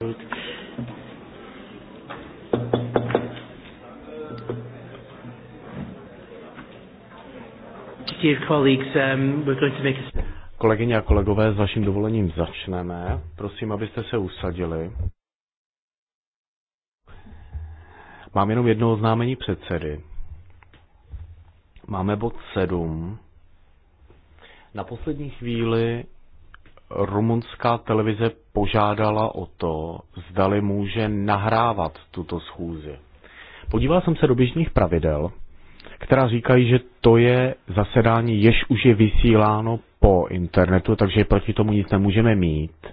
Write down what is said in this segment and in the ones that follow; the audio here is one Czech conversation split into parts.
Um, Kolegyně a kolegové, s vaším dovolením začneme. Prosím, abyste se usadili. Mám jenom jedno oznámení předsedy. Máme bod 7. Na poslední chvíli rumunská televize požádala o to, zdali může nahrávat tuto schůzi. Podíval jsem se do běžných pravidel, která říkají, že to je zasedání, jež už je vysíláno po internetu, takže proti tomu nic nemůžeme mít.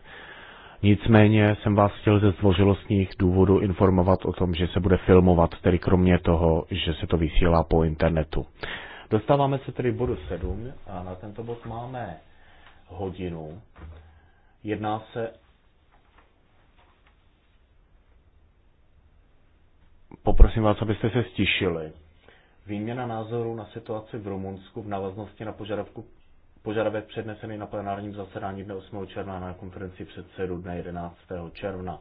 Nicméně jsem vás chtěl ze zdvořilostních důvodů informovat o tom, že se bude filmovat, tedy kromě toho, že se to vysílá po internetu. Dostáváme se tedy bodu 7 a na tento bod máme hodinu. Jedná se Poprosím vás, abyste se stišili. Výměna názorů na situaci v Rumunsku v návaznosti na požadavku, požadavek přednesený na plenárním zasedání dne 8. června na konferenci předsedu dne 11. června.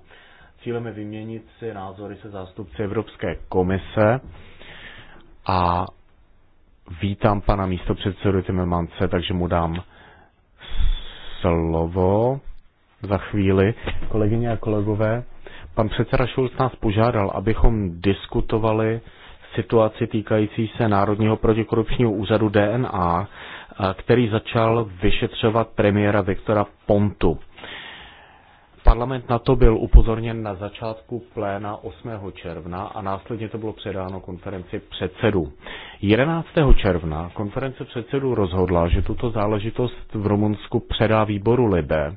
Cílem je vyměnit si názory se zástupci Evropské komise a vítám pana místopředsedu Timmermanse, takže mu dám slovo za chvíli. Kolegyně a kolegové, pan předseda Šulc nás požádal, abychom diskutovali situaci týkající se Národního protikorupčního úřadu DNA, který začal vyšetřovat premiéra Viktora Pontu. Parlament na to byl upozorněn na začátku pléna 8. června a následně to bylo předáno konferenci předsedů. 11. června konference předsedů rozhodla, že tuto záležitost v Rumunsku předá výboru Libe,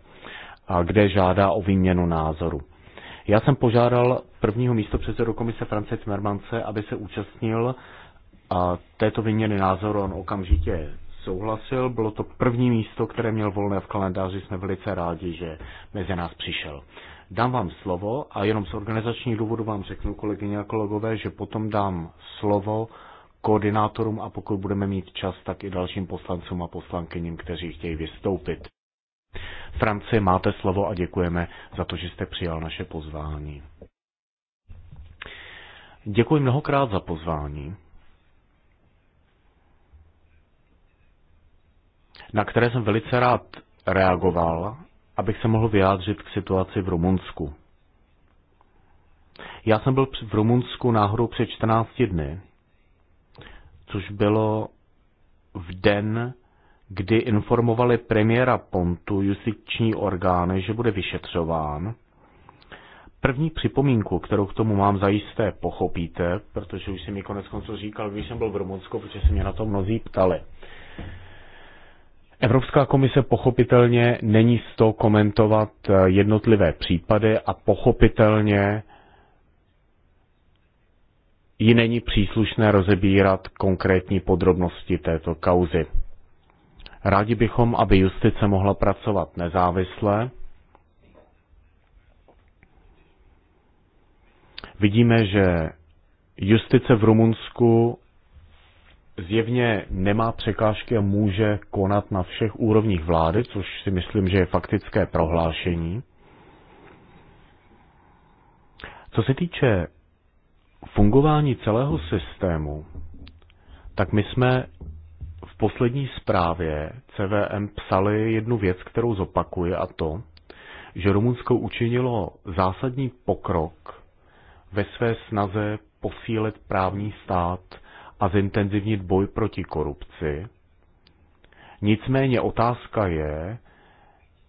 kde žádá o výměnu názoru. Já jsem požádal prvního místo předsedu komise France Mermance, aby se účastnil této výměny názoru. On okamžitě souhlasil. Bylo to první místo, které měl volné v kalendáři. Jsme velice rádi, že mezi nás přišel. Dám vám slovo a jenom z organizačních důvodů vám řeknu, kolegyně a kolegové, že potom dám slovo koordinátorům a pokud budeme mít čas, tak i dalším poslancům a poslankyním, kteří chtějí vystoupit. Franci, máte slovo a děkujeme za to, že jste přijal naše pozvání. Děkuji mnohokrát za pozvání. na které jsem velice rád reagoval, abych se mohl vyjádřit k situaci v Rumunsku. Já jsem byl v Rumunsku náhodou před 14 dny, což bylo v den, kdy informovali premiéra Pontu justiční orgány, že bude vyšetřován. První připomínku, kterou k tomu mám, zajisté pochopíte, protože už jsem mi konec konců říkal, když jsem byl v Rumunsku, protože se mě na to mnozí ptali. Evropská komise pochopitelně není z toho komentovat eh, jednotlivé případy a pochopitelně ji není příslušné rozebírat konkrétní podrobnosti této kauzy. Rádi bychom, aby justice mohla pracovat nezávisle. Vidíme, že justice v Rumunsku zjevně nemá překážky a může konat na všech úrovních vlády, což si myslím, že je faktické prohlášení. Co se týče fungování celého systému, tak my jsme v poslední zprávě CVM psali jednu věc, kterou zopakuje, a to, že Rumunsko učinilo zásadní pokrok ve své snaze posílit právní stát – a zintenzivnit boj proti korupci. Nicméně otázka je,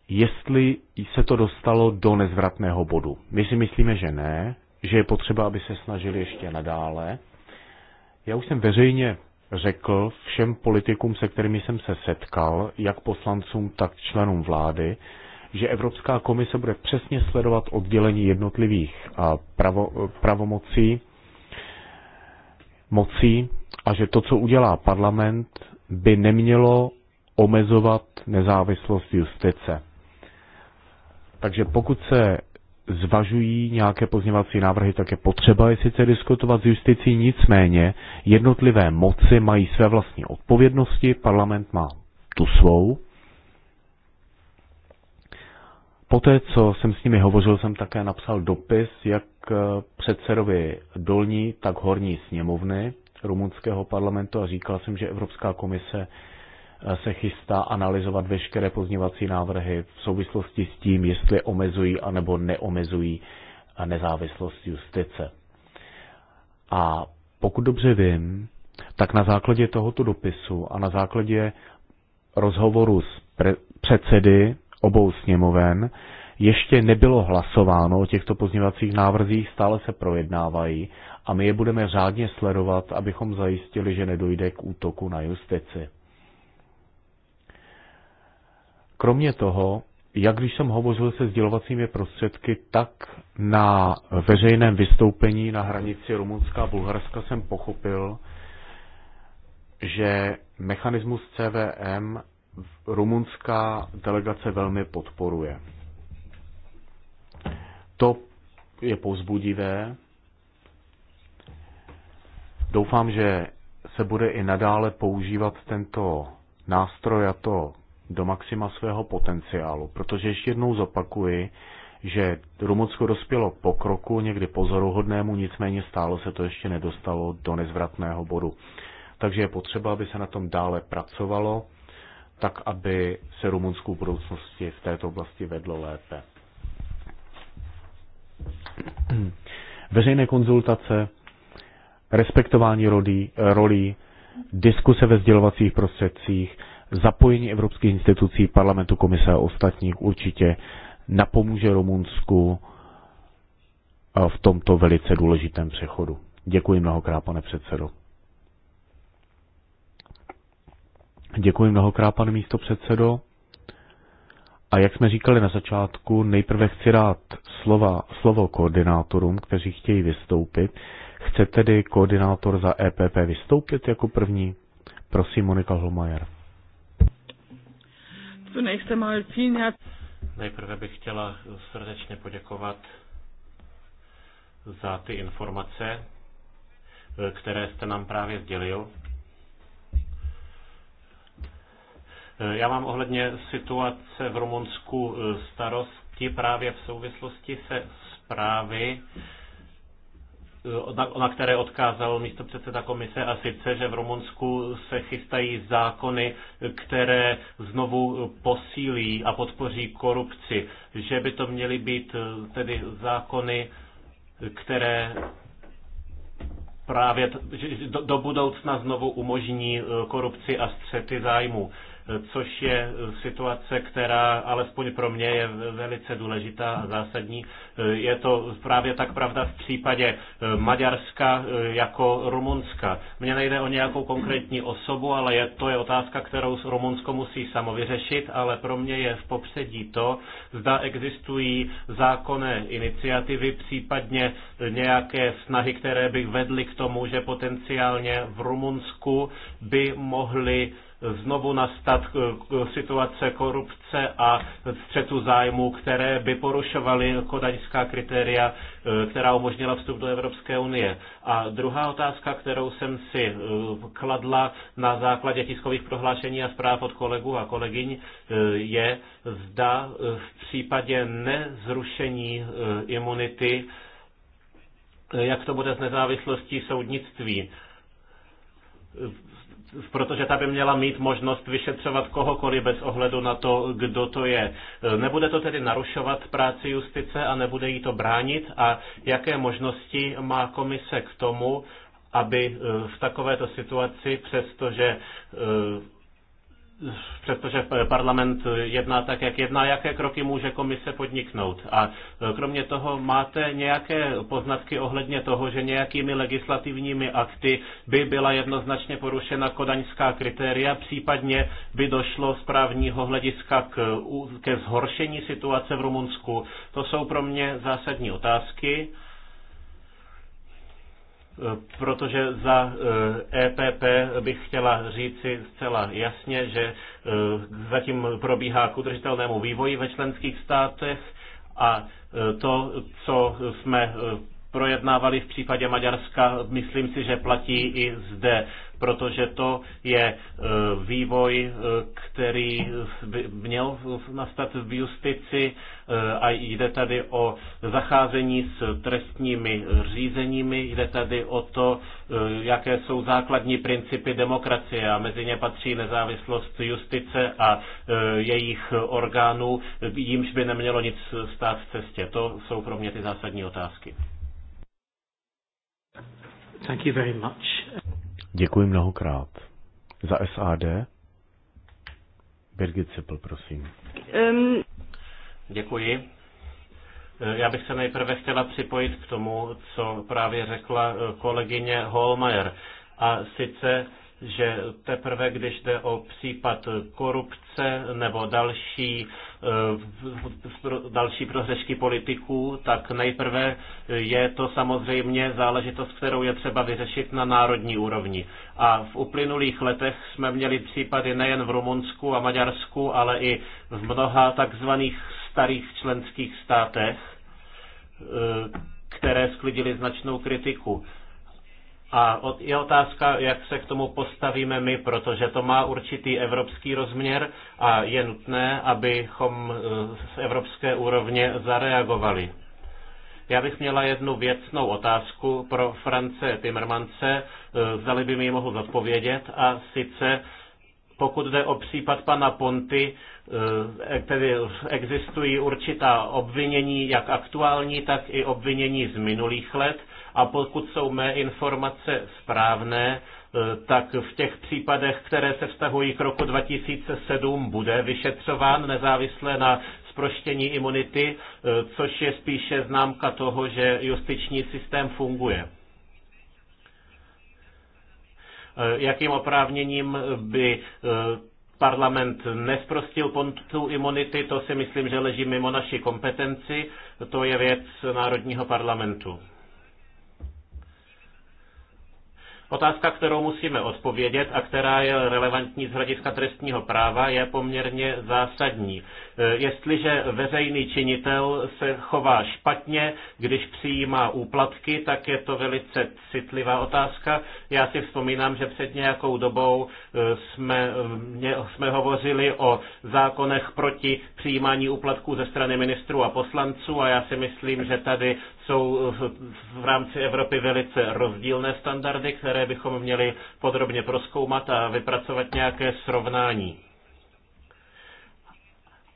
jestli se to dostalo do nezvratného bodu. My si myslíme, že ne, že je potřeba, aby se snažili ještě nadále. Já už jsem veřejně řekl všem politikům, se kterými jsem se setkal, jak poslancům, tak členům vlády, že Evropská komise bude přesně sledovat oddělení jednotlivých pravo, pravomocí, mocí a že to, co udělá parlament, by nemělo omezovat nezávislost justice. Takže pokud se zvažují nějaké pozněvací návrhy, tak je potřeba je sice diskutovat s justicí, nicméně jednotlivé moci mají své vlastní odpovědnosti, parlament má tu svou. Poté, co jsem s nimi hovořil, jsem také napsal dopis jak eh, předsedovi dolní, tak horní sněmovny rumunského parlamentu a říkal jsem, že Evropská komise eh, se chystá analyzovat veškeré pozněvací návrhy v souvislosti s tím, jestli omezují anebo neomezují eh, nezávislost justice. A pokud dobře vím, tak na základě tohoto dopisu a na základě rozhovoru s pre- předsedy obou sněmoven ještě nebylo hlasováno o těchto pozněvacích návrzích, stále se projednávají a my je budeme řádně sledovat, abychom zajistili, že nedojde k útoku na justici. Kromě toho, jak když jsem hovořil se sdělovacími prostředky, tak na veřejném vystoupení na hranici rumunská a Bulharska jsem pochopil, že mechanismus CVM rumunská delegace velmi podporuje to je pouzbudivé. Doufám, že se bude i nadále používat tento nástroj a to do maxima svého potenciálu, protože ještě jednou zopakuji, že Rumunsko dospělo pokroku, někdy pozoruhodnému, nicméně stále se to ještě nedostalo do nezvratného bodu. Takže je potřeba, aby se na tom dále pracovalo, tak aby se rumunskou budoucnosti v této oblasti vedlo lépe. Hmm. Veřejné konzultace, respektování rolí, rolí diskuse ve sdělovacích prostředcích, zapojení evropských institucí, parlamentu, komise a ostatních určitě napomůže Rumunsku eh, v tomto velice důležitém přechodu. Děkuji mnohokrát, pane předsedo. Děkuji mnohokrát, pane místo předsedo. A jak jsme říkali na začátku, nejprve chci rád slova, slovo koordinátorům, kteří chtějí vystoupit. Chce tedy koordinátor za EPP vystoupit jako první? Prosím, Monika Holmajer. Nejprve bych chtěla srdečně poděkovat za ty informace, které jste nám právě sdělil. Já mám ohledně situace v Rumunsku e, starosti právě v souvislosti se zprávy, e, na, které odkázal místo předseda komise a sice, že v Rumunsku se chystají zákony, které znovu posílí a podpoří korupci, že by to měly být e, tedy zákony, které právě do, do budoucna znovu umožní korupci a střety zájmu což je situace, která alespoň pro mě je velice důležitá a zásadní. Je to právě tak pravda v případě eh, Maďarska eh, jako Rumunska. Mně nejde o nějakou konkrétní osobu, ale je, to je otázka, kterou Rumunsko musí samo vyřešit, ale pro mě je v popředí to, zda existují zákonné iniciativy, případně nějaké snahy, které by vedly k tomu, že potenciálně v Rumunsku by mohly znovu nastat situace korupce a střetu zájmu, které by porušovaly kodaňská kritéria, e, která umožnila vstup do Evropské unie. A druhá otázka, kterou jsem si e, kladla na základě tiskových prohlášení a zpráv od kolegů a kolegyň, e, je, zda v případě nezrušení imunity, jak to bude s nezávislostí soudnictví protože ta by měla mít možnost vyšetřovat kohokoliv bez ohledu na to, kdo to je. E, nebude to tedy narušovat práci justice a nebude jí to bránit a jaké možnosti má komise k tomu, aby e, v takovéto situaci, přestože e, Přestože parlament jedná tak, jak jedná, jaké kroky může komise podniknout? A e, kromě toho máte nějaké poznatky ohledně toho, že nějakými legislativními akty by byla jednoznačně porušena kodaňská kritéria, případně by došlo z právního hlediska k, ke zhoršení situace v Rumunsku? To jsou pro mě zásadní otázky protože za EPP eh, e bych chtěla říci zcela jasně, že eh, zatím probíhá k udržitelnému vývoji ve členských státech a eh, to, co jsme projednávali v případě Maďarska, myslím si, že platí i zde protože to je e, vývoj, e, který by měl nastat v justici e, a jde tady o zacházení s trestními řízeními, jde tady o to, jaké jsou základní principy demokracie a mezi ně patří nezávislost justice a jejich orgánů, jimž by nemělo nic stát v cestě. To jsou pro mě ty zásadní otázky. Thank you very much. Děkuji mnohokrát. Za SAD? Birgit Cipl, prosím. Um... Děkuji. Já bych se nejprve chtěla připojit k tomu, co právě řekla eh, kolegyně Holmeier. A sice, že teprve když jde o případ korupce nebo další Eh, další prohřešky politiků, tak nejprve je to samozřejmě záležitost, kterou je třeba vyřešit na národní úrovni. A v uplynulých letech jsme měli případy nejen v Rumunsku a Maďarsku, ale i v mnoha takzvaných starých členských státech, eh, které sklidily značnou kritiku. A je otázka, jak se k tomu postavíme my, protože to má určitý evropský rozměr a je nutné, abychom eh, z evropské úrovně zareagovali. Já bych měla jednu věcnou otázku pro France Timmermance, eh, zdali by mi ji mohl zodpovědět, a sice pokud jde o případ pana Ponty, Eh, e, tedy existují určitá obvinění, jak aktuální, tak i obvinění z minulých let. A pokud jsou mé informace správné, eh, tak v těch případech, které se vztahují k roku 2007, bude vyšetřován nezávisle na zproštění imunity, eh, což je spíše známka toho, že justiční systém funguje jakým oprávněním by parlament nesprostil pontu imunity, to si myslím, že leží mimo naši kompetenci, to je věc Národního parlamentu. Otázka, kterou musíme odpovědět a která je relevantní z hlediska trestního práva, je poměrně zásadní. Eh, jestliže veřejný činitel se chová špatně, když přijímá úplatky, tak je to velice citlivá otázka. Já si vzpomínám, že před nějakou dobou eh, jsme, jsme hovořili o zákonech proti přijímání úplatků ze strany ministrů a poslanců a já si myslím, že tady jsou eh, v rámci Evropy velice rozdílné standardy, které bychom měli podrobně proskoumat a vypracovat nějaké srovnání.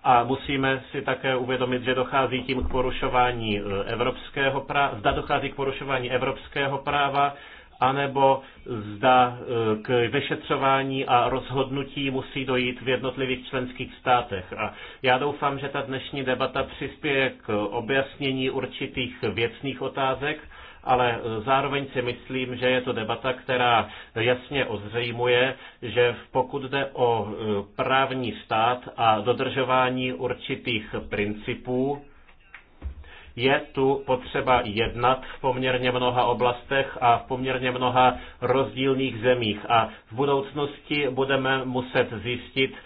A musíme si také uvědomit, že dochází tím k porušování e, evropského práva, zda dochází k porušování evropského práva, anebo zda e, k vyšetřování a rozhodnutí musí dojít v jednotlivých členských státech. A já doufám, že ta dnešní debata přispěje k objasnění určitých věcných otázek ale e, zároveň si myslím, že je to debata, která jasně ozřejmuje, že pokud jde o e, právní stát a dodržování určitých principů, je tu potřeba jednat v poměrně mnoha oblastech a v poměrně mnoha rozdílných zemích. A v budoucnosti budeme muset zjistit, e,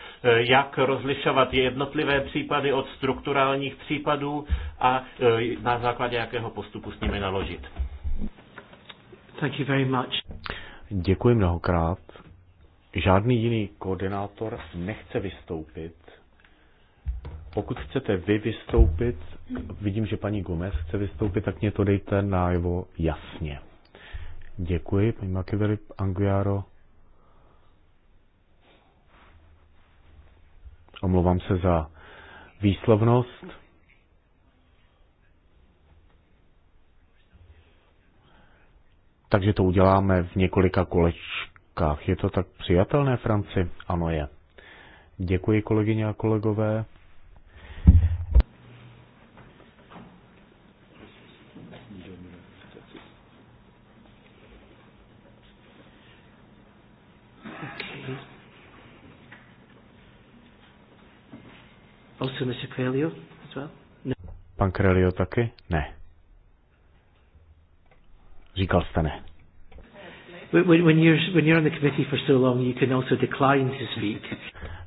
jak rozlišovat jednotlivé případy od strukturálních případů a na základě jakého postupu s nimi naložit. Thank you very much. Děkuji mnohokrát. Žádný jiný koordinátor nechce vystoupit. Pokud chcete vy vystoupit, vidím, že paní Gomez chce vystoupit, tak mě to dejte najevo jasně. Děkuji, paní Makevery Anguiaro. Omlouvám se za výslovnost. takže to uděláme v několika kolečkách. Je to tak přijatelné, Franci? Ano je. Děkuji, kolegyně a kolegové. Also Mr. Coelho as well? No. Pan Krelio taky? Ne. Říkal jste ne.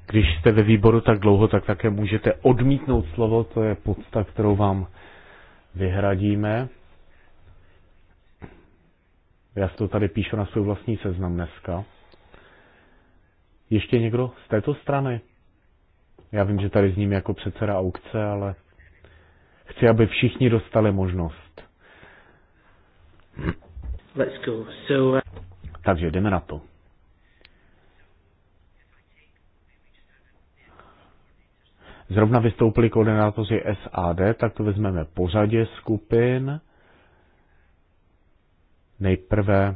Když jste ve výboru tak dlouho, tak také můžete odmítnout slovo, to je podsta, kterou vám vyhradíme. Já si to tady píšu na svůj vlastní seznam dneska. Ještě někdo z této strany? Já vím, že tady s ním jako předseda aukce, ale chci, aby všichni dostali možnost. Let's go. So, uh... Takže jdeme na to. Zrovna vystoupili koordinátoři SAD, tak to vezmeme řadě skupin. Nejprve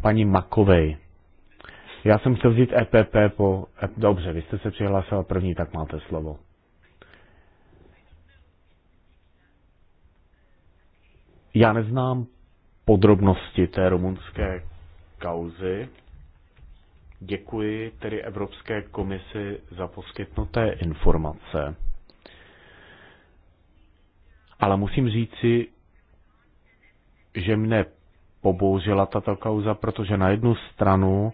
paní Makovej. Já jsem chtěl vzít EPP po... E dobře, vy jste se přihlásila první, tak máte slovo. Já neznám podrobnosti té rumunské kauzy. Děkuji tedy Evropské komisi za poskytnuté informace. Ale musím říci, že mne pobouřila tato kauza, protože na jednu stranu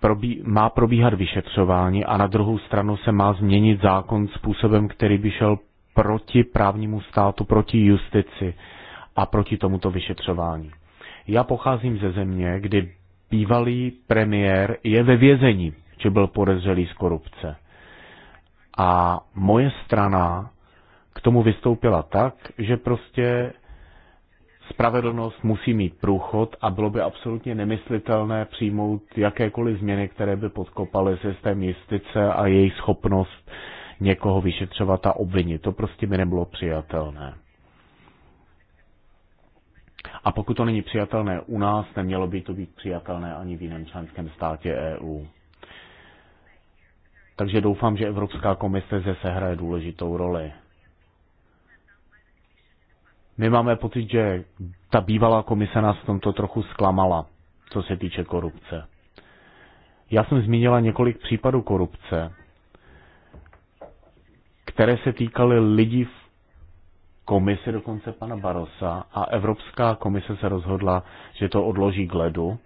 probí, má probíhat vyšetřování a na druhou stranu se má změnit zákon způsobem, který by šel proti právnímu státu, proti justici a proti tomuto vyšetřování. Já pocházím ze země, kdy bývalý premiér je ve vězení, či byl podezřelý z korupce. A moje strana k tomu vystoupila tak, že prostě spravedlnost musí mít průchod a bylo by absolutně nemyslitelné přijmout jakékoliv změny, které by podkopaly systém justice a její schopnost někoho vyšetřovat a obvinit. To prostě by nebylo přijatelné. A pokud to není přijatelné u nás, nemělo by to být přijatelné ani v jiném členském státě EU. Takže doufám, že Evropská komise zde sehraje důležitou roli. My máme pocit, že ta bývalá komise nás v tomto trochu zklamala, co se týče korupce. Já jsem zmínila několik případů korupce, které se týkaly lidí v komisi dokonce pana Barosa a Evropská komise se rozhodla, že to odloží k ledu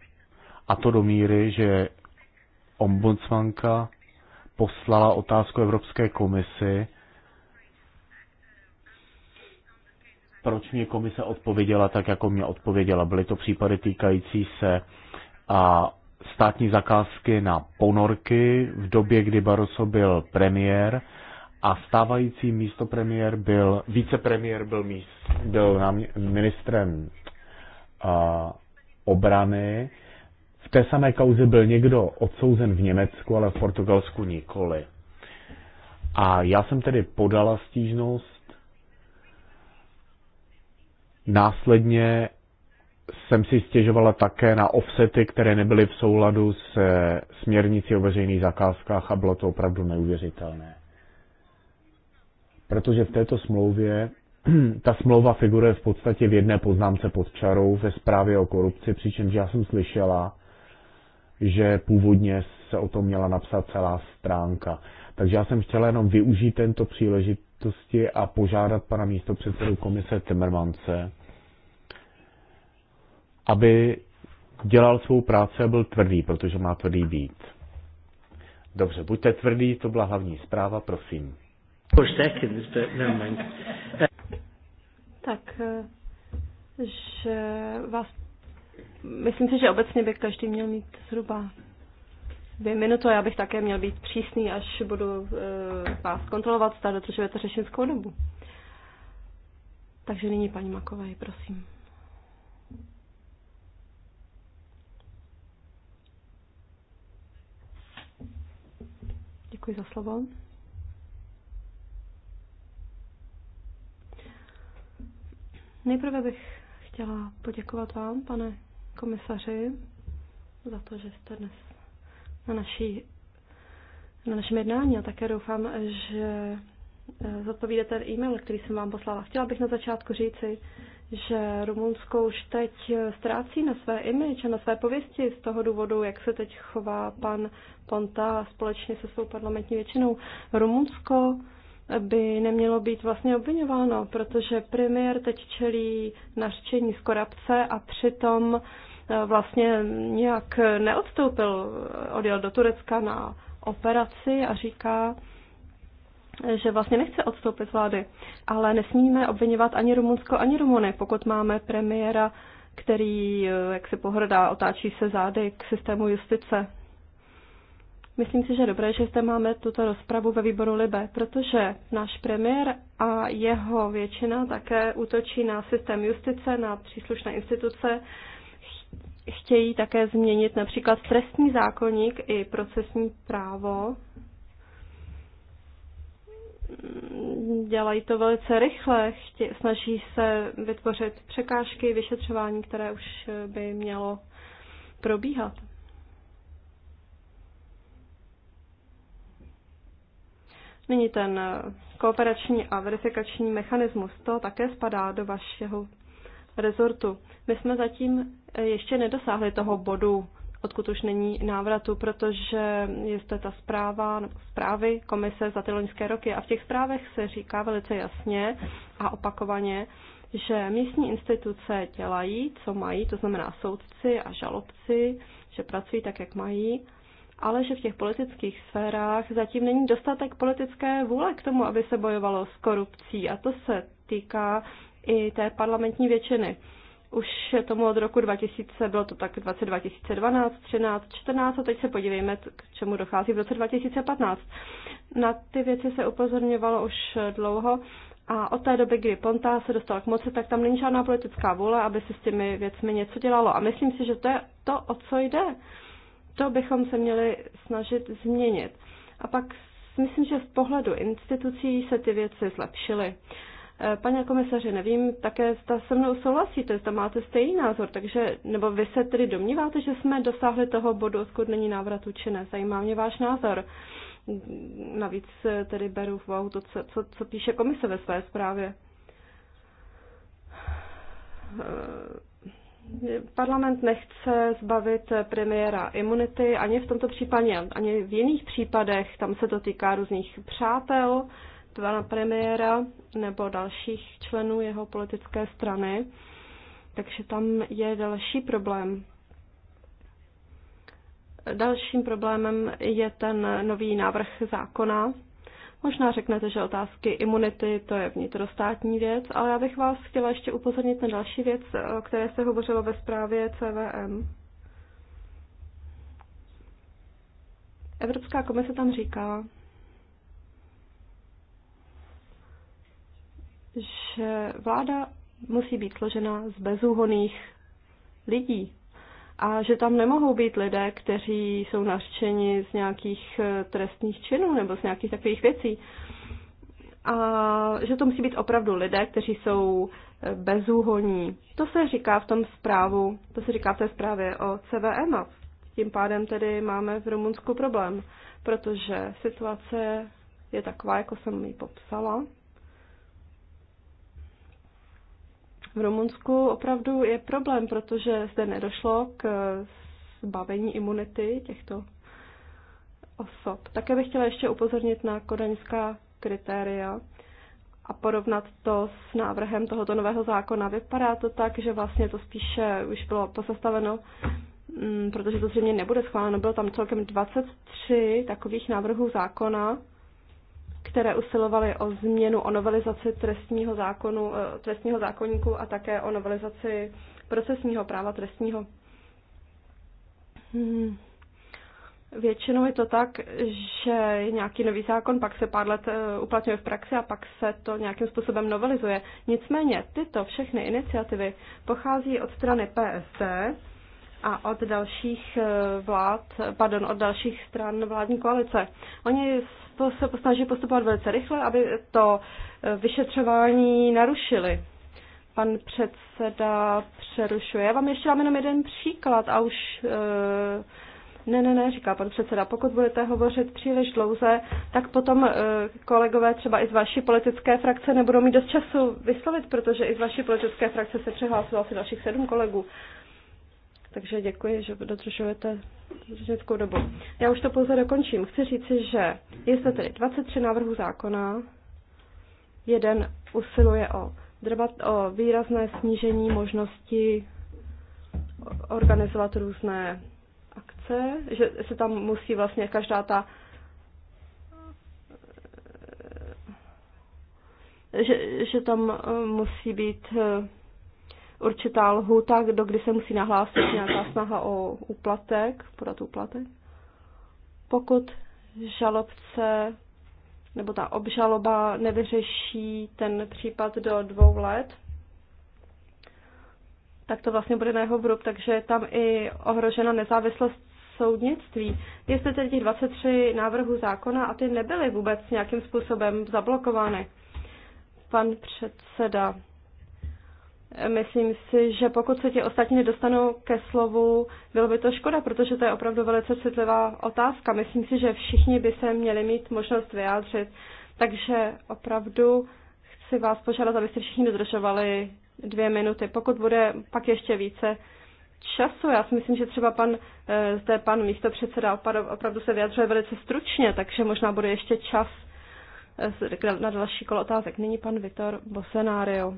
a to do míry, že ombudsmanka poslala otázku Evropské komisi, proč mě komise odpověděla tak, jako mě odpověděla. Byly to případy týkající se a státní zakázky na ponorky v době, kdy Baroso byl premiér a stávající místopremiér byl, vicepremiér byl, míst, byl ministrem a, obrany. V té samé kauze byl někdo odsouzen v Německu, ale v Portugalsku nikoli. A já jsem tedy podala stížnost. Následně jsem si stěžovala také na offsety, které nebyly v souladu se směrnicí o veřejných zakázkách a bylo to opravdu neuvěřitelné protože v této smlouvě ta smlouva figuruje v podstatě v jedné poznámce pod čarou ve zprávě o korupci, přičemž já jsem slyšela, že původně se o tom měla napsat celá stránka. Takže já jsem chtěla jenom využít tento příležitosti a požádat pana místopředsedu komise Timmermance, aby dělal svou práci a byl tvrdý, protože má tvrdý být. Dobře, buďte tvrdý, to byla hlavní zpráva, prosím. Four seconds, but never mind. Uh, tak, že vás, myslím si, že obecně by každý měl mít zhruba dvě minuty. Já bych také měl být přísný, až budu uh, vás kontrolovat, zda dotržujete řečnickou dobu. Takže nyní paní Makové, prosím. Děkuji za slovo. Nejprve bych chtěla poděkovat vám, pane komisaři, za to, že jste dnes na, naší, na našem jednání a také doufám, že eh, ten e-mail, který jsem vám poslala. Chtěla bych na začátku říci, že Rumunsko už teď ztrácí na své image a na své pověsti z toho důvodu, jak se teď chová pan Ponta společně se svou parlamentní většinou. Rumunsko by nemělo být vlastně obvinováno, protože premiér teď čelí nařčení z korabce a přitom eh, vlastně nějak neodstoupil, odjel do Turecka na operaci a říká, že vlastně nechce odstoupit z vlády. Ale nesmíme obvinovat ani Rumunsko, ani Rumuny, pokud máme premiéra, který, eh, jak se pohrdá, otáčí se zády k systému justice Myslím si, že je dobré, že zde máme tuto rozpravu ve výboru Libe, protože náš premiér a jeho většina také útočí na systém justice, na příslušné instituce. Chtějí také změnit například trestní zákonník i procesní právo. Dělají to velice rychle, chtě, snaží se vytvořit překážky vyšetřování, které už by mělo probíhat. Nyní ten eh, kooperační a verifikační mechanismus, to také spadá do vašeho rezortu. My jsme zatím eh, ještě nedosáhli toho bodu, odkud už není návratu, protože je zde ta zpráva, nebo zprávy komise za ty loňské roky a v těch zprávech se říká velice jasně a opakovaně, že místní instituce dělají, co mají, to znamená soudci a žalobci, že pracují tak, jak mají, ale že v těch politických sférách zatím není dostatek politické vůle k tomu, aby se bojovalo s korupcí. A to se týká i té parlamentní většiny. Už tomu od roku 2000, bylo to tak 2012, 13, 14 a teď se podívejme, k čemu dochází v roce 2015. Na ty věci se upozorňovalo už dlouho a od té doby, kdy Ponta se dostal k moci, tak tam není žádná politická vůle, aby se s těmi věcmi něco dělalo. A myslím si, že to je to, o co jde to bychom se měli snažit změnit. A pak myslím, že z pohledu institucí se ty věci zlepšily. Eh, Pane komisaři, nevím, také zda se mnou souhlasíte, zda máte stejný názor, takže, nebo vy se tedy domníváte, že jsme dosáhli toho bodu, odkud není návratu či ne. Zajímá mě váš názor. Navíc eh, tedy beru v úvahu to, co, co, co píše komise ve své zprávě. Eh, Parlament nechce zbavit premiéra imunity ani v tomto případě, ani v jiných případech. Tam se to týká různých přátel pana premiéra nebo dalších členů jeho politické strany. Takže tam je další problém. Dalším problémem je ten nový návrh zákona, Možná řeknete, že otázky imunity to je vnitrostátní věc, ale já bych vás chtěla ještě upozornit na další věc, eh, o které se hovořilo ve zprávě CVM. Evropská komise tam říká, že vláda musí být složena z bezúhoných lidí a že tam nemohou být lidé, kteří jsou nařčeni z nějakých eh, trestných činů nebo z nějakých takových věcí. A že to musí být opravdu lidé, kteří jsou eh, bezúhoní. To se říká v tom zprávu, to se říká v té zprávě o CVM. A tím pádem tedy máme v Rumunsku problém, protože situace je taková, jako jsem ji popsala. V Rumunsku opravdu je problém, protože zde nedošlo k zbavení imunity těchto osob. Také bych chtěla ještě upozornit na kodaňská kritéria a porovnat to s návrhem tohoto nového zákona. Vypadá to tak, že vlastně to spíše už bylo pozastaveno, mm, protože to zřejmě nebude schváleno. Bylo tam celkem 23 takových návrhů zákona které usilovaly o změnu, o novelizaci trestního, zákonu, eh, trestního zákonníku a také o novelizaci procesního práva trestního. Hmm. Většinou je to tak, že nějaký nový zákon, pak se pár let eh, uplatňuje v praxi a pak se to nějakým způsobem novelizuje. Nicméně tyto všechny iniciativy pochází od strany PSD, a od dalších eh, vlád, pardon, od dalších stran vládní koalice. Oni se snaží postupovat velice rychle, aby to eh, vyšetřování narušili. Pan předseda přerušuje. Já vám ještě dám jenom jeden příklad a už eh, ne, ne, ne, říká pan předseda, pokud budete hovořit příliš dlouze, tak potom kolegové třeba i z vaší politické frakce nebudou mít dost času vyslovit, protože i z vaší politické frakce se přihlásilo asi dalších sedm kolegů takže děkuji, že dodržujete řeckou dobu. Já už to pouze dokončím. Chci říci, že je zde tedy 23 návrhů zákona, jeden usiluje o, drbat, o výrazné snížení možnosti organizovat různé akce, že se tam musí vlastně každá ta že, že tam musí být určitá lhuta, do kdy se musí nahlásit nějaká snaha o úplatek, podat úplatek. Pokud žalobce nebo ta obžaloba nevyřeší ten případ do dvou let, tak to vlastně bude na jeho vrub, takže je tam i ohrožena nezávislost soudnictví. Jestli tedy těch 23 návrhů zákona a ty nebyly vůbec nějakým způsobem zablokovány. Pan předseda Myslím si, že pokud se ti ostatní nedostanou ke slovu, bylo by to škoda, protože to je opravdu velice citlivá otázka. Myslím si, že všichni by se měli mít možnost vyjádřit. Takže opravdu chci vás požádat, abyste všichni dodržovali dvě minuty. Pokud bude pak ještě více času, já si myslím, že třeba pan, eh, zde pan místo předseda opravdu se vyjadřuje velice stručně, takže možná bude ještě čas eh, na další kolo otázek. Nyní pan Vitor Bosenário.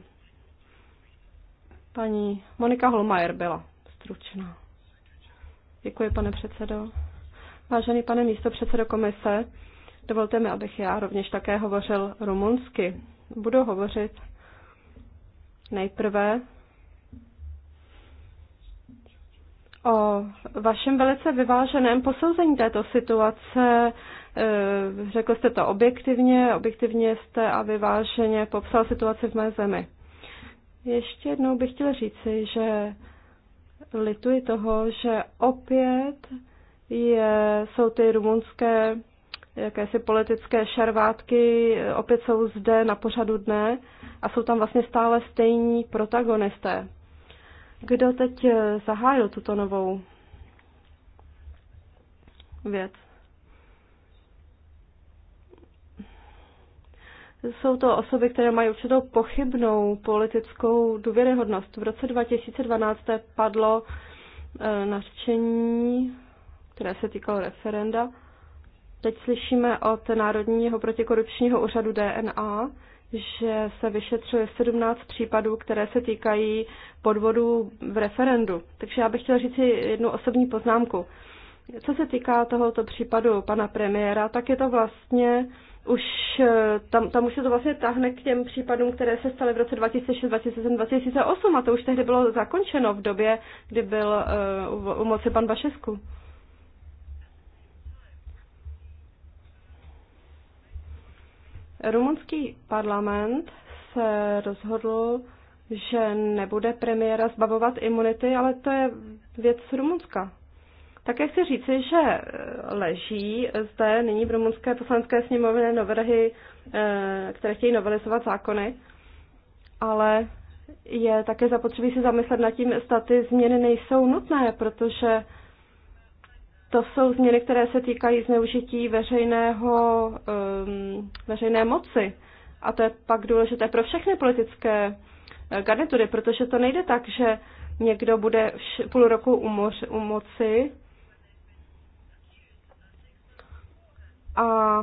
Paní Monika Holmajer byla stručná. Děkuji, pane předsedo. Vážený pane místo předsedo komise, dovolte mi, abych já rovněž také hovořil rumunsky. Budu hovořit nejprve o vašem velice vyváženém posouzení této situace. Eh, řekl jste to objektivně, objektivně jste a vyváženě popsal situaci v mé zemi. Ještě jednou bych chtěla říci, že lituji toho, že opět je, jsou ty rumunské jakési politické šarvátky, opět jsou zde na pořadu dne a jsou tam vlastně stále stejní protagonisté. Kdo teď zahájil tuto novou věc? jsou to osoby, které mají určitou pochybnou politickou důvěryhodnost. V roce 2012 padlo e, nařčení, které se týkalo referenda. Teď slyšíme od Národního protikorupčního úřadu DNA, že se vyšetřuje 17 případů, které se týkají podvodů v referendu. Takže já bych chtěla říct si jednu osobní poznámku. Co se týká tohoto případu pana premiéra, tak je to vlastně už eh, tam, tam už se to vlastně tahne k těm případům, které se staly v roce 2006, 2007, 2008 a to už tehdy bylo zakončeno v době, kdy byl uh, u, u moci pan Bašesku. Rumunský parlament se rozhodl, že nebude premiéra zbavovat imunity, ale to je věc Rumunska. Také chci říci, že eh, leží zde nyní v rumunské poslanské sněmovně novrhy, eh, které chtějí novelizovat zákony, ale je také zapotřebí si zamyslet nad tím, zda ty změny nejsou nutné, protože to jsou změny, které se týkají zneužití veřejného, ehm, veřejné moci. A to je pak důležité pro všechny politické eh, garnitury, protože to nejde tak, že někdo bude půl roku u, moř, u moci a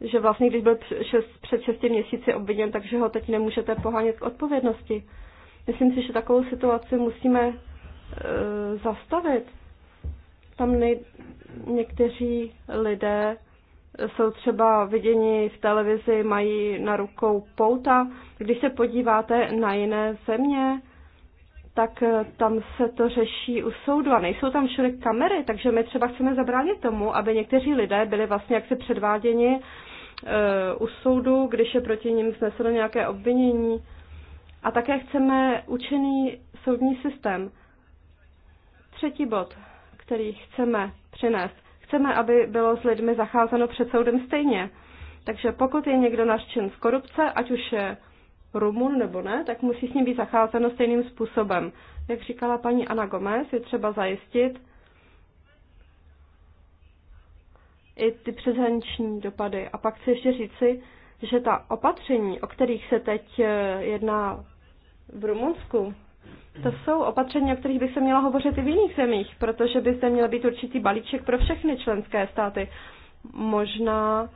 že vlastně, když byl šest, před šesti měsíci obviněn, takže ho teď nemůžete pohánět k odpovědnosti. Myslím si, že takovou situaci musíme e, zastavit. Tam nej, někteří lidé jsou třeba viděni v televizi, mají na rukou pouta. Když se podíváte na jiné země, tak eh, tam se to řeší u soudu a nejsou tam všude kamery, takže my třeba chceme zabránit tomu, aby někteří lidé byli vlastně jaksi předváděni eh, u soudu, když je proti ním zneseno nějaké obvinění. A také chceme učený soudní systém. Třetí bod, který chceme přinést. Chceme, aby bylo s lidmi zacházeno před soudem stejně. Takže pokud je někdo naštěn z korupce, ať už je Rumun nebo ne, tak musí s ním být zacházeno stejným způsobem. Jak říkala paní Ana Gomez, je třeba zajistit i ty přeshraniční dopady. A pak chci ještě říci, že ta opatření, o kterých se teď eh, jedná v Rumunsku, to jsou opatření, o kterých by se měla hovořit i v jiných zemích, protože by zde měl být určitý balíček pro všechny členské státy. Možná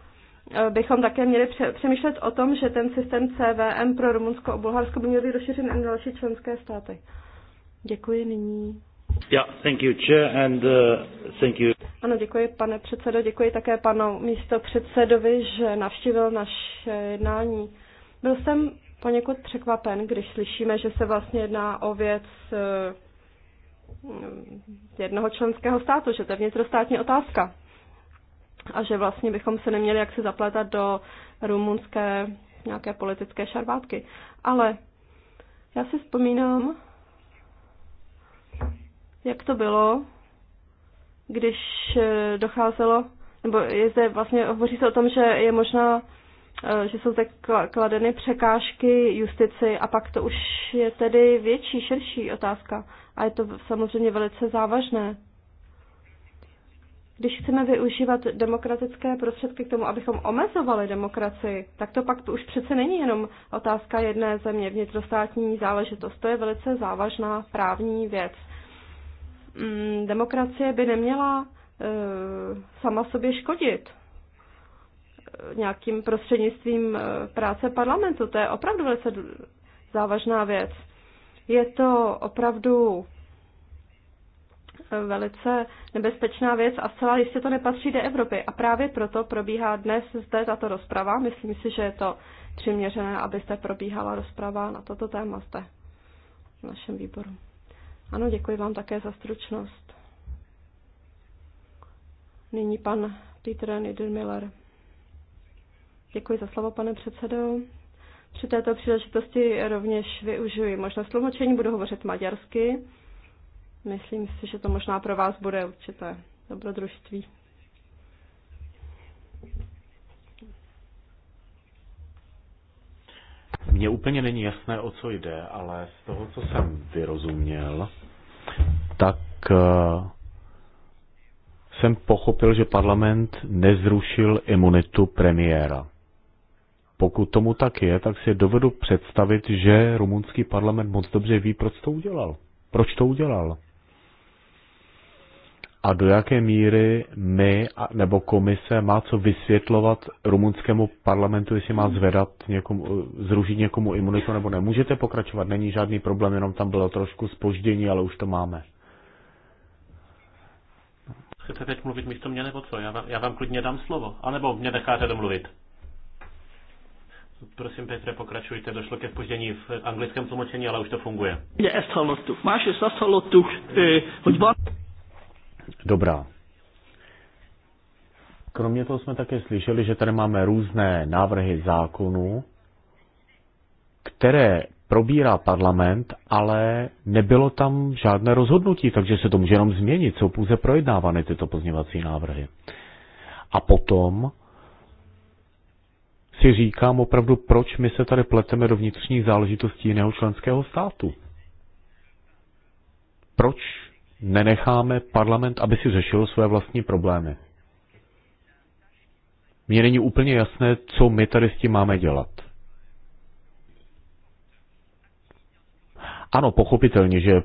Eh, bychom také měli přemýšlet o tom, že ten systém CVM pro Rumunsko a Bulharsko by měl být rozšířen i na další členské státy. Děkuji nyní. Yeah, thank you, chair, and, uh, thank you. Ano, děkuji, pane předsedo, děkuji také panu místo předsedovi, že navštívil naše jednání. Byl jsem poněkud překvapen, když slyšíme, že se vlastně jedná o věc eh, mm, jednoho členského státu, že to je vnitrostátní otázka a že vlastně bychom se neměli jaksi zaplétat do rumunské nějaké politické šarvátky. Ale já si vzpomínám, jak to bylo, když eh, docházelo, nebo je zde vlastně, hovoří se o tom, že je možná, eh, že jsou zde kladeny překážky justici a pak to už je tedy větší, širší otázka. A je to samozřejmě velice závažné. Když chceme využívat demokratické prostředky k tomu, abychom omezovali demokracii, tak to pak to už přece není jenom otázka jedné země, vnitrostátní záležitost. To je velice závažná právní věc. Mm, demokracie by neměla e, sama sobě škodit e, nějakým prostřednictvím e, práce parlamentu. To je opravdu velice závažná věc. Je to opravdu velice nebezpečná věc a zcela jistě to nepatří do Evropy. A právě proto probíhá dnes zde tato rozprava. Myslím si, že je to přiměřené, aby zde probíhala rozprava na toto téma zde v našem výboru. Ano, děkuji vám také za stručnost. Nyní pan Peter Niedermiller. Děkuji za slovo, pane předsedo. Při této příležitosti rovněž využiji možnost tlumočení, budu hovořit maďarsky. Myslím si, že to možná pro vás bude určité dobrodružství. Mně úplně není jasné, o co jde, ale z toho, co jsem vyrozuměl, tak eh, jsem pochopil, že parlament nezrušil imunitu premiéra. Pokud tomu tak je, tak si dovedu představit, že rumunský parlament moc dobře ví, proč to udělal. Proč to udělal? a do jaké míry my nebo komise má co vysvětlovat rumunskému parlamentu, jestli má zvedat někomu, zrušit někomu imunitu nebo ne. Můžete pokračovat, není žádný problém, jenom tam bylo trošku spoždění, ale už to máme. Chcete teď mluvit místo mě nebo co? Já vám, já vám klidně dám slovo. A nebo mě necháte domluvit. Prosím, Petře, pokračujte. Došlo ke spoždění v anglickém tlumočení, ale už to funguje. Je ezt máš Másrészt eh, azt dobrá. Kromě toho jsme také slyšeli, že tady máme různé návrhy zákonů, které probírá parlament, ale nebylo tam žádné rozhodnutí, takže se to může jenom změnit. Jsou pouze projednávány tyto pozněvací návrhy. A potom si říkám opravdu, proč my se tady pleteme do vnitřních záležitostí jiného členského státu. Proč nenecháme parlament, aby si řešil své vlastní problémy. Mně není úplně jasné, co my tady s tím máme dělat. Ano, pochopitelně, že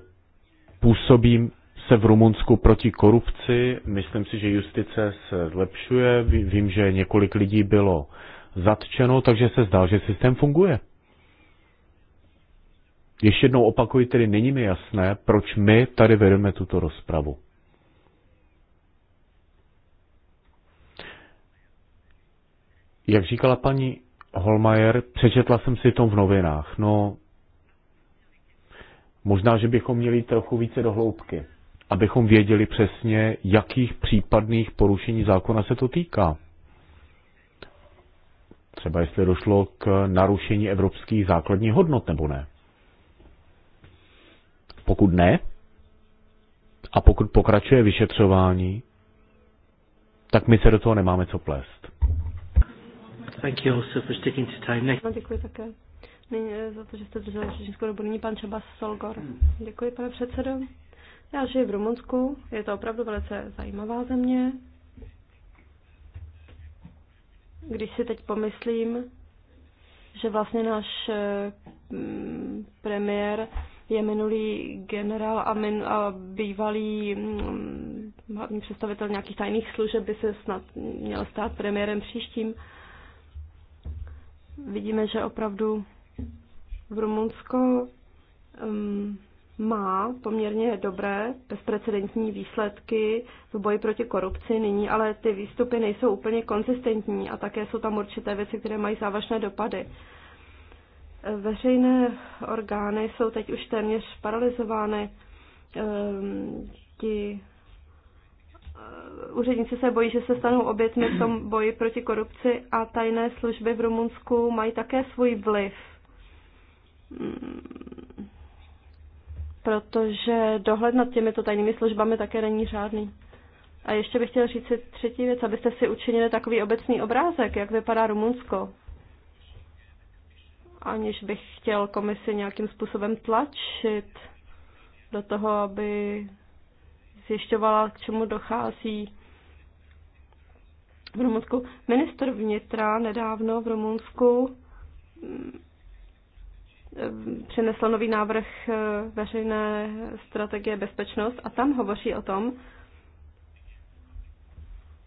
působím se v Rumunsku proti korupci. Myslím si, že justice se zlepšuje. Vím, že několik lidí bylo zatčeno, takže se zdá, že systém funguje. Ještě jednou opakuji, tedy není mi jasné, proč my tady vedeme tuto rozpravu. Jak říkala paní Holmajer, přečetla jsem si to v novinách. No, možná, že bychom měli trochu více dohloubky, abychom věděli přesně, jakých případných porušení zákona se to týká. Třeba jestli došlo k narušení evropských základních hodnot nebo ne. Pokud ne, a pokud pokračuje vyšetřování, tak my se do toho nemáme co plést. Thank you also for sticking to time. Next. No, děkuji také. Nyní eh, za to, že jste drželi řečnickou dobu. Nyní pan Čabas Solgor. Děkuji, pane předsedo. Já žiju v Rumunsku. Je to opravdu velice zajímavá země. Když si teď pomyslím, že vlastně náš eh, premiér je minulý generál a, min, a bývalý mm, hlavní představitel nějakých tajných služeb by se snad měl stát premiérem příštím. Vidíme, že opravdu v Rumunsko hm, má poměrně dobré, bezprecedentní výsledky v boji proti korupci nyní, ale ty výstupy nejsou úplně konzistentní a také jsou tam určité věci, které mají závažné dopady. Veřejné orgány jsou teď už téměř paralizovány. Ehm, ti eh, úředníci se bojí, že se stanou obětmi v tom boji proti korupci a tajné služby v Rumunsku mají také svůj vliv mm, protože dohled nad těmito tajnými službami také není řádný. A ještě bych chtěl říct si třetí věc, abyste si učinili takový obecný obrázek, jak vypadá Rumunsko aniž bych chtěl komisi nějakým způsobem tlačit do toho, aby zjišťovala, k čemu dochází v Rumunsku. Minister vnitra nedávno v Rumunsku mm, přinesl nový návrh eh, veřejné strategie bezpečnost a tam hovoří o tom,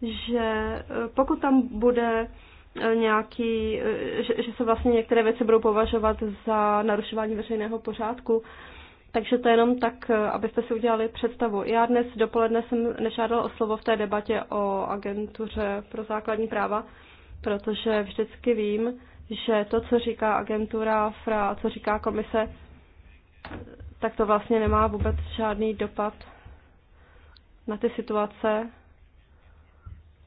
že eh, pokud tam bude Eh, nějaký, eh, že, že se vlastně některé věci budou považovat za narušování veřejného pořádku. Takže to jenom tak, eh, abyste si udělali představu. Já dnes dopoledne jsem nežádala o slovo v té debatě o agentuře pro základní práva, protože vždycky vím, že to, co říká agentura FRA, co říká komise, tak to vlastně nemá vůbec žádný dopad na ty situace,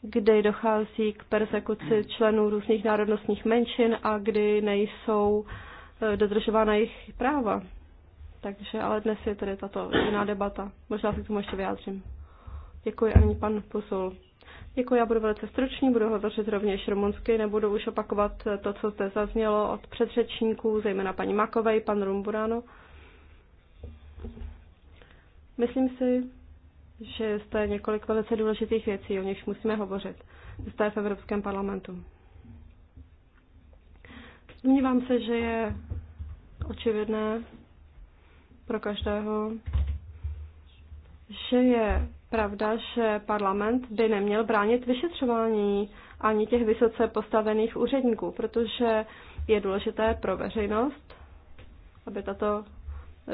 kdy dochází k persekuci členů různých národnostních menšin a kdy nejsou eh, dodržována jejich práva. Takže ale dnes je tedy tato jiná debata. Možná se k tomu ještě vyjádřím. Děkuji ani pan Pusul. Děkuji, já budu velice stručný, budu hovořit rovněž rumunsky, nebudu už opakovat eh, to, co zde zaznělo od předřečníků, zejména paní Makovej, pan Rumburano. Myslím si, že jste několik velice důležitých věcí, o nichž musíme hovořit. Jste v Evropském parlamentu. Domnívám se, že je očividné pro každého, že je pravda, že parlament by neměl bránit vyšetřování ani těch vysoce postavených úředníků, protože je důležité pro veřejnost, aby tato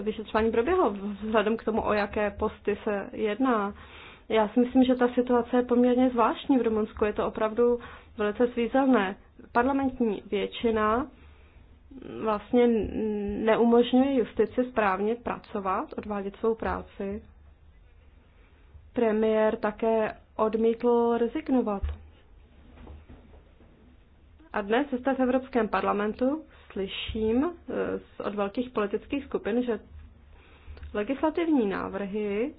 vyšetřování proběhlo, vzhledem k tomu, o jaké posty se jedná. Já si myslím, že ta situace je poměrně zvláštní v Rumunsku. Je to opravdu velice svízelné. Parlamentní většina vlastně neumožňuje justici správně pracovat, odvádět svou práci. Premiér také odmítl rezignovat. A dnes jste v Evropském parlamentu, slyším eh, od velkých politických skupin, že legislativní návrhy,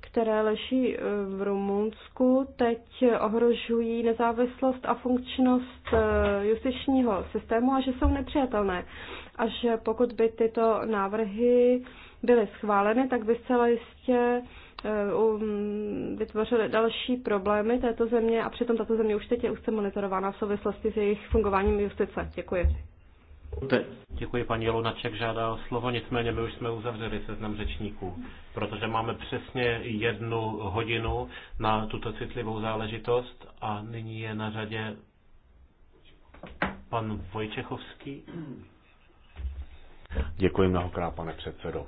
které leží eh, v Rumunsku, teď ohrožují nezávislost a funkčnost eh, justičního systému a že jsou nepřijatelné. A že pokud by tyto návrhy byly schváleny, tak by zcela jistě Eh, mm, vytvořily další problémy této země a přitom tato země už teď je úzce monitorována v souvislosti s jejich fungováním justice. Děkuji. Děkuji, paní Lunaček žádá o slovo, nicméně my už jsme uzavřeli seznam řečníků, protože máme přesně jednu hodinu na tuto citlivou záležitost a nyní je na řadě pan Vojčechovský. Děkuji mnohokrát, pane předsedo.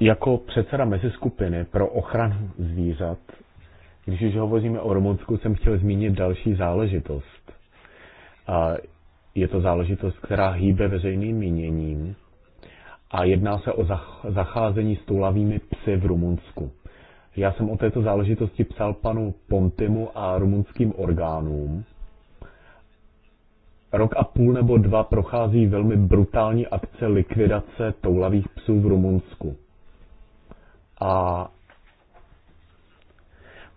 Jako předseda meziskupiny pro ochranu zvířat, když už hovoříme o Rumunsku, jsem chtěl zmínit další záležitost. A je to záležitost, která hýbe veřejným míněním a jedná se o zacházení s toulavými psy v Rumunsku. Já jsem o této záležitosti psal panu Pontimu a rumunským orgánům. Rok a půl nebo dva prochází velmi brutální akce likvidace toulavých psů v Rumunsku a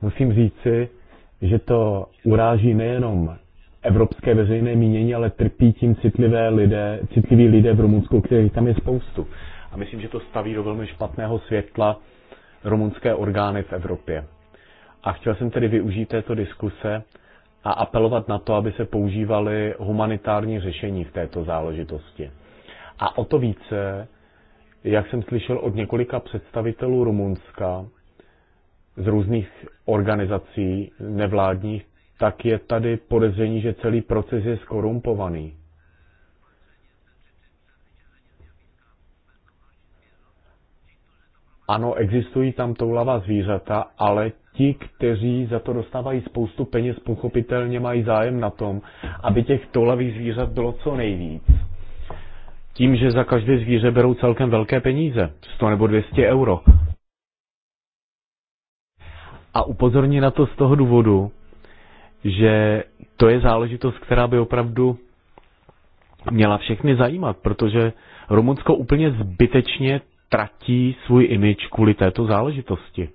musím říci, že to uráží nejenom evropské veřejné mínění, ale trpí tím citlivé lidé, citliví lidé v Rumunsku, kterých tam je spoustu. A myslím, že to staví do velmi špatného světla rumunské orgány v Evropě. A chtěl jsem tedy využít této diskuse a apelovat na to, aby se používaly humanitární řešení v této záležitosti. A o to více jak jsem slyšel od několika představitelů Rumunska z různých organizací nevládních, tak je tady podezření, že celý proces je skorumpovaný. Ano, existují tam toulavá zvířata, ale ti, kteří za to dostávají spoustu peněz, pochopitelně mají zájem na tom, aby těch toulavých zvířat bylo co nejvíc tím, že za každé zvíře berou celkem velké peníze, 100 nebo 200 euro. A upozorní na to z toho důvodu, že to je záležitost, která by opravdu měla všechny zajímat, protože Rumunsko úplně zbytečně tratí svůj imič kvůli této záležitosti.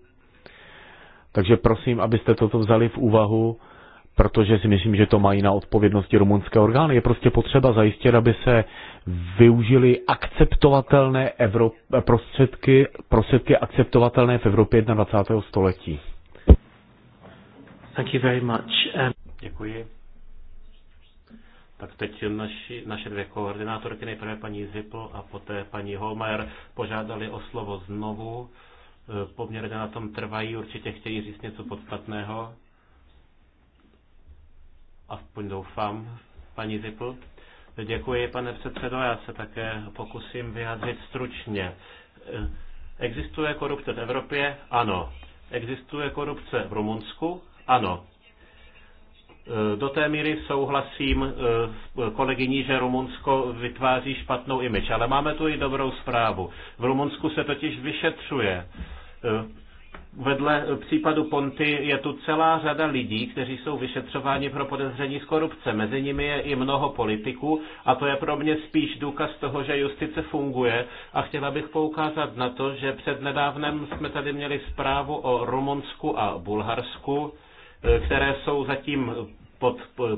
Takže prosím, abyste toto vzali v úvahu protože si myslím, že to mají na odpovědnosti rumunské orgány. Je prostě potřeba zajistit, aby se využili akceptovatelné Evrop, prostředky, prostředky akceptovatelné v Evropě 21. století. Thank you very much. Um... Děkuji. Tak teď naši, naše dvě koordinátorky, nejprve paní Zipl a poté paní Holmer, požádali o slovo znovu. E, poměrně na tom trvají, určitě chtějí říct něco podstatného. Aspoň doufám, paní Zipl. Děkuji, pane předsedo. Já se také pokusím vyjádřit stručně. Existuje korupce v Evropě? Ano. Existuje korupce v Rumunsku? Ano. Do té míry souhlasím s kolegyní, že Rumunsko vytváří špatnou imič, ale máme tu i dobrou zprávu. V Rumunsku se totiž vyšetřuje vedle případu Ponty je tu celá řada lidí, kteří jsou vyšetřováni pro podezření z korupce. Mezi nimi je i mnoho politiků a to je pro mě spíš důkaz toho, že justice funguje a chtěla bych poukázat na to, že před nedávnem jsme tady měli zprávu o Rumunsku a Bulharsku, eh, které jsou zatím pod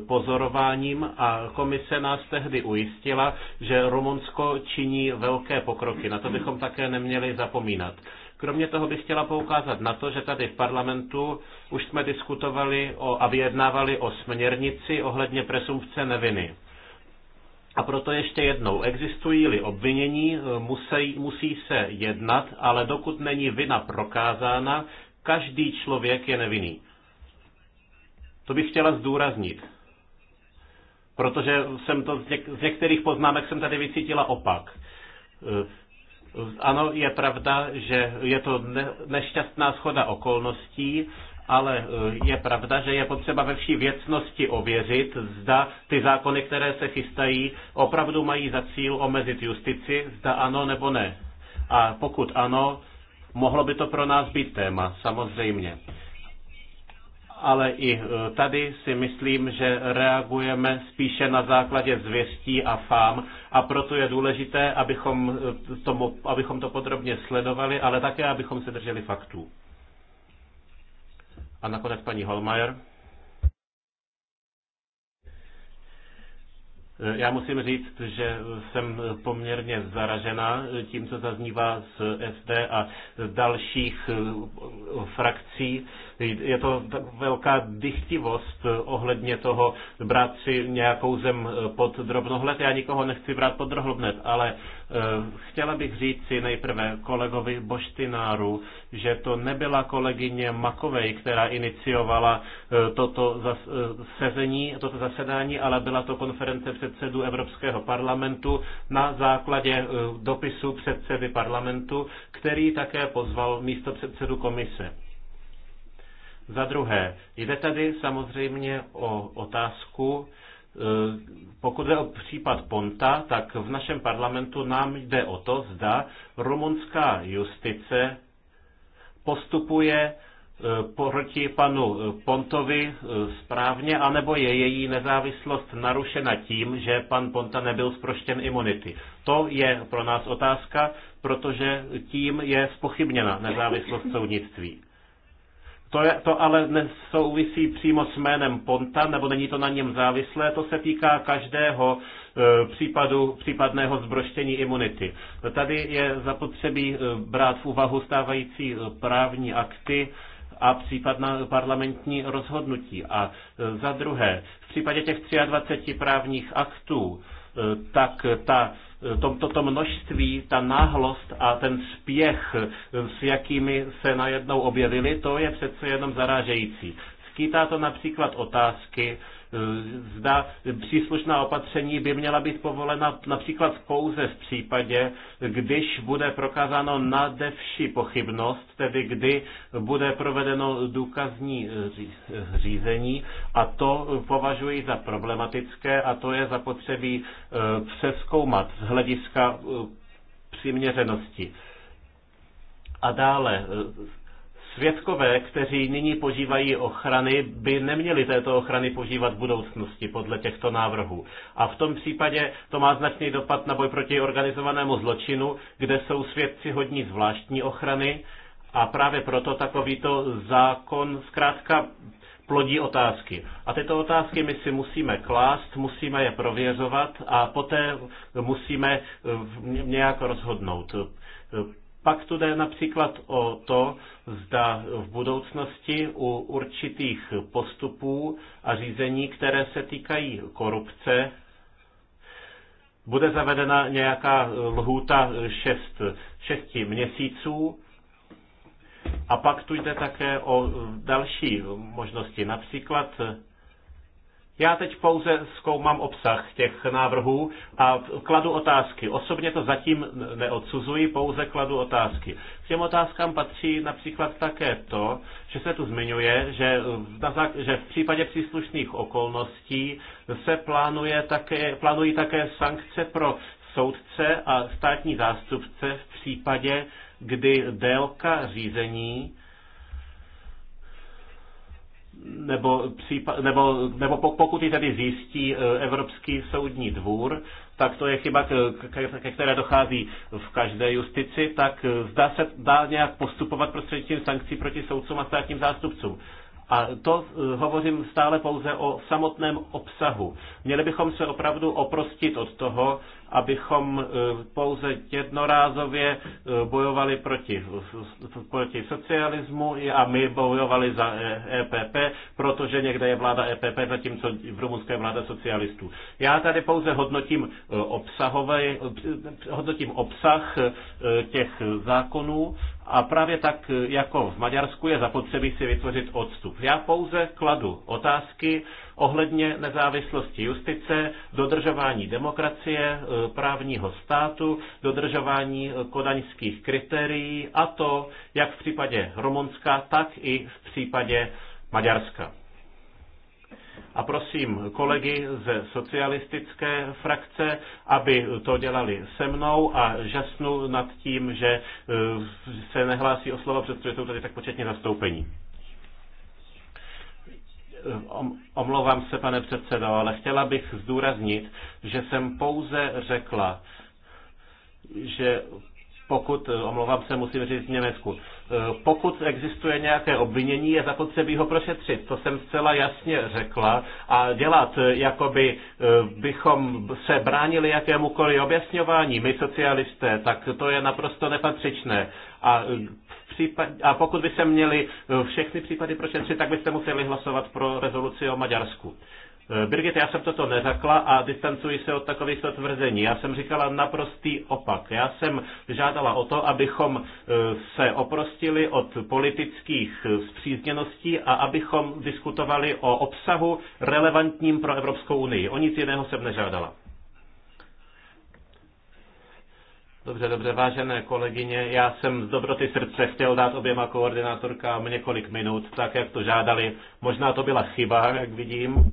pozorováním a komise nás tehdy ujistila, že Rumunsko činí velké pokroky. Na to bychom také neměli zapomínat. Kromě toho bych chtěla poukázat na to, že tady v parlamentu už jsme diskutovali o, a vyjednávali o směrnici ohledně presumpce neviny. A proto ještě jednou, existují-li obvinění, musí, musí se jednat, ale dokud není vina prokázána, každý člověk je nevinný. To bych chtěla zdůraznit. Protože jsem to z, něk- z některých poznámek jsem tady vycítila opak. Ano, je pravda, že je to nešťastná schoda okolností, ale e, je pravda, že je potřeba ve vší věcnosti ověřit, zda ty zákony, které se chystají, opravdu mají za cíl omezit justici, zda ano nebo ne. A pokud ano, mohlo by to pro nás být téma, samozřejmě ale i e, tady si myslím, že reagujeme spíše na základě zvěstí a fám a proto je důležité, abychom, e, tomu, abychom to podrobně sledovali, ale také, abychom se drželi faktů. A nakonec paní Holmajer. E, já musím říct, že jsem poměrně zaražena tím, co zaznívá z SD a dalších frakcí. Je to tak velká dychtivost ohledně toho brát si nějakou zem pod drobnohled. Já nikoho nechci brát pod drobnohled, ale eh, chtěla bych říct si nejprve kolegovi Boštináru, že to nebyla kolegyně Makovej, která iniciovala eh, toto eh, sezení, toto zasedání, ale byla to konference předsedů Evropského parlamentu na základě dopisu předsedy parlamentu, který také pozval místo předsedu komise. Za druhé, jde tady samozřejmě o otázku, eh, pokud je o případ Ponta, tak v našem parlamentu nám jde o to, zda rumunská justice postupuje eh, proti panu Pontovi eh, správně, anebo je její nezávislost narušena tím, že pan Ponta nebyl zproštěn imunity. To je pro nás otázka, protože tím je spochybněna nezávislost soudnictví. To, je, to ale nesouvisí přímo s jménem Ponta, nebo není to na něm závislé, to se týká každého e, případu případného zbroštění imunity. Tady je zapotřebí e, brát v úvahu stávající e, právní akty, a případná parlamentní rozhodnutí. A e, za druhé, v případě těch 23 právních aktů, tak ta Eh, to, to, to množství, ta náhlost a ten spěch, eh, s jakými se najednou objevili, to je přece jenom zarážející. Skýtá to například otázky, Eh, zda příslušná opatření by měla být povolena například pouze v případě, když bude prokázáno nadevší pochybnost, tedy kdy bude provedeno důkazní eh, eh, řízení a to považuji za problematické a to je zapotřebí přeskoumat z hlediska přiměřenosti. A dále Svědkové, kteří nyní požívají ochrany, by neměli této ochrany požívat v budoucnosti podle těchto návrhů. A v tom případě to má značný dopad na boj proti organizovanému zločinu, kde jsou svědci hodní zvláštní ochrany a právě proto takovýto zákon zkrátka plodí otázky. A tyto otázky my si musíme klást, musíme je prověřovat a poté musíme nějak rozhodnout pak tu jde například o to, zda v budoucnosti u určitých postupů a řízení, které se týkají korupce, bude zavedena nějaká lhůta 6, šest, měsíců. A pak tu jde také o další možnosti, například já teď pouze zkoumám obsah těch návrhů a kladu otázky. Osobně to zatím neodsuzuji, pouze kladu otázky. K těm otázkám patří například také to, že se tu zmiňuje, že, že v případě příslušných okolností se plánuje také, plánují také sankce pro soudce a státní zástupce v případě, kdy délka řízení nebo, případ, nebo, nebo pokud ji tedy zjistí e, Evropský soudní dvůr, tak to je chyba, ke které dochází v každé justici, tak e, zdá se dá nějak postupovat prostřednictvím sankcí proti soudcům a státním zástupcům. A to e, hovořím stále pouze o samotném obsahu. Měli bychom se opravdu oprostit od toho, abychom eh, pouze jednorázově eh, bojovali proti, proti socialismu a my bojovali za EPP, eh, e protože někde je vláda EPP, zatímco v Rumunské je vláda socialistů. Já tady pouze hodnotím, obsahové, hodnotím obsah těch zákonů, a právě tak jako v Maďarsku je zapotřebí si vytvořit odstup. Já pouze kladu otázky ohledně nezávislosti justice, dodržování demokracie, právního státu, dodržování kodaňských kritérií a to jak v případě Romunska, tak i v případě Maďarska a prosím kolegy ze socialistické frakce, aby to dělali se mnou a žasnu nad tím, že eh, se nehlásí o slovo, přestože jsou tady tak početně zastoupení. Eh, omlouvám se, pane předsedo, ale chtěla bych zdůraznit, že jsem pouze řekla, že pokud, eh, omlouvám se, musím říct v Německu, Eh, pokud existuje nějaké obvinění, je zapotřebí ho prošetřit. To jsem zcela jasně řekla. A dělat, eh, jako by eh, bychom se bránili jakémukoliv objasňování, my socialisté, tak to je naprosto nepatřičné. A případ, a pokud by se měli všechny případy prošetřit, tak byste museli hlasovat pro rezoluci o Maďarsku. Eh, Birgit, já jsem toto neřekla a distancuji se od takovýchto tvrzení. Já jsem říkala naprostý opak. Já jsem žádala o to, abychom eh, se oprostili od politických eh, zpřízněností a abychom diskutovali o obsahu relevantním pro Evropskou unii. O nic jiného jsem nežádala. Dobře, dobře, vážené kolegyně, já jsem z dobroty srdce chtěl dát oběma koordinátorkám několik minut, tak jak to žádali. Možná to byla chyba, jak vidím.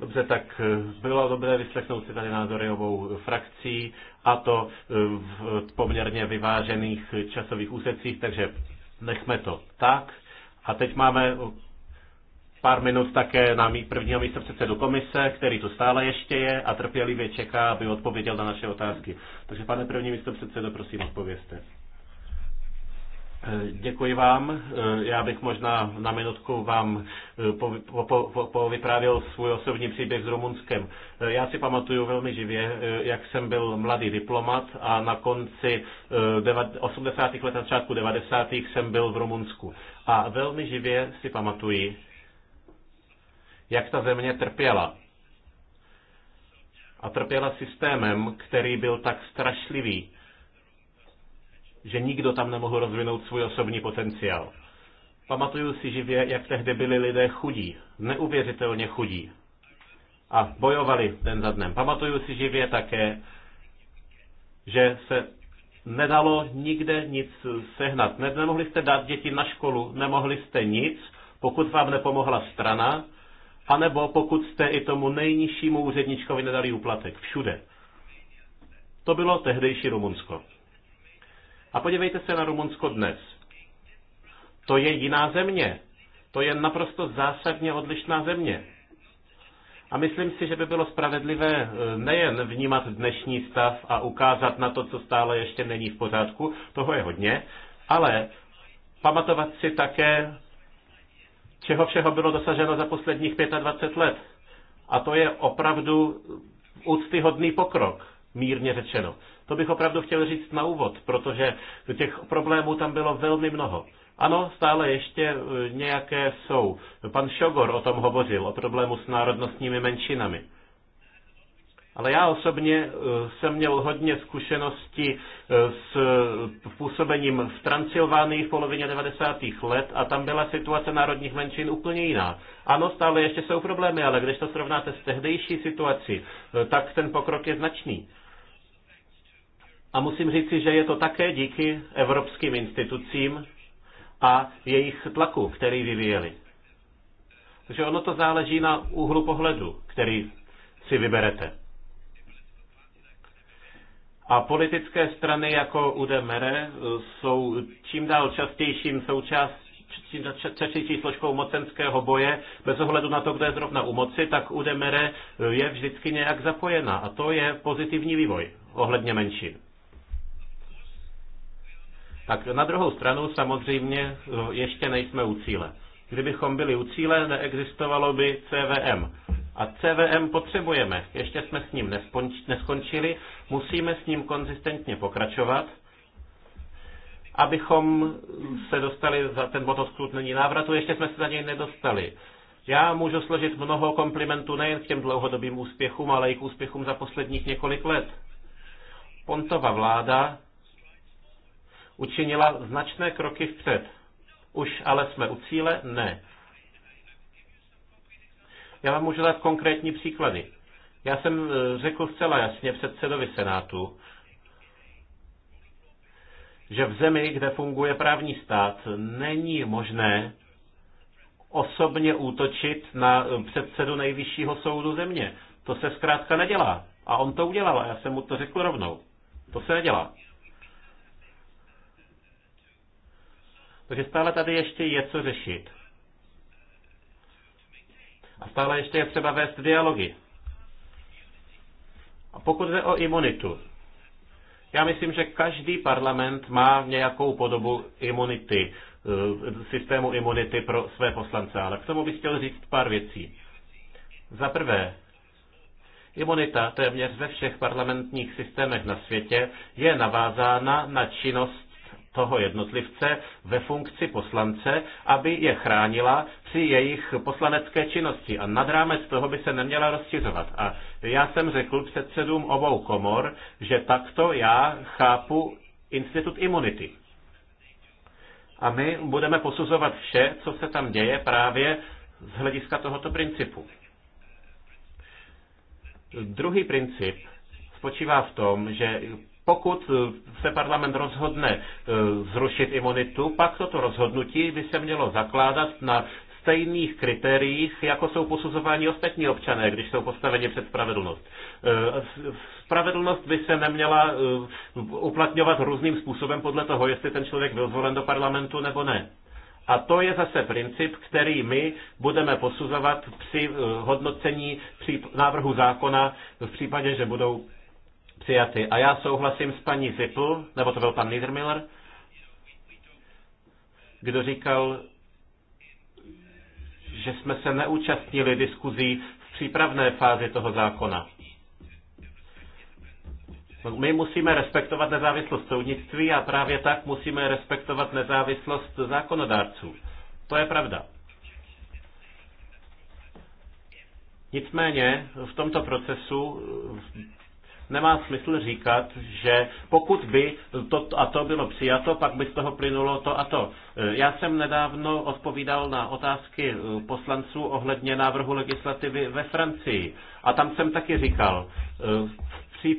Dobře, tak eh, bylo dobré vyslechnout si tady názory obou frakcí a to eh, v poměrně vyvážených časových úsecích, takže nechme to tak. A teď máme pár minut také na mý prvního místo předsedu komise, který tu stále ještě je a trpělivě čeká, aby odpověděl na naše otázky. Takže pane první místo předsedo, prosím odpověste. Eh, děkuji vám. Eh, já bych možná na minutku vám eh, povyprávěl svůj osobní příběh s Rumunskem. Já si pamatuju velmi živě, jak jsem byl mladý diplomat a na konci 80. let a začátku 90. jsem byl v Rumunsku. A velmi živě si pamatuji, jak ta země trpěla. A trpěla systémem, který byl tak strašlivý, že nikdo tam nemohl rozvinout svůj osobní potenciál. Pamatuju si živě, jak tehdy byli lidé chudí, neuvěřitelně chudí. A bojovali den za dnem. Pamatuju si živě také, že se nedalo nikde nic sehnat. Nemohli jste dát děti na školu, nemohli jste nic, pokud vám nepomohla strana, anebo pokud jste i tomu nejnižšímu úředničkovi nedali úplatek. Všude. To bylo tehdejší Rumunsko. A podívejte se na Rumunsko dnes. To je jiná země. To je naprosto zásadně odlišná země. A myslím si, že by bylo spravedlivé e, nejen vnímat dnešní stav a ukázat na to, co stále ještě není v pořádku, toho je hodně, ale pamatovat si také, čeho všeho bylo dosaženo za posledních 25 let. A to je opravdu úctyhodný pokrok, mírně řečeno. To bych opravdu chtěl říct na úvod, protože těch problémů tam bylo velmi mnoho. Ano, stále ještě e, nějaké jsou. Pan Šogor o tom hovořil, o problému s národnostními menšinami. Ale já osobně e, jsem měl hodně zkušenosti e, s působením v Transylvánii v polovině 90. let a tam byla situace národních menšin úplně jiná. Ano, stále ještě jsou problémy, ale když to srovnáte s tehdejší situací, tak ten pokrok je značný. A musím říci, že je to také díky evropským institucím a jejich tlaku, který vyvíjeli. Takže ono to záleží na úhlu pohledu, který si vyberete. A politické strany jako UDMR jsou čím dál častějším součástí častější složkou mocenského boje, bez ohledu na to, kdo je zrovna u moci, tak UDMR je vždycky nějak zapojena. A to je pozitivní vývoj ohledně menšin. Tak na druhou stranu samozřejmě eh, ještě nejsme u cíle. Kdybychom byli u cíle, neexistovalo by CVM. A CVM potřebujeme. Ještě jsme s ním neskončili. Musíme s ním konzistentně pokračovat, abychom se dostali za ten bod není návratu. Ještě jsme se za něj nedostali. Já můžu složit mnoho komplimentů nejen k těm dlouhodobým úspěchům, ale i k úspěchům za posledních několik let. Pontova vláda učinila značné kroky vpřed. Už ale jsme u cíle? Ne. Já vám můžu dát konkrétní příklady. Já jsem e, řekl zcela jasně předsedovi Senátu, že v zemi, kde funguje právní stát, není možné osobně útočit na e, předsedu nejvyššího soudu země. To se zkrátka nedělá. A on to udělal a já jsem mu to řekl rovnou. To se nedělá. Takže stále tady ještě je co řešit. A stále ještě je třeba vést dialogy. A pokud jde o imunitu, já myslím, že každý parlament má nějakou podobu imunity, eh, systému imunity pro své poslance, ale k tomu bych chtěl říct pár věcí. Za prvé, imunita téměř ve všech parlamentních systémech na světě je navázána na činnost toho jednotlivce ve funkci poslance, aby je chránila při jejich poslanecké činnosti. A nad rámec toho by se neměla rozšiřovat. A já jsem řekl předsedům obou komor, že takto já chápu institut imunity. A my budeme posuzovat vše, co se tam děje právě z hlediska tohoto principu. Druhý princip spočívá v tom, že pokud eh, se parlament rozhodne eh, zrušit imunitu, pak toto rozhodnutí by se mělo zakládat na stejných kritériích, jako jsou posuzování ostatní občané, když jsou postaveni před spravedlnost. Eh, spravedlnost by se neměla uplatňovat různým způsobem podle toho, jestli ten člověk byl zvolen do parlamentu nebo ne. A to je zase princip, který my budeme posuzovat při hodnocení při návrhu zákona v případě, že budou přijaty. A já souhlasím s paní Zippel, nebo to byl pan Niedermiller, kdo říkal, že jsme se neúčastnili diskuzí v přípravné fázi toho zákona. My musíme respektovat nezávislost soudnictví a právě tak musíme respektovat nezávislost zákonodárců. To je pravda. Nicméně v tomto procesu nemá smysl říkat, že pokud by to a to bylo přijato, pak by z toho plynulo to a to. E, já jsem nedávno odpovídal na otázky e, poslanců ohledně návrhu legislativy ve Francii a tam jsem taky říkal, e,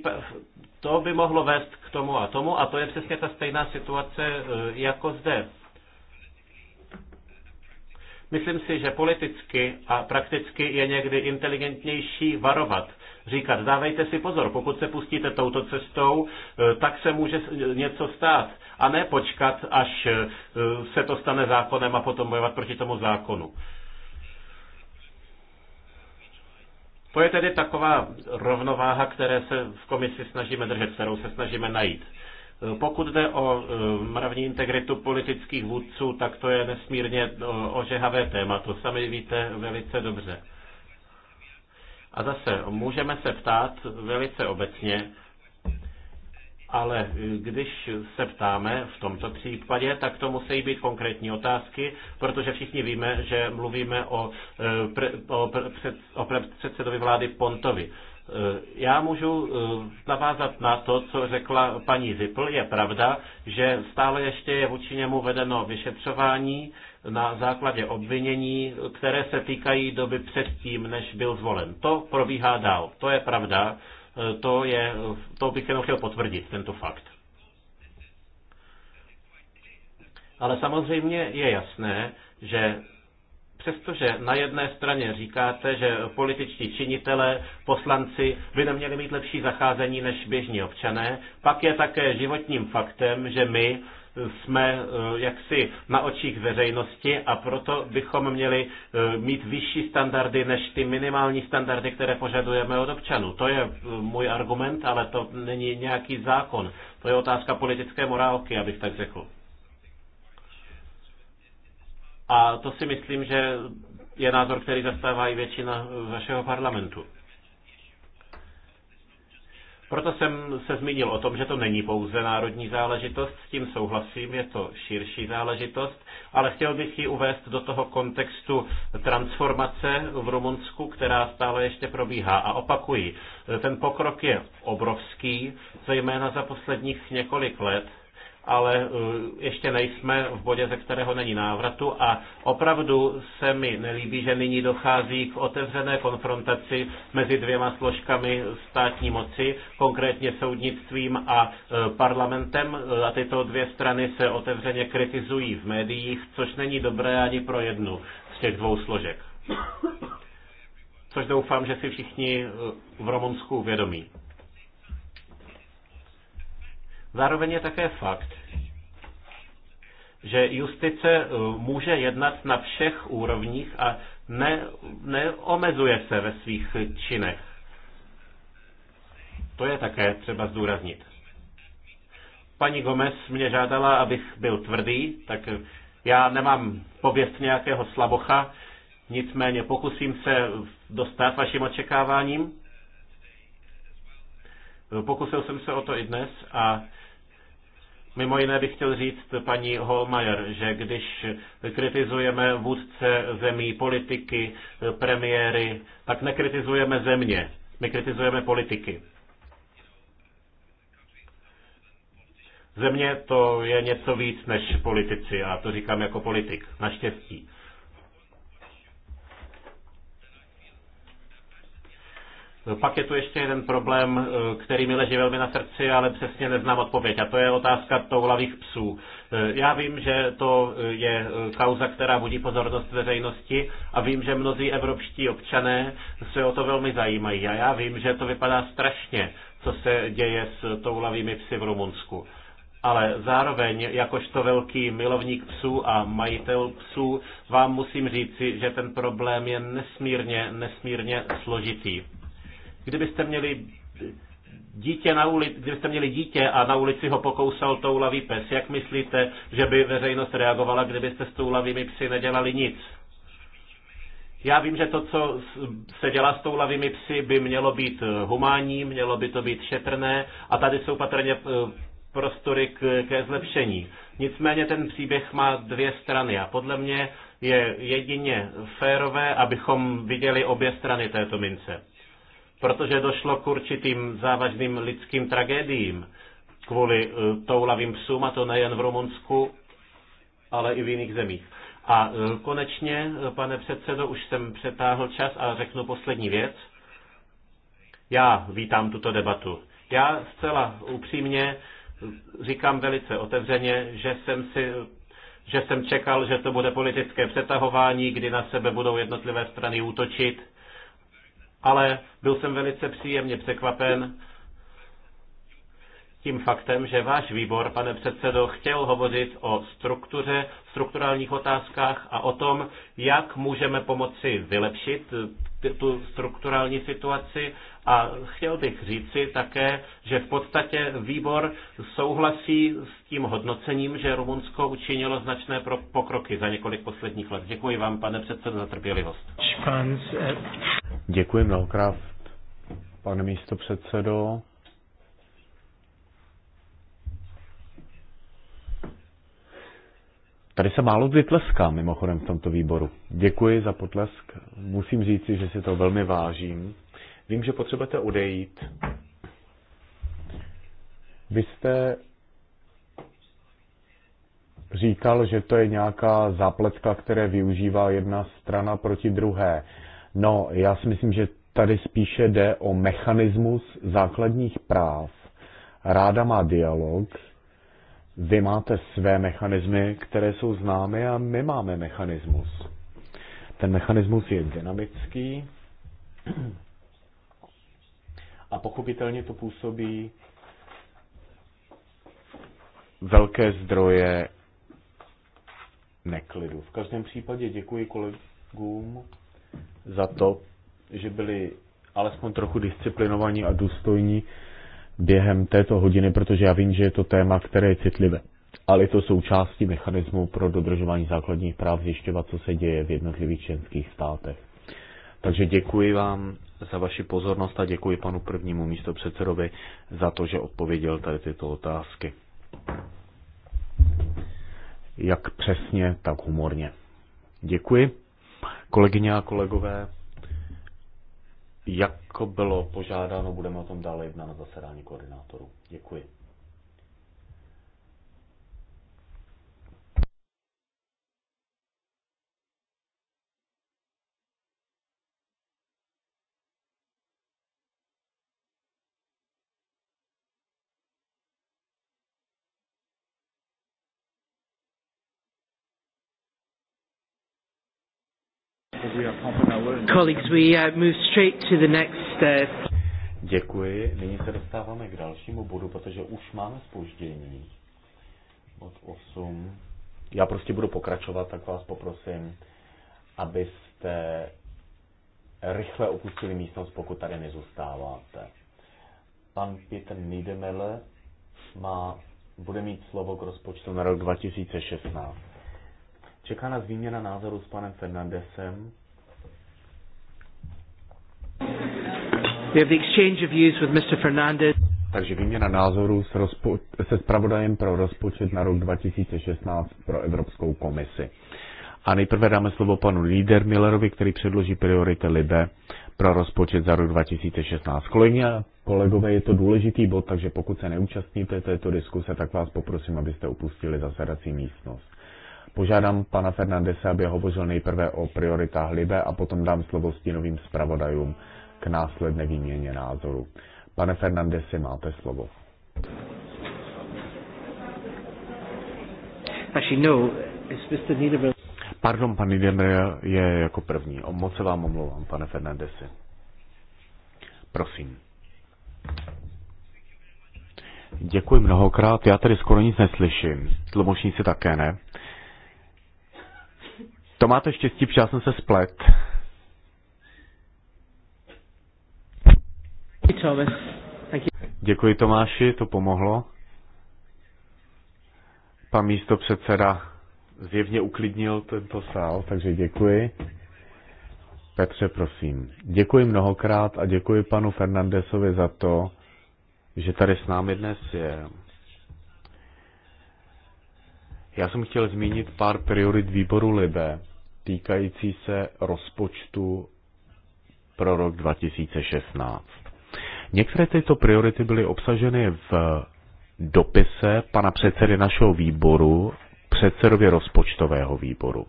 to by mohlo vést k tomu a tomu a to je přesně ta stejná situace jako zde. Myslím si, že politicky a prakticky je někdy inteligentnější varovat říkat, dávejte si pozor, pokud se pustíte touto cestou, eh, tak se může něco stát. A ne počkat, až eh, se to stane zákonem a potom bojovat proti tomu zákonu. To je tedy taková rovnováha, které se v komisi snažíme držet, kterou se snažíme najít. Eh, pokud jde o mravní integritu politických vůdců, tak to je nesmírně ožehavé téma, to sami víte velice dobře. A zase můžeme se ptát velice obecně, ale když se ptáme v tomto případě, tak to musí být konkrétní otázky, protože všichni víme, že mluvíme o, eh, o, před, o předsedovi vlády Pontovi. Eh, já můžu eh, navázat na to, co řekla paní Zipl. Je pravda, že stále ještě je vůči němu vedeno vyšetřování, na základě obvinění, které se týkají doby předtím, než byl zvolen. To probíhá dál. To je pravda. To, je, to bych jenom chtěl potvrdit, tento fakt. Ale samozřejmě je jasné, že přestože na jedné straně říkáte, že političtí činitelé, poslanci by neměli mít lepší zacházení než běžní občané, pak je také životním faktem, že my, jsme eh, jaksi na očích veřejnosti a proto bychom měli eh, mít vyšší standardy než ty minimální standardy, které požadujeme od občanů. To je eh, můj argument, ale to není nějaký zákon. To je otázka politické morálky, abych tak řekl. A to si myslím, že je názor, který zastává i většina vašeho parlamentu. Proto jsem se zmínil o tom, že to není pouze národní záležitost, s tím souhlasím, je to širší záležitost, ale chtěl bych ji uvést do toho kontextu transformace v Rumunsku, která stále ještě probíhá. A opakuji, ten pokrok je obrovský, zejména za posledních několik let ale eh, ještě nejsme v bodě, ze kterého není návratu a opravdu se mi nelíbí, že nyní dochází k otevřené konfrontaci mezi dvěma složkami státní moci, konkrétně soudnictvím a eh, parlamentem eh, a tyto dvě strany se otevřeně kritizují v médiích, což není dobré ani pro jednu z těch dvou složek. Což doufám, že si všichni v Romunsku uvědomí. Zároveň je také fakt, že justice eh, může jednat na všech úrovních a ne, neomezuje se ve svých činech. To je také třeba zdůraznit. Paní Gomez mě žádala, abych byl tvrdý, tak eh, já nemám pověst nějakého slabocha, nicméně pokusím se dostat vašim očekáváním. Eh, pokusil jsem se o to i dnes a Mimo jiné bych chtěl říct paní Holmajer, že když kritizujeme vůdce zemí, politiky, premiéry, tak nekritizujeme země, my kritizujeme politiky. Země to je něco víc než politici, a to říkám jako politik, naštěstí. Pak je tu ještě jeden problém, eh, který mi leží velmi na srdci, ale přesně neznám odpověď, a to je otázka toulavých psů. Eh, já vím, že to eh, je kauza, která budí pozornost veřejnosti a vím, že mnozí evropští občané se o to velmi zajímají. A já vím, že to vypadá strašně, co se děje s toulavými psy v Rumunsku ale zároveň, jakožto velký milovník psů a majitel psů, vám musím říci, že ten problém je nesmírně, nesmírně složitý. Kdybyste měli dítě na ulici, kdybyste měli dítě a na ulici ho pokousal toulavý pes, jak myslíte, že by veřejnost reagovala, kdybyste s toulavými psy nedělali nic? Já vím, že to, co se dělá s toulavými psy, by mělo být eh, humánní, mělo by to být šetrné a tady jsou patrně eh, prostory k, ke zlepšení. Nicméně ten příběh má dvě strany a podle mě je jedině férové, abychom viděli obě strany této mince protože došlo k určitým závažným lidským tragédiím kvůli eh, toulavým psům, a to nejen v Rumunsku, ale i v jiných zemích. A eh, konečně, eh, pane předsedo, už jsem přetáhl čas a řeknu poslední věc. Já vítám tuto debatu. Já zcela upřímně říkám velice otevřeně, že jsem si že jsem čekal, že to bude politické přetahování, kdy na sebe budou jednotlivé strany útočit ale byl jsem velice příjemně překvapen tím faktem, že váš výbor, pane předsedo, chtěl hovořit o struktuře, strukturálních otázkách a o tom, jak můžeme pomoci vylepšit tu strukturální situaci. A chtěl bych říci také, že v podstatě výbor souhlasí s tím hodnocením, že Rumunsko učinilo značné pokroky za několik posledních let. Děkuji vám, pane předsedo, za trpělivost. Eh. Děkuji mnohokrát, pane místo předsedo. Tady se málo vytleská mimochodem v tomto výboru. Děkuji za potlesk. Musím říci, že si to velmi vážím. Vím, že potřebujete odejít. Vy jste říkal, že to je nějaká zápletka, které využívá jedna strana proti druhé. No, já si myslím, že tady spíše jde o mechanismus základních práv. Ráda má dialog, vy máte své mechanismy, které jsou známy a my máme mechanismus. Ten mechanismus je dynamický a pochopitelně to působí velké zdroje neklidu. V každém případě děkuji kolegům za to, že byli alespoň trochu disciplinovaní a důstojní během této hodiny, protože já vím, že je to téma, které je citlivé. Ale je to součástí mechanismu pro dodržování základních práv zjišťovat, co se děje v jednotlivých členských státech. Takže děkuji vám za vaši pozornost a děkuji panu prvnímu místopředsedovi za to, že odpověděl tady tyto otázky. Jak přesně, tak humorně. Děkuji. Kolegyně a kolegové, jako bylo požádáno, budeme o tom dále jednat na zasedání koordinátorů. Děkuji. colleagues, we uh, move straight to the next. Uh... Děkuji. Nyní se dostáváme k dalšímu bodu, protože už máme spoždění. od 8. Já prostě budu pokračovat, tak vás poprosím, abyste rychle opustili místnost, pokud tady nezůstáváte. Pan Peter Niedemele má, bude mít slovo k rozpočtu na rok 2016. Čeká nás výměna názoru s panem Fernandesem, We have the exchange of views with Mr. Fernandez. Takže výměna názorů s rozpo- se spravodajem pro rozpočet na rok 2016 pro Evropskou komisi. A nejprve dáme slovo panu Líder Millerovi, který předloží priority Libe pro rozpočet za rok 2016. Kolegyně a kolegové, je to důležitý bod, takže pokud se neúčastníte této diskuse, tak vás poprosím, abyste opustili zasedací místnost. Požádám pana Fernandese, aby hovořil nejprve o prioritách Libe a potom dám slovo stínovým zpravodajům k následné výměně názoru. Pane Fernandesi, máte slovo. No. Pardon, pan Niedermayer je jako první. O moc se vám omlouvám, pane Fernandesi. Prosím. Děkuji mnohokrát. Já tady skoro nic neslyším. Tlumočníci také ne. To máte štěstí, protože já jsem se splet. Děkuji Tomáši, to pomohlo. Pan místo předseda zjevně uklidnil tento sál, takže děkuji. Petře, prosím. Děkuji mnohokrát a děkuji panu Fernandesovi za to, že tady s námi dnes je. Já jsem chtěl zmínit pár priorit výboru Libe týkající se rozpočtu pro rok 2016. Některé tyto priority byly obsaženy v dopise pana předsedy našeho výboru, předsedově rozpočtového výboru.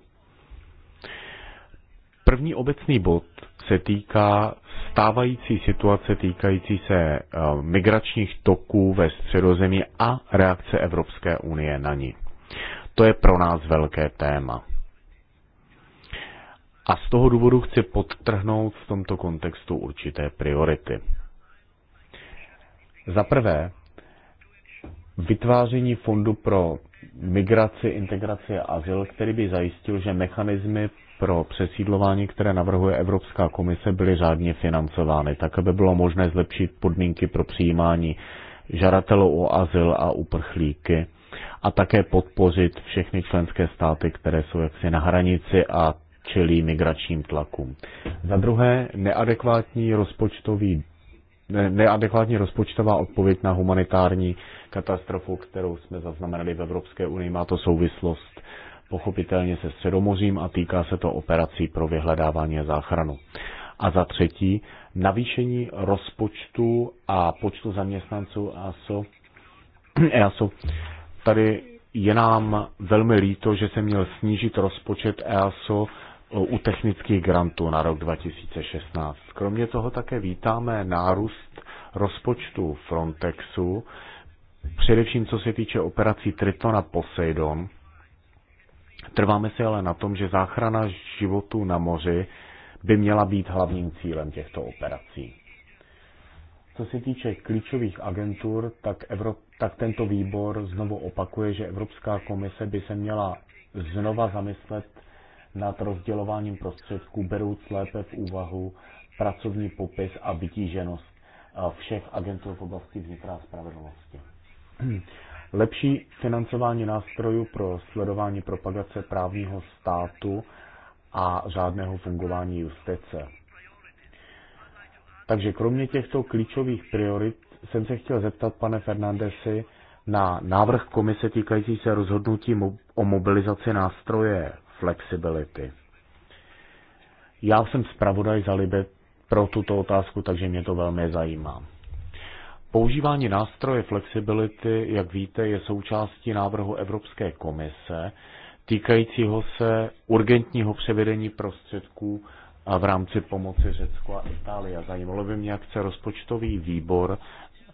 První obecný bod se týká stávající situace týkající se eh, migračních toků ve středozemí a reakce Evropské unie na ní. To je pro nás velké téma. A z toho důvodu chci podtrhnout v tomto kontextu určité priority. Za prvé, vytváření fondu pro migraci, integraci a azyl, který by zajistil, že mechanismy pro přesídlování, které navrhuje Evropská komise, byly řádně financovány, tak aby bylo možné zlepšit podmínky pro přijímání žadatelů o azyl a uprchlíky a také podpořit všechny členské státy, které jsou jaksi na hranici a čelí migračním tlakům. Za druhé, neadekvátní rozpočtový neadekvátní rozpočtová odpověď na humanitární katastrofu, kterou jsme zaznamenali v Evropské unii. Má to souvislost pochopitelně se Středomořím a týká se to operací pro vyhledávání a záchranu. A za třetí, navýšení rozpočtu a počtu zaměstnanců ASO. EASO. Tady je nám velmi líto, že se měl snížit rozpočet EASO u technických grantů na rok 2016. Kromě toho také vítáme nárůst rozpočtu Frontexu, především co se týče operací Triton a Poseidon. Trváme si ale na tom, že záchrana životů na moři by měla být hlavním cílem těchto operací. Co se týče klíčových agentur, tak, Evrop, tak tento výbor znovu opakuje, že Evropská komise by se měla znova zamyslet nad rozdělováním prostředků, berouc lépe v úvahu pracovní popis a vytíženost eh, všech agentů v oblasti vnitra a spravedlnosti. Lepší financování nástrojů pro sledování propagace právního státu a řádného fungování justice. Takže kromě těchto klíčových priorit jsem se chtěl zeptat, pane Fernandesi, na návrh komise týkající se rozhodnutí o mobilizaci nástroje flexibility. Já jsem zpravodaj za Libe pro tuto otázku, takže mě to velmi zajímá. Používání nástroje flexibility, jak víte, je součástí návrhu Evropské komise týkajícího se urgentního převedení prostředků v rámci pomoci Řecku a Itálie. Zajímalo by mě, jak se rozpočtový výbor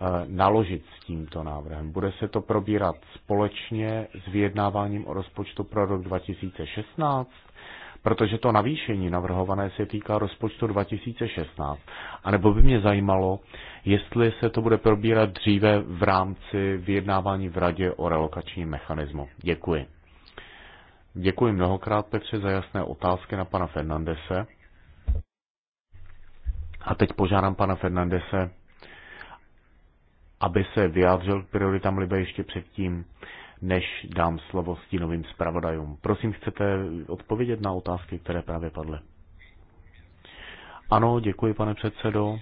Eh, naložit s tímto návrhem. Bude se to probírat společně s vyjednáváním o rozpočtu pro rok 2016, protože to navýšení navrhované se týká rozpočtu 2016. A nebo by mě zajímalo, jestli se to bude probírat dříve v rámci vyjednávání v Radě o relokačním mechanismu. Děkuji. Děkuji mnohokrát, Petře, za jasné otázky na pana Fernandese. A teď požádám pana Fernandese, aby se vyjádřil k prioritám Libe ještě předtím, než dám slovo stínovým zpravodajům. Prosím, chcete odpovědět na otázky, které právě padly? Ano, děkuji, pane předsedo.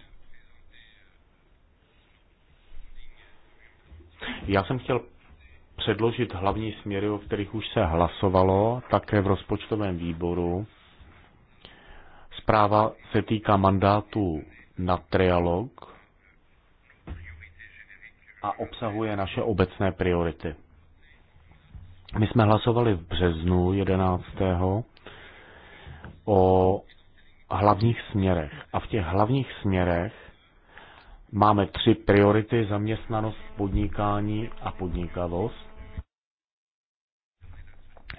Já jsem chtěl předložit hlavní směry, o kterých už se hlasovalo, také v rozpočtovém výboru. Zpráva se týká mandátu na trialog a obsahuje naše obecné priority. My jsme hlasovali v březnu 11. o hlavních směrech. A v těch hlavních směrech máme tři priority zaměstnanost, podnikání a podnikavost,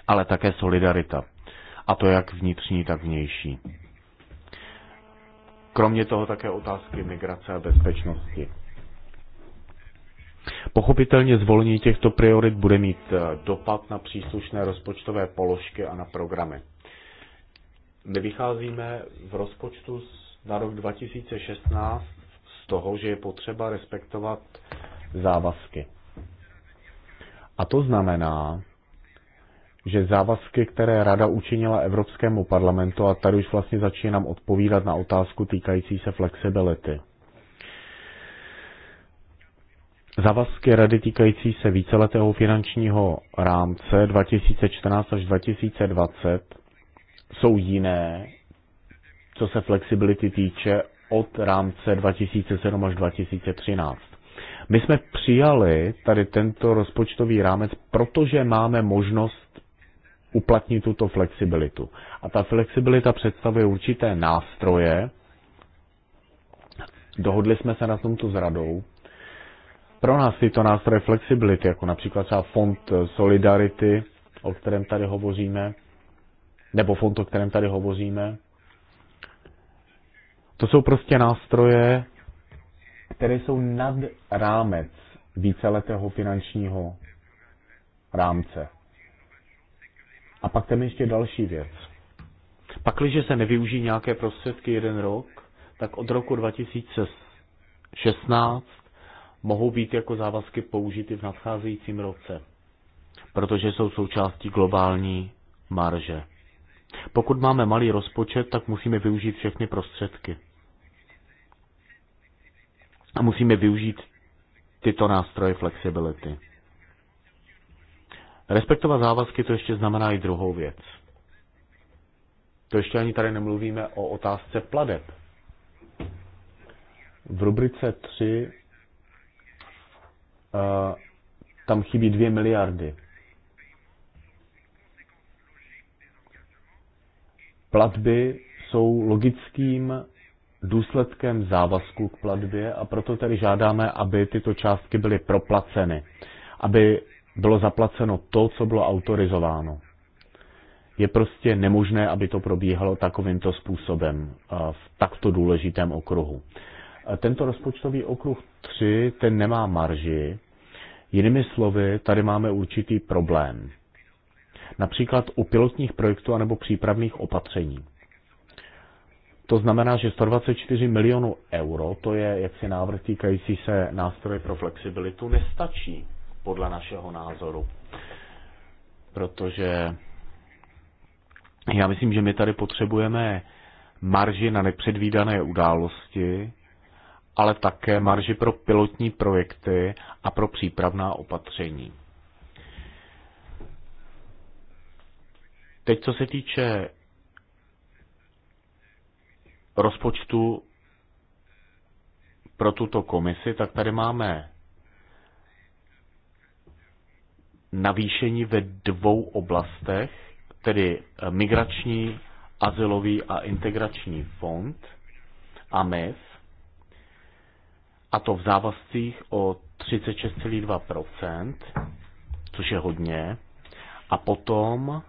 ale také solidarita. A to jak vnitřní, tak vnější. Kromě toho také otázky migrace a bezpečnosti. Pochopitelně zvolení těchto priorit bude mít eh, dopad na příslušné rozpočtové položky a na programy. My vycházíme v rozpočtu na rok 2016 z toho, že je potřeba respektovat závazky. A to znamená, že závazky, které Rada učinila Evropskému parlamentu, a tady už vlastně začínám odpovídat na otázku týkající se flexibility – Zavazky rady týkající se víceletého finančního rámce 2014 až 2020 jsou jiné, co se flexibility týče, od rámce 2007 až 2013. My jsme přijali tady tento rozpočtový rámec, protože máme možnost uplatnit tuto flexibilitu. A ta flexibilita představuje určité nástroje. Dohodli jsme se na tomto s radou, pro nás tyto nástroje flexibility, jako například třeba fond eh, Solidarity, o kterém tady hovoříme, nebo fond, o kterém tady hovoříme, to jsou prostě nástroje, které jsou nad rámec víceletého finančního rámce. A pak tam ještě další věc. Pakliže se nevyužijí nějaké prostředky jeden rok, tak od roku 2016 mohou být jako závazky použity v nadcházejícím roce, protože jsou součástí globální marže. Pokud máme malý rozpočet, tak musíme využít všechny prostředky. A musíme využít tyto nástroje flexibility. Respektovat závazky to ještě znamená i druhou věc. To ještě ani tady nemluvíme o otázce pladeb. V rubrice 3 Eh, tam chybí dvě miliardy. Platby jsou logickým důsledkem závazku k platbě a proto tedy žádáme, aby tyto částky byly proplaceny, aby bylo zaplaceno to, co bylo autorizováno. Je prostě nemožné, aby to probíhalo takovýmto způsobem eh, v takto důležitém okruhu. Tento rozpočtový okruh 3, ten nemá marži. Jinými slovy, tady máme určitý problém. Například u pilotních projektů anebo přípravných opatření. To znamená, že 124 milionů euro, to je jaksi návrh týkající se nástroje pro flexibilitu, nestačí podle našeho názoru. Protože já myslím, že my tady potřebujeme marži na nepředvídané události ale také marži pro pilotní projekty a pro přípravná opatření. Teď, co se týče rozpočtu pro tuto komisi, tak tady máme navýšení ve dvou oblastech, tedy migrační, azylový a integrační fond a MIF. E a to v závazcích o 36,2%, což je hodně, a potom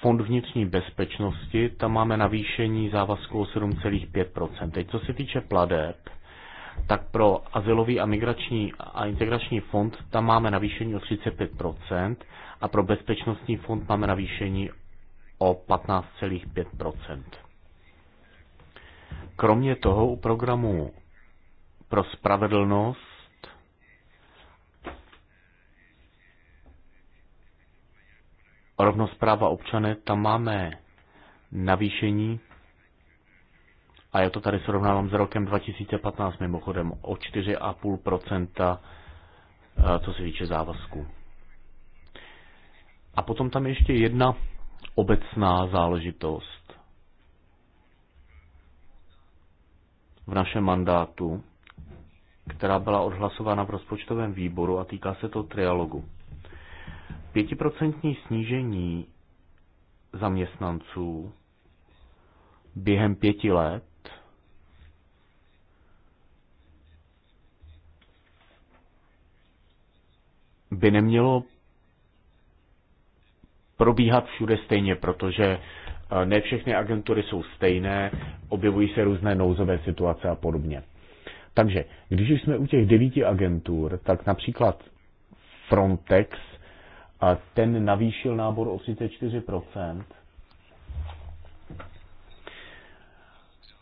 Fond vnitřní bezpečnosti, tam máme navýšení závazku o 7,5%. Teď co se týče pladeb, tak pro Azylový a migrační a integrační fond tam máme navýšení o 35% a pro bezpečnostní fond máme navýšení o 15,5%. Kromě toho u programu pro spravedlnost rovnost práva občané, tam máme navýšení a já to tady srovnávám s rokem 2015 mimochodem o 4,5%, eh, co se týče závazku. A potom tam ještě jedna obecná záležitost. v našem mandátu, která byla odhlasována v rozpočtovém výboru a týká se to trialogu. Pětiprocentní snížení zaměstnanců během pěti let by nemělo probíhat všude stejně, protože Eh, ne všechny agentury jsou stejné, objevují se různé nouzové situace a podobně. Takže když jsme u těch devíti agentur, tak například Frontex, eh, ten navýšil nábor o 34%.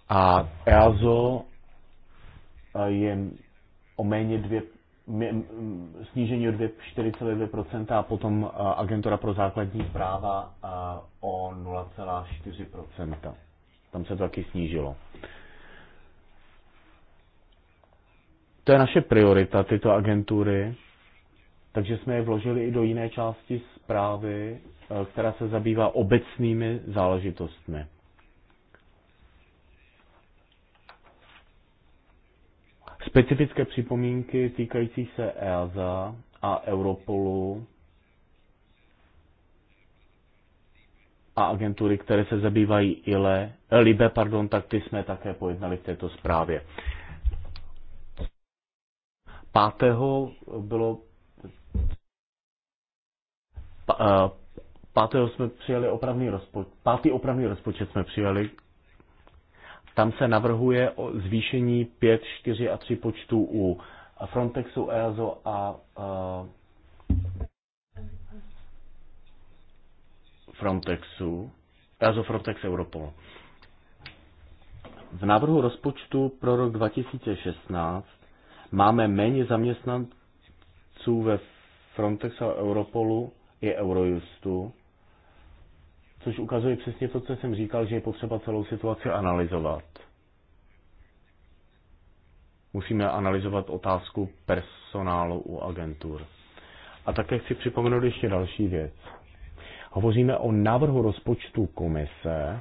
A EASO eh, je o méně snížení o 4,2% a potom Agentura pro základní práva o 0,4%. Tam se to taky snížilo. To je naše priorita, tyto agentury, takže jsme je vložili i do jiné části zprávy, e, která se zabývá obecnými záležitostmi. Specifické připomínky týkající se EASA a Europolu a agentury, které se zabývají ILE, eh, LIBE, pardon, tak ty jsme také pojednali v této zprávě. 5. bylo 5. Eh, jsme přijali opravný rozpočet, pátý opravný rozpočet jsme přijali tam se navrhuje o zvýšení 5, 4 a 3 počtů u Frontexu, EASO a eh, Frontexu, EASO Frontex Europol. V návrhu rozpočtu pro rok 2016 máme méně zaměstnanců ve Frontexu a Europolu i Eurojustu což ukazuje přesně to, co jsem říkal, že je potřeba celou situaci analyzovat. Musíme analyzovat otázku personálu u agentur. A také chci připomenout ještě další věc. Hovoříme o návrhu rozpočtu komise,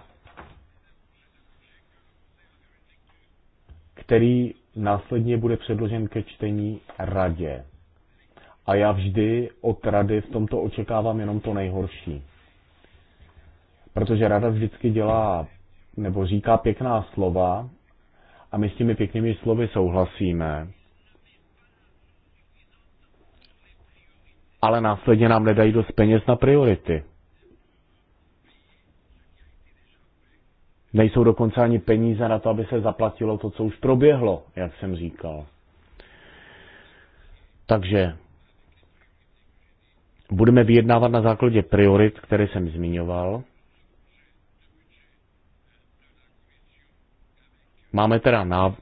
který následně bude předložen ke čtení radě. A já vždy od rady v tomto očekávám jenom to nejhorší protože rada vždycky dělá nebo říká pěkná slova a my s těmi pěknými slovy souhlasíme. Ale následně nám nedají dost peněz na priority. Nejsou dokonce ani peníze na to, aby se zaplatilo to, co už proběhlo, jak jsem říkal. Takže budeme vyjednávat na základě priorit, které jsem zmiňoval. Máme teda, náv-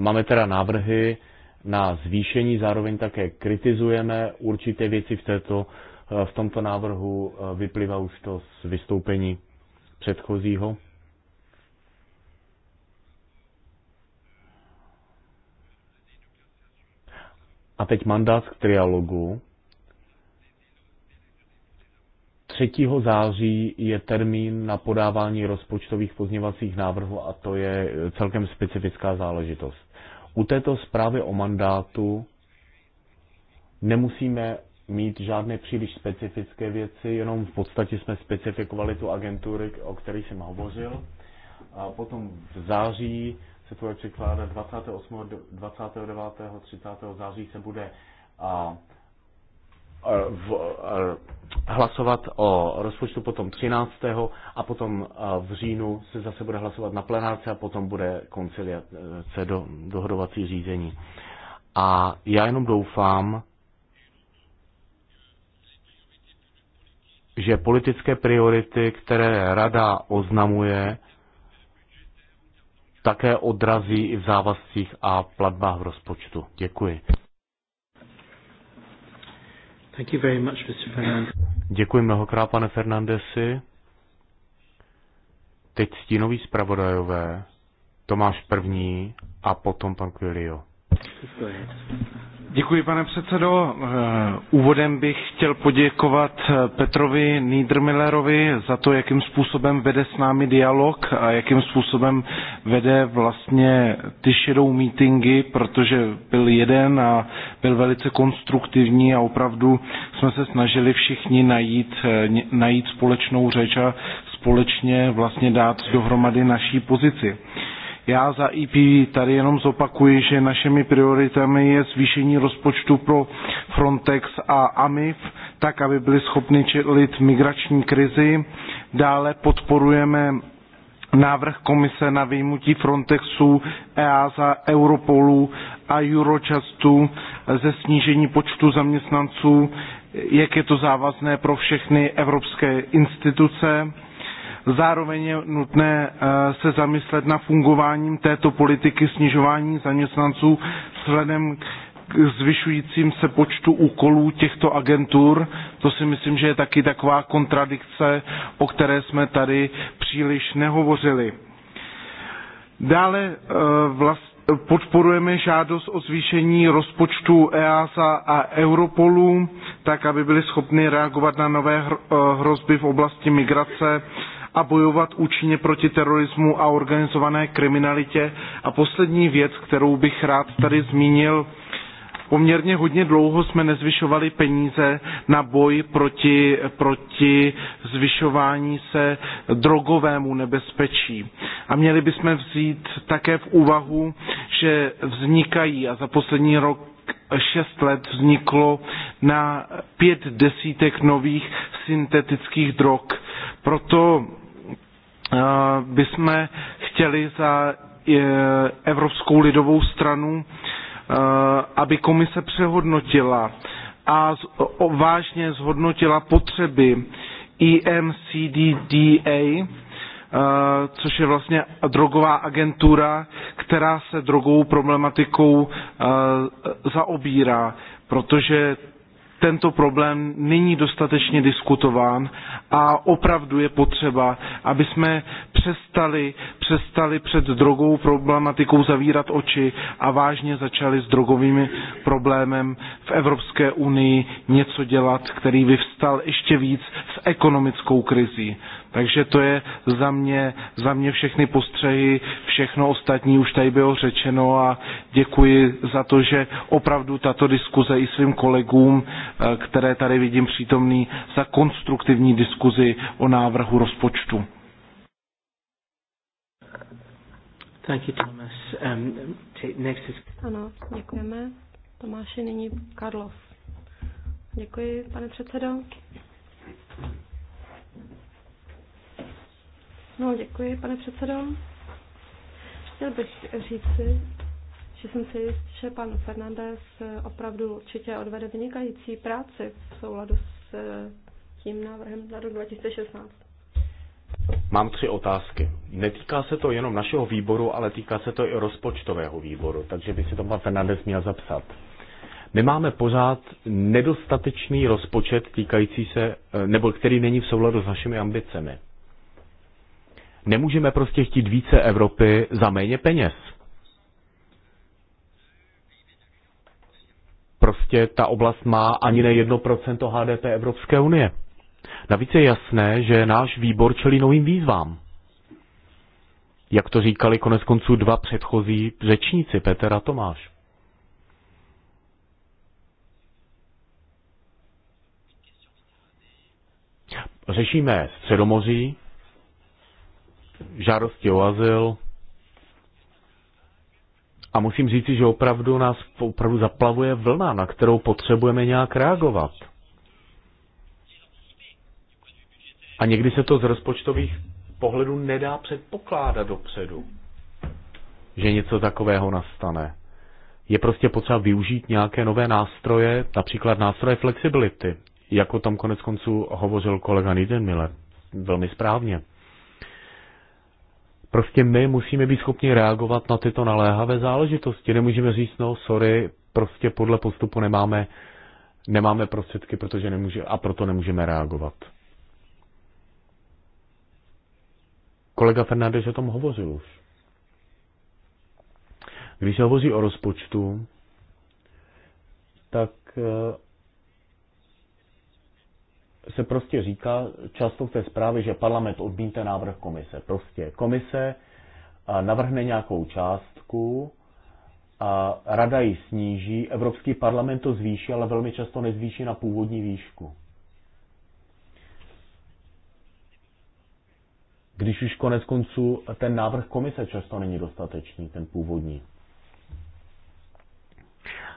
máme teda návrhy na zvýšení, zároveň také kritizujeme určité věci v, této, v tomto návrhu, vyplývá už to z vystoupení předchozího. A teď mandát k trialogu. 3. září je termín na podávání rozpočtových pozněvacích návrhů a to je celkem specifická záležitost. U této zprávy o mandátu nemusíme mít žádné příliš specifické věci, jenom v podstatě jsme specifikovali tu agenturu, o které jsem hovořil. A potom v září se to bude překládat 28., 29., 30. září se bude a, Eh, v, eh, hlasovat o rozpočtu potom 13. a potom eh, v říjnu se zase bude hlasovat na plenárce a potom bude konciliace do, dohodovací řízení. A já jenom doufám, že politické priority, které rada oznamuje, také odrazí i v závazcích a platbách v rozpočtu. Děkuji. Thank you very much, Mr. Fernandez. Děkuji mnohokrát, pane Fernandesi. Teď stínoví zpravodajové. Tomáš první a potom pan Quilio. Děkuji, pane předsedo. Eh, úvodem bych chtěl poděkovat eh, Petrovi Niedermillerovi za to, jakým způsobem vede s námi dialog a jakým způsobem vede vlastně ty shadow meetingy, protože byl jeden a byl velice konstruktivní a opravdu jsme se snažili všichni najít, eh, najít společnou řeč a společně vlastně dát dohromady naší pozici. Já za EP tady jenom zopakuji, že našimi prioritami je zvýšení rozpočtu pro Frontex a AMIF, tak aby byli schopni čelit migrační krizi. Dále podporujeme návrh komise na vyjmutí Frontexu, EASA, Europolu a Eurochastu ze snížení počtu zaměstnanců, jak je to závazné pro všechny evropské instituce Zároveň je nutné eh, se zamyslet na fungováním této politiky snižování zaměstnanců vzhledem k zvyšujícím se počtu úkolů těchto agentur. To si myslím, že je taky taková kontradikce, o které jsme tady příliš nehovořili. Dále eh, vlast, podporujeme žádost o zvýšení rozpočtu EASA a Europolu, tak aby byly schopny reagovat na nové eh, hrozby v oblasti migrace a bojovat účinně proti terorismu a organizované kriminalitě. A poslední věc, kterou bych rád tady zmínil, poměrně hodně dlouho jsme nezvyšovali peníze na boj proti, proti zvyšování se drogovému nebezpečí. A měli bychom vzít také v úvahu, že vznikají a za poslední rok šest let vzniklo na pět desítek nových syntetických drog. Proto bychom eh, chtěli za eh, Evropskou lidovou stranu, eh, aby komise přehodnotila a vážně zhodnotila potřeby EMCDDA, což je vlastně drogová agentura, která se drogovou problematikou zaobírá, protože tento problém není dostatečně diskutován a opravdu je potřeba, aby jsme přestali, přestali před drogovou problematikou zavírat oči a vážně začali s drogovým problémem v Evropské unii něco dělat, který vyvstal ještě víc s ekonomickou krizí. Takže to je za mě, za mě všechny postřehy, všechno ostatní už tady bylo řečeno a děkuji za to, že opravdu tato diskuze i svým kolegům, eh, které tady vidím přítomný, za konstruktivní diskuzi o návrhu rozpočtu. Thank you, Thomas. Um, next is... Ano, děkujeme. Tomáši, nyní Karlov. Děkuji, pane předsedo. No, děkuji, pane předsedo. Chtěl bych říci, že jsem si jist, že pan Fernandez opravdu určitě odvede vynikající práci v souladu s eh, tím návrhem na rok 2016. Mám tři otázky. Netýká se to jenom našeho výboru, ale týká se to i rozpočtového výboru, takže by si to pan Fernandez měl zapsat. My máme pořád nedostatečný rozpočet týkající se, eh, nebo který není v souladu s našimi ambicemi. Nemůžeme prostě chtít více Evropy za méně peněz. Prostě ta oblast má ani ne 1% HDP Evropské unie. Navíc je jasné, že náš výbor čelí novým výzvám. Jak to říkali konec konců dva předchozí řečníci, Petr a Tomáš. Řešíme Středomoří, žádosti o azyl. A musím říci, že opravdu nás opravdu zaplavuje vlna, na kterou potřebujeme nějak reagovat. A někdy se to z rozpočtových pohledů nedá předpokládat dopředu, že něco takového nastane. Je prostě potřeba využít nějaké nové nástroje, například nástroje flexibility, jako tam konec konců hovořil kolega Niedermiller. Velmi správně. Prostě my musíme být schopni reagovat na tyto naléhavé záležitosti. Nemůžeme říct, no sorry, prostě podle postupu nemáme, nemáme prostředky, protože nemůže, a proto nemůžeme reagovat. Kolega Fernández o tom hovořil už. Když se hovoří o rozpočtu, tak eh, se prostě říká často v té zprávě, že parlament odmítá návrh komise. Prostě komise navrhne nějakou částku, a rada ji sníží, Evropský parlament to zvýší, ale velmi často nezvýší na původní výšku. Když už konec konců ten návrh komise často není dostatečný, ten původní.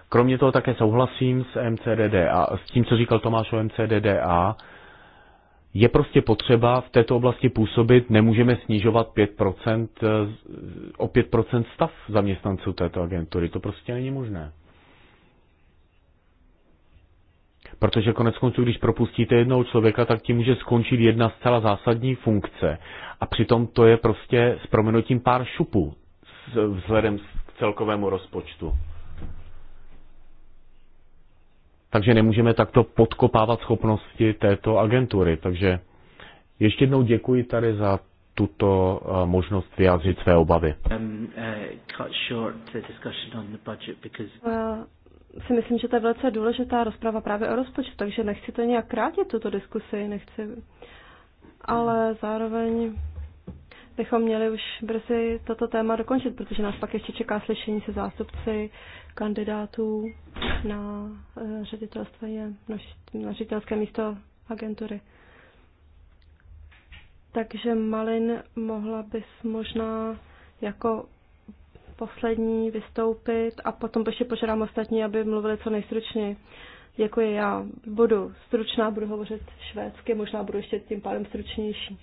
Kromě toho také souhlasím s MCDD a s tím, co říkal Tomáš o MCDDA. Je prostě potřeba v této oblasti působit, nemůžeme snižovat 5%, eh, o 5% stav zaměstnanců této agentury. To prostě není možné. Protože konec konců, když propustíte jednoho člověka, tak tím může skončit jedna zcela zásadní funkce. A přitom to je prostě s proměnutím pár šupů vzhledem k celkovému rozpočtu takže nemůžeme takto podkopávat schopnosti této agentury. Takže ještě jednou děkuji tady za tuto eh, možnost vyjádřit své obavy. Um, eh, eh, si myslím, že to je velice důležitá rozprava právě o rozpočtu, takže nechci to nějak krátit, tuto diskusi, nechci, ale zároveň bychom měli už brzy toto téma dokončit, protože nás pak ještě čeká slyšení se zástupci kandidátů na eh, ředitelství, na ředitelské místo agentury. Takže Malin, mohla bys možná jako poslední vystoupit a potom ještě požádám ostatní, aby mluvili co nejstručněji. Děkuji, já budu stručná, budu hovořit švédsky, možná budu ještě tím pádem stručnější.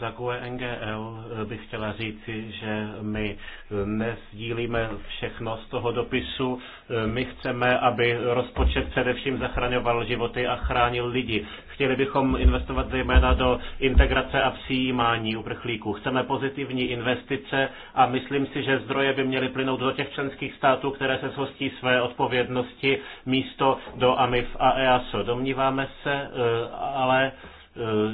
Za GUE NGL eh, bych chtěla říci, že my eh, nesdílíme všechno z toho dopisu. Eh, my chceme, aby rozpočet především zachraňoval životy a chránil lidi. Chtěli bychom investovat zejména do integrace a přijímání uprchlíků. Chceme pozitivní investice a myslím si, že zdroje by měly plynout do těch členských států, které se zhostí své odpovědnosti místo do AMIF a EASO. Domníváme se, ale Eh,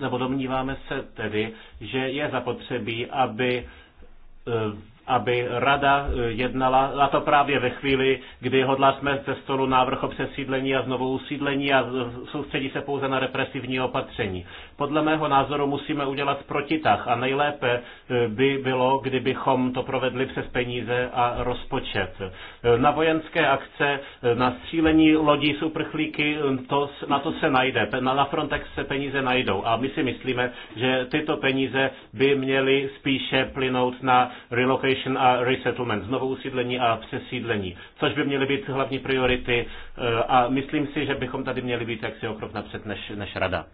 nebo domníváme se tedy, že je zapotřebí, aby eh, aby rada eh, jednala, a to právě ve chvíli, kdy hodlá jsme ze stolu návrh o přesídlení a znovu usídlení a soustředí se pouze na represivní opatření. Podle mého názoru musíme udělat protitah a nejlépe eh, by bylo, kdybychom to provedli přes peníze a rozpočet. Eh, na vojenské akce, na střílení lodí s uprchlíky, to, na to se najde, na Frontex se peníze najdou a my si myslíme, že tyto peníze by měly spíše plynout na relocation Relocation a Resettlement, znovu usídlení a přesídlení, což by měly být hlavní priority eh, a myslím si, že bychom tady měli být jaksi o krok napřed než, než rada.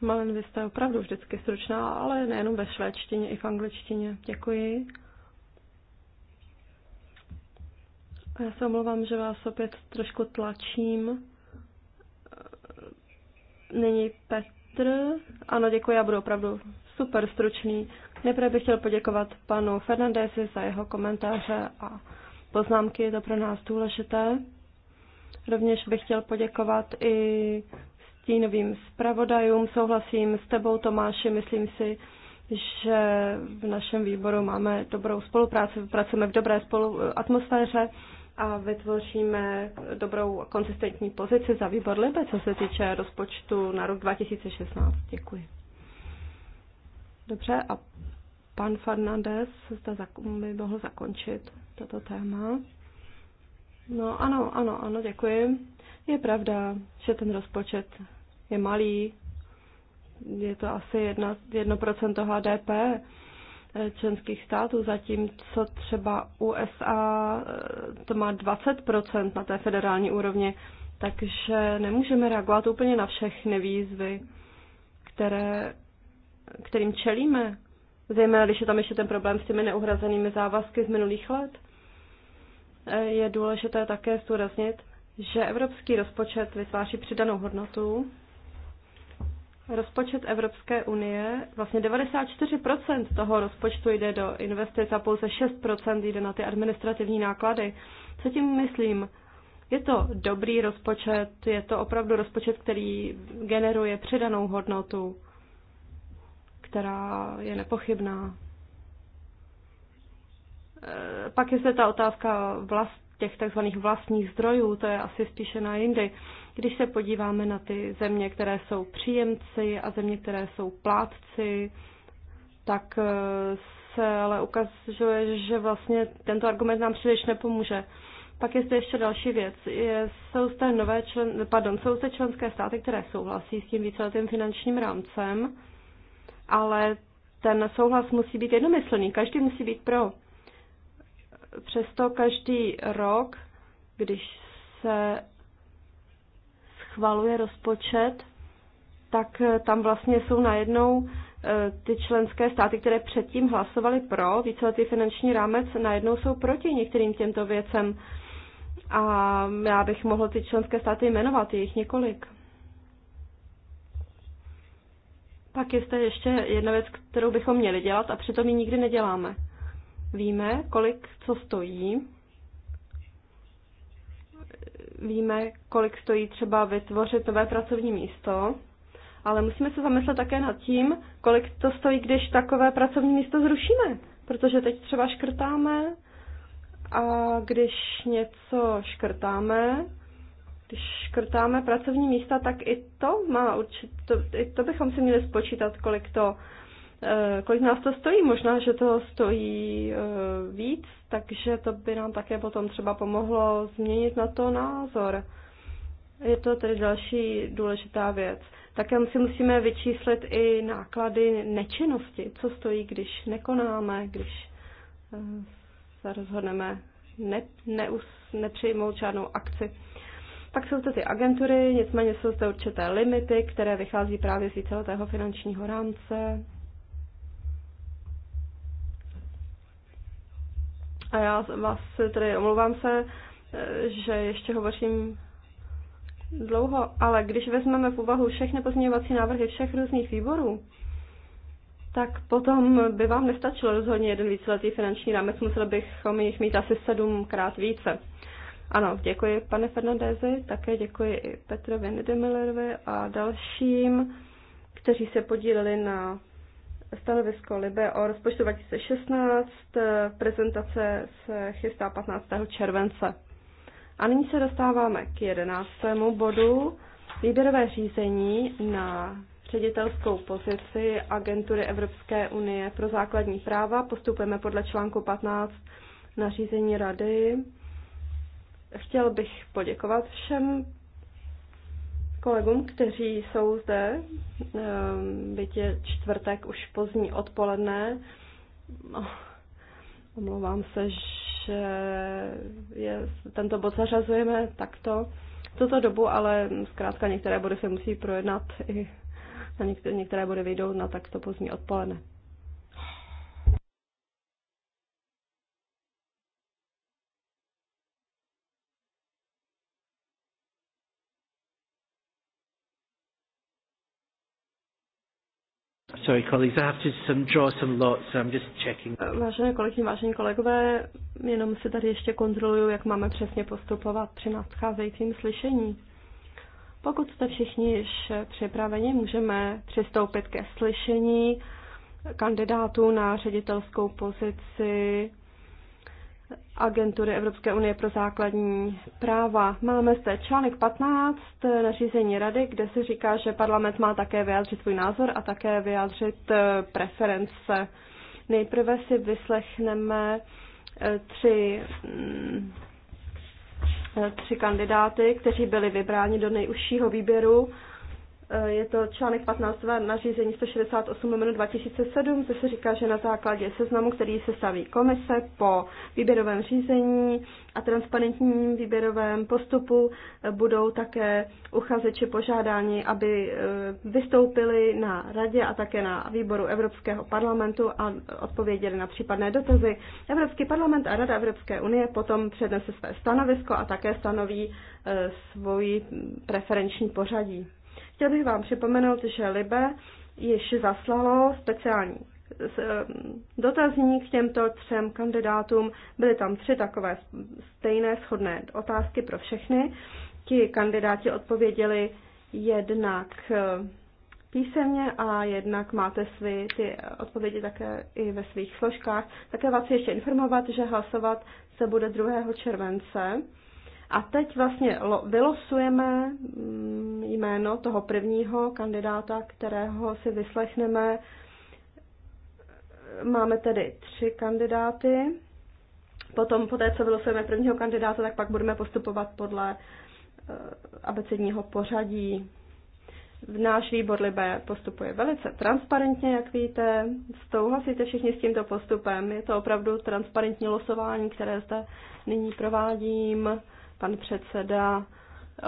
Malen, no, vy jste opravdu vždycky stručná, ale nejenom ve švédštině, i v angličtině. Děkuji. A já se omlouvám, že vás opět trošku tlačím. Nyní Petr. Ano, děkuji, já budu opravdu super stručný. Nejprve bych chtěl poděkovat panu Fernandesi za jeho komentáře a poznámky, je to pro nás důležité. Rovněž bych chtěl poděkovat i stínovým zpravodajům. Souhlasím s tebou, Tomáši, myslím si, že v našem výboru máme dobrou spolupráci, pracujeme v dobré spolu atmosféře a vytvoříme dobrou konsistentní pozici za výbor Libe, co se týče rozpočtu na rok 2016. Děkuji. Dobře, a pan Fernandez zda by mohl zakončit toto téma. No ano, ano, ano, děkuji. Je pravda, že ten rozpočet je malý, je to asi jedna, 1% HDP členských států, zatímco třeba USA eh, to má 20% na té federální úrovni, takže nemůžeme reagovat úplně na všechny výzvy, které kterým čelíme, zejména když je tam ještě ten problém s těmi neuhrazenými závazky z minulých let, je důležité také zdůraznit, že evropský rozpočet vytváří přidanou hodnotu. Rozpočet Evropské unie, vlastně 94% toho rozpočtu jde do investic a pouze 6% jde na ty administrativní náklady. Co tím myslím? Je to dobrý rozpočet, je to opravdu rozpočet, který generuje přidanou hodnotu která je nepochybná. Eh, pak je zde ta otázka vlast, těch tzv. vlastních zdrojů, to je asi spíše na jindy. Když se podíváme na ty země, které jsou příjemci a země, které jsou plátci, tak eh, se ale ukazuje, že vlastně tento argument nám příliš nepomůže. Pak je zde ještě další věc. Je, jsou, zde nové člen, pardon, jsou zde členské státy, které souhlasí s tím víceletým finančním rámcem, ale ten souhlas musí být jednomyslný, každý musí být pro. Přesto každý rok, když se schvaluje rozpočet, tak eh, tam vlastně jsou najednou eh, ty členské státy, které předtím hlasovaly pro víceletý finanční rámec, najednou jsou proti některým těmto věcem. A já bych mohl ty členské státy jmenovat, je jich několik. Pak je zde ještě jedna věc, kterou bychom měli dělat a přitom ji nikdy neděláme. Víme, kolik co stojí. Víme, kolik stojí třeba vytvořit nové pracovní místo, ale musíme se zamyslet také nad tím, kolik to stojí, když takové pracovní místo zrušíme. Protože teď třeba škrtáme a když něco škrtáme, když škrtáme pracovní místa, tak i to má určitě, i to bychom si měli spočítat, kolik to eh, kolik nás to stojí. Možná, že to stojí eh, víc, takže to by nám také potom třeba pomohlo změnit na to názor. Je to tedy další důležitá věc. Také si musíme vyčíslit i náklady nečinnosti. Co stojí, když nekonáme, když eh, se rozhodneme ne, neus, nepřijmout žádnou akci. Pak jsou to ty agentury, nicméně jsou zde určité limity, které vychází právě z víceletého finančního rámce. A já vás tedy omlouvám se, že ještě hovořím dlouho, ale když vezmeme v úvahu všechny pozměňovací návrhy všech různých výborů, tak potom by vám nestačilo rozhodně jeden víceletý finanční rámec, musel bychom jich mít asi sedmkrát více. Ano, děkuji pane Fernandezi, také děkuji i Petrovi Nedemillerovi a dalším, kteří se podíleli na stanovisko Libe o rozpočtu 2016. Prezentace se chystá 15. července. A nyní se dostáváme k 11. bodu. Výběrové řízení na ředitelskou pozici Agentury Evropské unie pro základní práva. Postupujeme podle článku 15 nařízení Rady Chtěl bych poděkovat všem kolegům, kteří jsou zde, ehm, byť je čtvrtek už pozdní odpoledne. Oh, omlouvám se, že je, tento bod zařazujeme takto tuto dobu, ale zkrátka některé body se musí projednat i na některé, některé body vyjdou na takto pozdní odpoledne. sorry, colleagues, I have to some, draw some lots, so I'm just checking. Vážené kolegyně, vážení kolegové, jenom si tady ještě kontroluju, jak máme přesně postupovat při nadcházejícím slyšení. Pokud jste všichni již připraveni, můžeme přistoupit ke slyšení kandidátů na ředitelskou pozici agentury Evropské unie pro základní práva. Máme zde článek 15 nařízení rady, kde se říká, že parlament má také vyjádřit svůj názor a také vyjádřit eh, preference. Nejprve si vyslechneme eh, tři, mm, eh, tři kandidáty, kteří byli vybráni do nejužšího výběru Eh, je to článek 15 nařízení 168 2007, kde se říká, že na základě seznamu, který se staví komise po výběrovém řízení a transparentním výběrovém postupu, eh, budou také uchazeči požádáni, aby eh, vystoupili na radě a také na výboru Evropského parlamentu a odpověděli na případné dotazy. Evropský parlament a Rada Evropské unie potom přednese své stanovisko a také stanoví svoji preferenční pořadí. Chtěl bych vám připomenout, že Libe již zaslalo speciální eh, dotazník k těmto třem kandidátům. Byly tam tři takové stejné shodné otázky pro všechny. Ti kandidáti odpověděli jednak eh, písemně a jednak máte svý, ty odpovědi také i ve svých složkách. Také vás ještě informovat, že hlasovat se bude 2. července a teď vlastně vylosujeme mm, jméno toho prvního kandidáta, kterého si vyslechneme. Máme tedy tři kandidáty. Potom, po té, co vylosujeme prvního kandidáta, tak pak budeme postupovat podle eh, abecedního pořadí. v Náš výbor Libe postupuje velice transparentně, jak víte. Souhlasíte všichni s tímto postupem. Je to opravdu transparentní losování, které zde nyní provádím. Pan předseda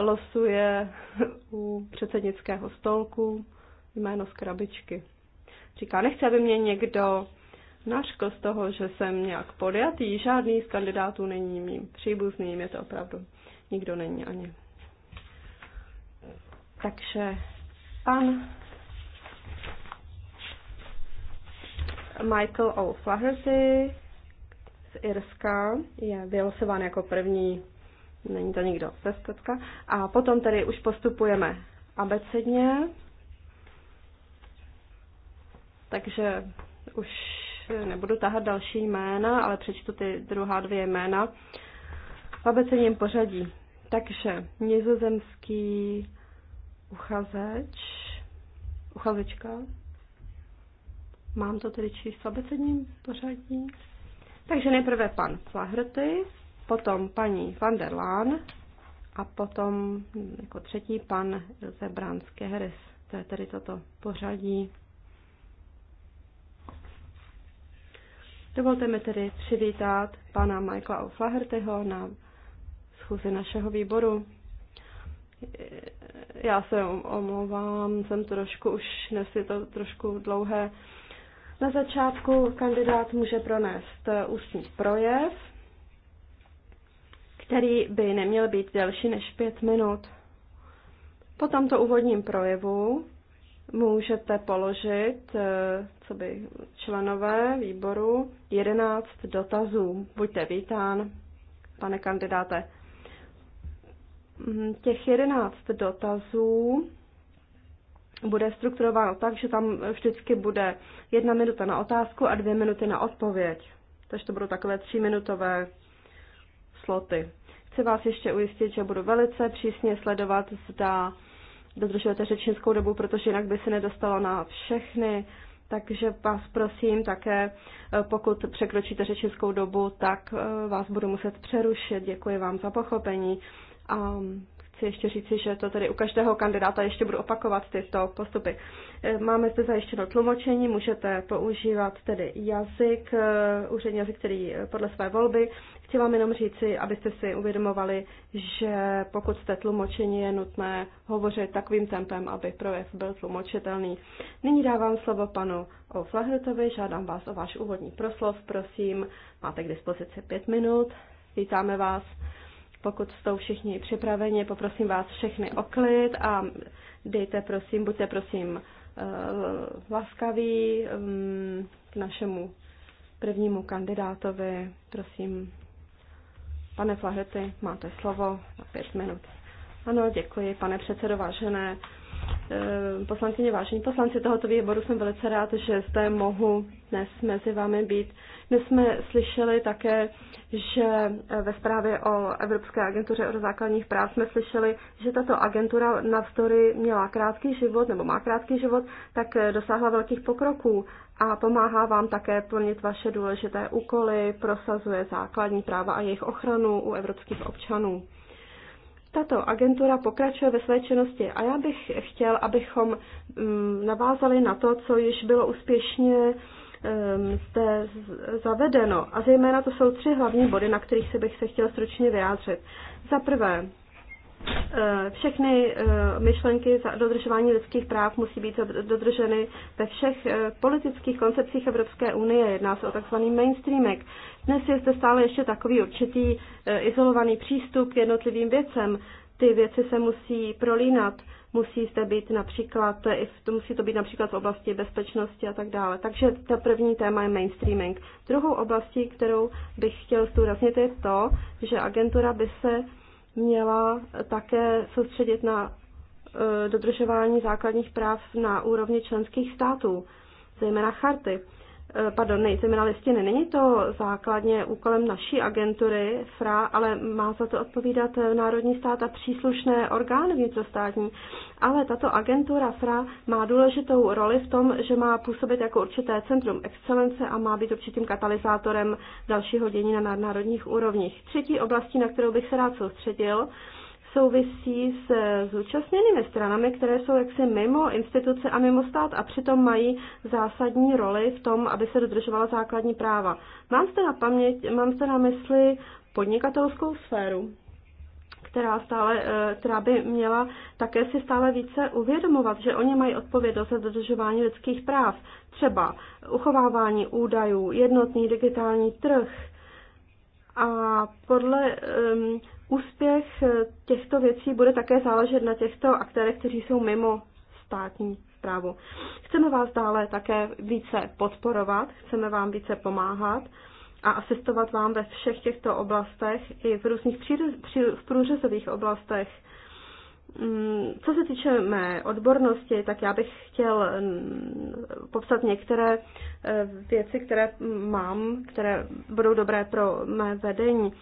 losuje u předsednického stolku jméno z krabičky. Říká, nechce, aby mě někdo naškl z toho, že jsem nějak podjatý. Žádný z kandidátů není mým příbuzným, je to opravdu. Nikdo není ani. Takže pan Michael O'Flaherty z Irska je vylosován jako první. Není to nikdo ze Skotska. A potom tedy už postupujeme abecedně. Takže už nebudu tahat další jména, ale přečtu ty druhá dvě jména v abecedním pořadí. Takže nizozemský uchazeč, uchazečka, mám to tedy číst v abecedním pořadí. Takže nejprve pan Flaherty, potom paní van der Laan a potom hm, jako třetí pan Zebránské Heres. To je tedy toto pořadí. Dovolte mi tedy přivítat pana Michaela O'Flahertyho na schůzi našeho výboru. Já se omlouvám, jsem trošku už, dnes je to trošku dlouhé. Na začátku kandidát může pronést ústní projev, který by neměl být delší než pět minut. Po tomto úvodním projevu můžete položit, eh, co by členové výboru, 11 dotazů. Buďte vítán, pane kandidáte. Mm, těch 11 dotazů bude strukturováno tak, že tam vždycky bude jedna minuta na otázku a dvě minuty na odpověď. Takže to budou takové tříminutové sloty. Chci vás ještě ujistit, že budu velice přísně sledovat, zda dodržujete řečnickou dobu, protože jinak by se nedostalo na všechny. Takže vás prosím také, eh, pokud překročíte řečnickou dobu, tak eh, vás budu muset přerušit. Děkuji vám za pochopení. A chci ještě říci, že to tady u každého kandidáta ještě budu opakovat tyto postupy. Eh, máme zde zajištěno tlumočení, můžete používat tedy jazyk, eh, úřední jazyk, který eh, podle své volby. Chci vám jenom říci, abyste si uvědomovali, že pokud jste tlumočení, je nutné hovořit takovým tempem, aby projev byl tlumočitelný. Nyní dávám slovo panu O'Flahertovi, žádám vás o váš úvodní proslov, prosím, máte k dispozici pět minut, vítáme vás. Pokud jsou všichni připraveni, poprosím vás všechny o klid a dejte prosím, buďte prosím eh, laskaví mm, k našemu prvnímu kandidátovi. Prosím, pane Flahety, máte slovo na pět minut. Ano, děkuji, pane předsedo, vážené eh, poslankyně, vážení poslanci tohoto výboru, jsem velice rád, že zde mohu dnes mezi vámi být. My jsme slyšeli také, že ve zprávě o Evropské agentuře o základních práv jsme slyšeli, že tato agentura navzdory měla krátký život nebo má krátký život, tak dosáhla velkých pokroků a pomáhá vám také plnit vaše důležité úkoly, prosazuje základní práva a jejich ochranu u evropských občanů. Tato agentura pokračuje ve své činnosti a já bych chtěl, abychom mm, navázali na to, co již bylo úspěšně zde ehm, zavedeno. A zejména to jsou tři hlavní body, na kterých se bych se chtěl stručně vyjádřit. Za prvé, ehm, všechny ehm, myšlenky za dodržování lidských práv musí být dodrženy ve všech politických koncepcích Evropské unie. Jedná se o takzvaný mainstreaming. Dnes je zde stále ještě takový určitý izolovaný přístup k jednotlivým věcem. Ty věci se musí prolínat. Musí zde být například, musí to být například v oblasti bezpečnosti a tak dále. Takže ta první téma je mainstreaming. Druhou oblastí, kterou bych chtěl zdůraznit, je to, že agentura by se měla také soustředit na e, dodržování základních práv na úrovni členských států, zejména charty. Eh, pardon, na listiny. Není to základně úkolem naší agentury FRA, ale má za to odpovídat eh, národní stát a příslušné orgány vnitrostátní. Ale tato agentura FRA má důležitou roli v tom, že má působit jako určité centrum excelence a má být určitým katalyzátorem dalšího dění na národních úrovních. Třetí oblastí, na kterou bych se rád soustředil, souvisí s eh, zúčastněnými stranami, které jsou jaksi mimo instituce a mimo stát a přitom mají zásadní roli v tom, aby se dodržovala základní práva. Mám zde na, paměť, mám zde na mysli podnikatelskou sféru, která, stále, eh, která by měla také si stále více uvědomovat, že oni mají odpovědnost za dodržování lidských práv, třeba uchovávání údajů, jednotný digitální trh, a podle um, Úspěch těchto věcí bude také záležet na těchto aktérech, kteří jsou mimo státní zprávu. Chceme vás dále také více podporovat, chceme vám více pomáhat a asistovat vám ve všech těchto oblastech i v různých v průřezových oblastech. Mm, co se týče mé odbornosti, tak já bych chtěl mm, popsat některé eh, věci, které mám, které budou dobré pro mé vedení.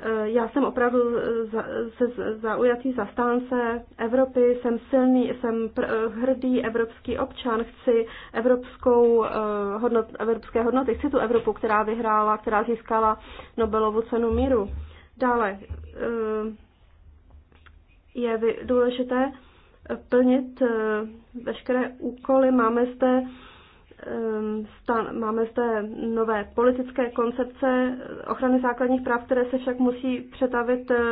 Eh, já jsem opravdu eh, zaujatý zastánce Evropy, jsem silný, jsem eh, hrdý evropský občan, chci evropskou hodnot, evropské hodnoty, chci tu Evropu, která vyhrála, která získala Nobelovu cenu míru. Dále je důležité plnit veškeré úkoly. Máme zde Ehm, stan, máme zde nové politické koncepce ochrany základních práv, které se však musí přetavit eh,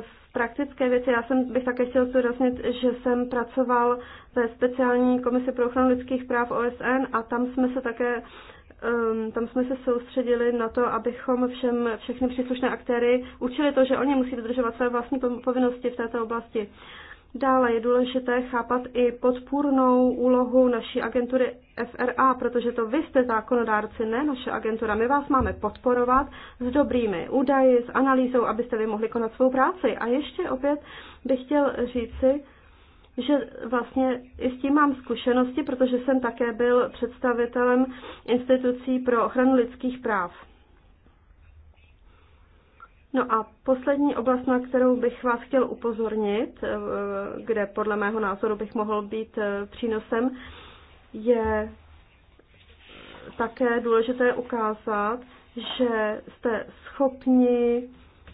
v praktické věci. Já jsem bych také chtěl zdůraznit, že jsem pracoval ve speciální komisi pro ochranu lidských práv OSN a tam jsme se také ehm, tam jsme se soustředili na to, abychom všem, všechny příslušné aktéry učili to, že oni musí dodržovat své vlastní povinnosti v této oblasti. Dále je důležité chápat i podpůrnou úlohu naší agentury FRA, protože to vy jste zákonodárci, ne naše agentura. My vás máme podporovat s dobrými údaji, s analýzou, abyste vy mohli konat svou práci. A ještě opět bych chtěl říci, že vlastně i s tím mám zkušenosti, protože jsem také byl představitelem institucí pro ochranu lidských práv. No a poslední oblast, na kterou bych vás chtěl upozornit, eh, kde podle mého názoru bych mohl být eh, přínosem, je také důležité ukázat, že jste schopni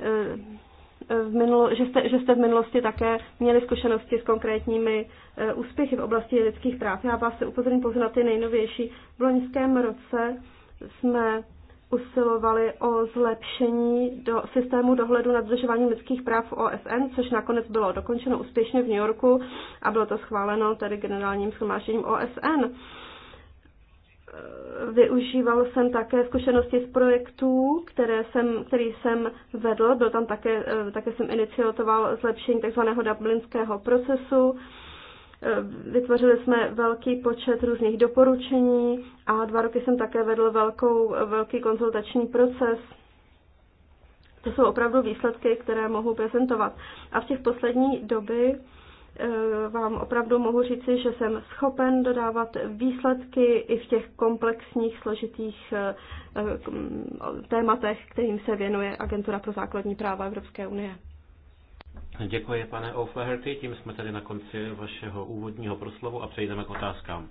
eh, v minulo, že, jste, že jste v minulosti také měli zkušenosti s konkrétními úspěchy v oblasti lidských práv. Já vás se upozorním pouze na ty nejnovější. V loňském roce jsme usilovali o zlepšení do systému dohledu nad dodržováním lidských práv OSN, což nakonec bylo dokončeno úspěšně v New Yorku a bylo to schváleno tedy generálním shromážděním OSN. Využíval jsem také zkušenosti z projektů, které jsem, který jsem vedl. Byl tam také, eh, také jsem inicioval zlepšení tzv. dublinského procesu Vytvořili jsme velký počet různých doporučení a dva roky jsem také vedl velkou, velký konzultační proces. To jsou opravdu výsledky, které mohu prezentovat. A v těch poslední doby eh, vám opravdu mohu říci, že jsem schopen dodávat výsledky i v těch komplexních, složitých eh, eh, tématech, kterým se věnuje Agentura pro základní práva Evropské unie. Děkuji, pane O'Flaherty. Tím jsme tedy na konci vašeho úvodního proslovu a přejdeme k otázkám.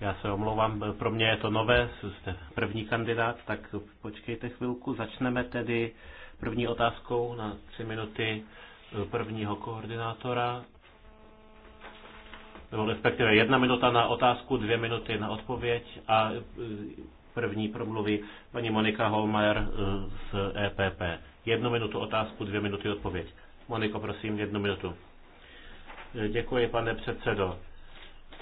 Já se omlouvám, pro mě je to nové, jste první kandidát, tak počkejte chvilku. Začneme tedy první otázkou na tři minuty eh, prvního koordinátora. Nebo respektive jedna minuta na otázku, dvě minuty na odpověď a eh, první promluví paní Monika Holmer eh, z EPP. Jednu minutu otázku, dvě minuty odpověď. Moniko, prosím, jednu minutu. Eh, děkuji, pane předsedo.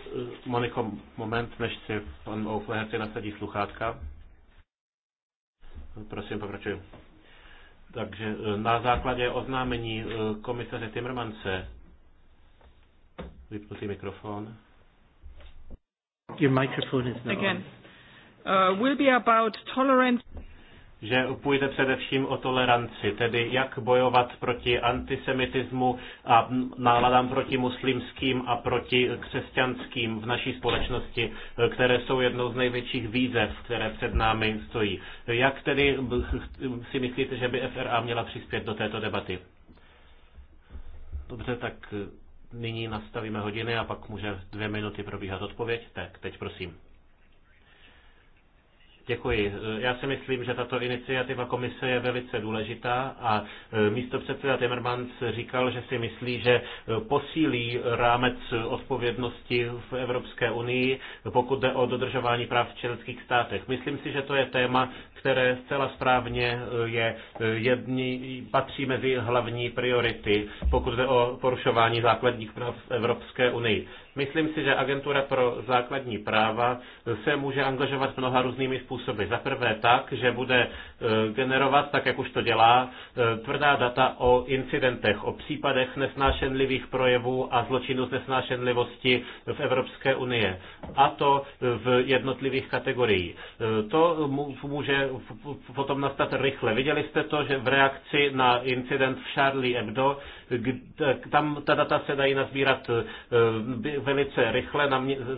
Eh, Moniko, moment, než si pan Oufleherci nasadí sluchátka. Prosím, pokračuji. Takže eh, na základě oznámení komisaře Timmermance vypnutý mikrofon. Your microphone is now. Again. Uh, will be about tolerance že půjde především o toleranci, tedy jak bojovat proti antisemitismu a náladám proti muslimským a proti křesťanským v naší společnosti, které jsou jednou z největších výzev, které před námi stojí. Jak tedy si myslíte, že by FRA měla přispět do této debaty? Dobře, tak nyní nastavíme hodiny a pak může dvě minuty probíhat odpověď. Tak teď prosím. Děkuji. Já si myslím, že tato iniciativa komise je velice důležitá a e, místo předseda Timmermans říkal, že si myslí, že posílí rámec odpovědnosti v Evropské unii, pokud jde o dodržování práv v členských státech. Myslím si, že to je téma, které zcela správně eh, je eh, jední, patří mezi hlavní priority, pokud jde o porušování základních práv v Evropské unii. Myslím si, že agentura pro základní práva eh, se může angažovat mnoha různými způsoby. Za prvé tak, že bude generovat, tak jak už to dělá, tvrdá data o incidentech, o případech nesnášenlivých projevů a zločinů z nesnášenlivosti v Evropské unie. A to v jednotlivých kategoriích. To může potom nastat rychle. Viděli jste to, že v reakci na incident v Charlie Hebdo tam ta data se dají nazbírat eh, velice rychle,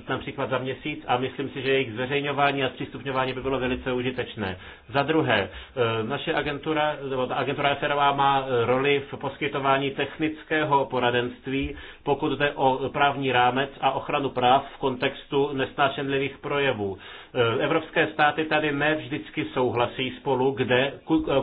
například za měsíc, a myslím si, že jejich zveřejňování a zpřístupňování by bylo velice užitečné. Za druhé, eh, naše agentura, nebo ta agentura FRA má eh, roli v poskytování technického poradenství, pokud jde o právní rámec a ochranu práv v kontextu nesnášenlivých projevů. Evropské státy tady ne vždycky souhlasí spolu, kde,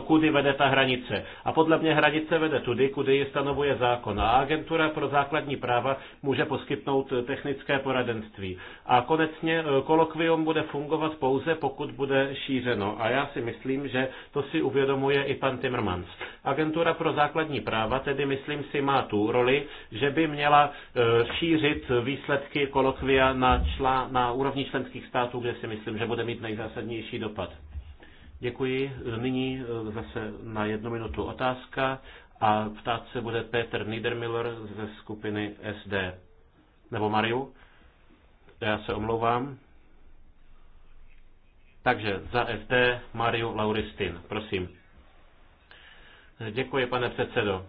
kudy vede ta hranice. A podle mě hranice vede tudy, kudy je stanovují stanovuje zákon. A agentura pro základní práva může poskytnout eh, technické poradenství. A konečně eh, kolokvium bude fungovat pouze, pokud bude šířeno. A já si myslím, že to si uvědomuje i pan Timmermans. Agentura pro základní práva tedy, myslím si, má tu roli, že by měla eh, šířit výsledky kolokvia na, čla, na úrovni členských států, kde si myslím, že bude mít nejzásadnější dopad. Děkuji. Nyní zase na jednu minutu otázka a ptát se bude Peter Niedermiller ze skupiny SD. Nebo Mariu? Já se omlouvám. Takže za SD Mariu Lauristin, prosím. Děkuji, pane předsedo.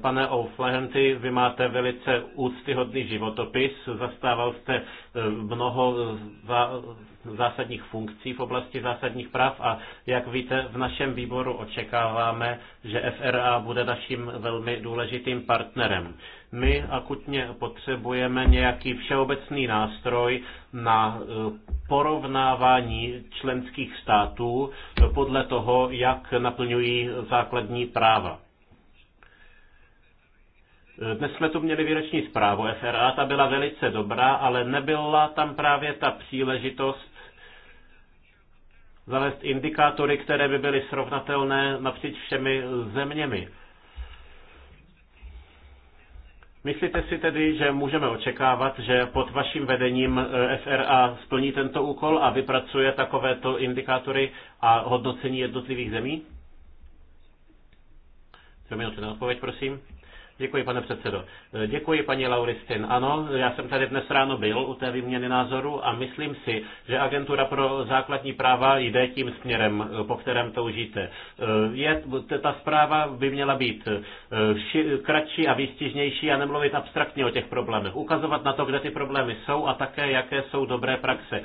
Pane O'Flaherty, vy máte velice úctyhodný životopis, zastával jste eh, mnoho eh, zásadních funkcí v oblasti zásadních práv a jak víte, v našem výboru očekáváme, že FRA bude naším velmi důležitým partnerem. My akutně potřebujeme nějaký všeobecný nástroj na eh, porovnávání členských států podle toho, jak naplňují základní práva. Dnes jsme tu měli výroční zprávu FRA, ta byla velice dobrá, ale nebyla tam právě ta příležitost zavést indikátory, které by byly srovnatelné napříč všemi zeměmi. Myslíte si tedy, že můžeme očekávat, že pod vaším vedením eh, FRA splní tento úkol a vypracuje takovéto indikátory a hodnocení jednotlivých zemí? Dvě minuty na odpověď, prosím. Děkuji, pane předsedo. Eh, děkuji, paní Lauristin. Ano, já jsem tady dnes ráno byl u té výměny názoru a myslím si, že Agentura pro základní práva jde tím směrem, eh, po kterém toužíte. Eh, je, ta zpráva by měla být ši, kratší a výstižnější a nemluvit abstraktně o těch problémech. Ukazovat na to, kde ty problémy jsou a také, jaké jsou dobré praxe,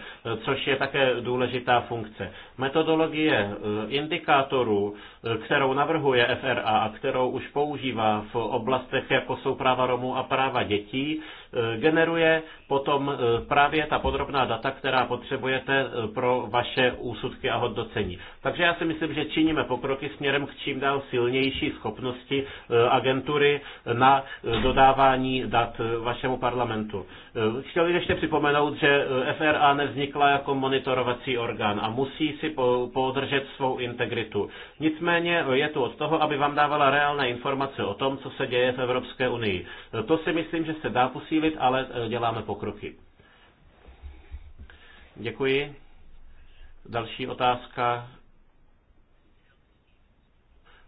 což je také důležitá funkce. Metodologie indikátorů kterou navrhuje FRA a kterou už používá v oblastech, jako jsou práva Romů a práva dětí, E, generuje potom e, právě ta podrobná data, která potřebujete e, pro vaše úsudky a hodnocení. Takže já si myslím, že činíme pokroky směrem k čím dál silnější schopnosti agentury na dodávání dat vašemu parlamentu. Chtěl bych ještě připomenout, že FRA nevznikla jako monitorovací orgán a musí si podržet svou integritu. Nicméně je tu od toho, aby vám dávala reálné informace o tom, co se děje v Evropské unii. To si myslím, že se dá posílit posílit, ale eh, děláme pokroky. Děkuji. Další otázka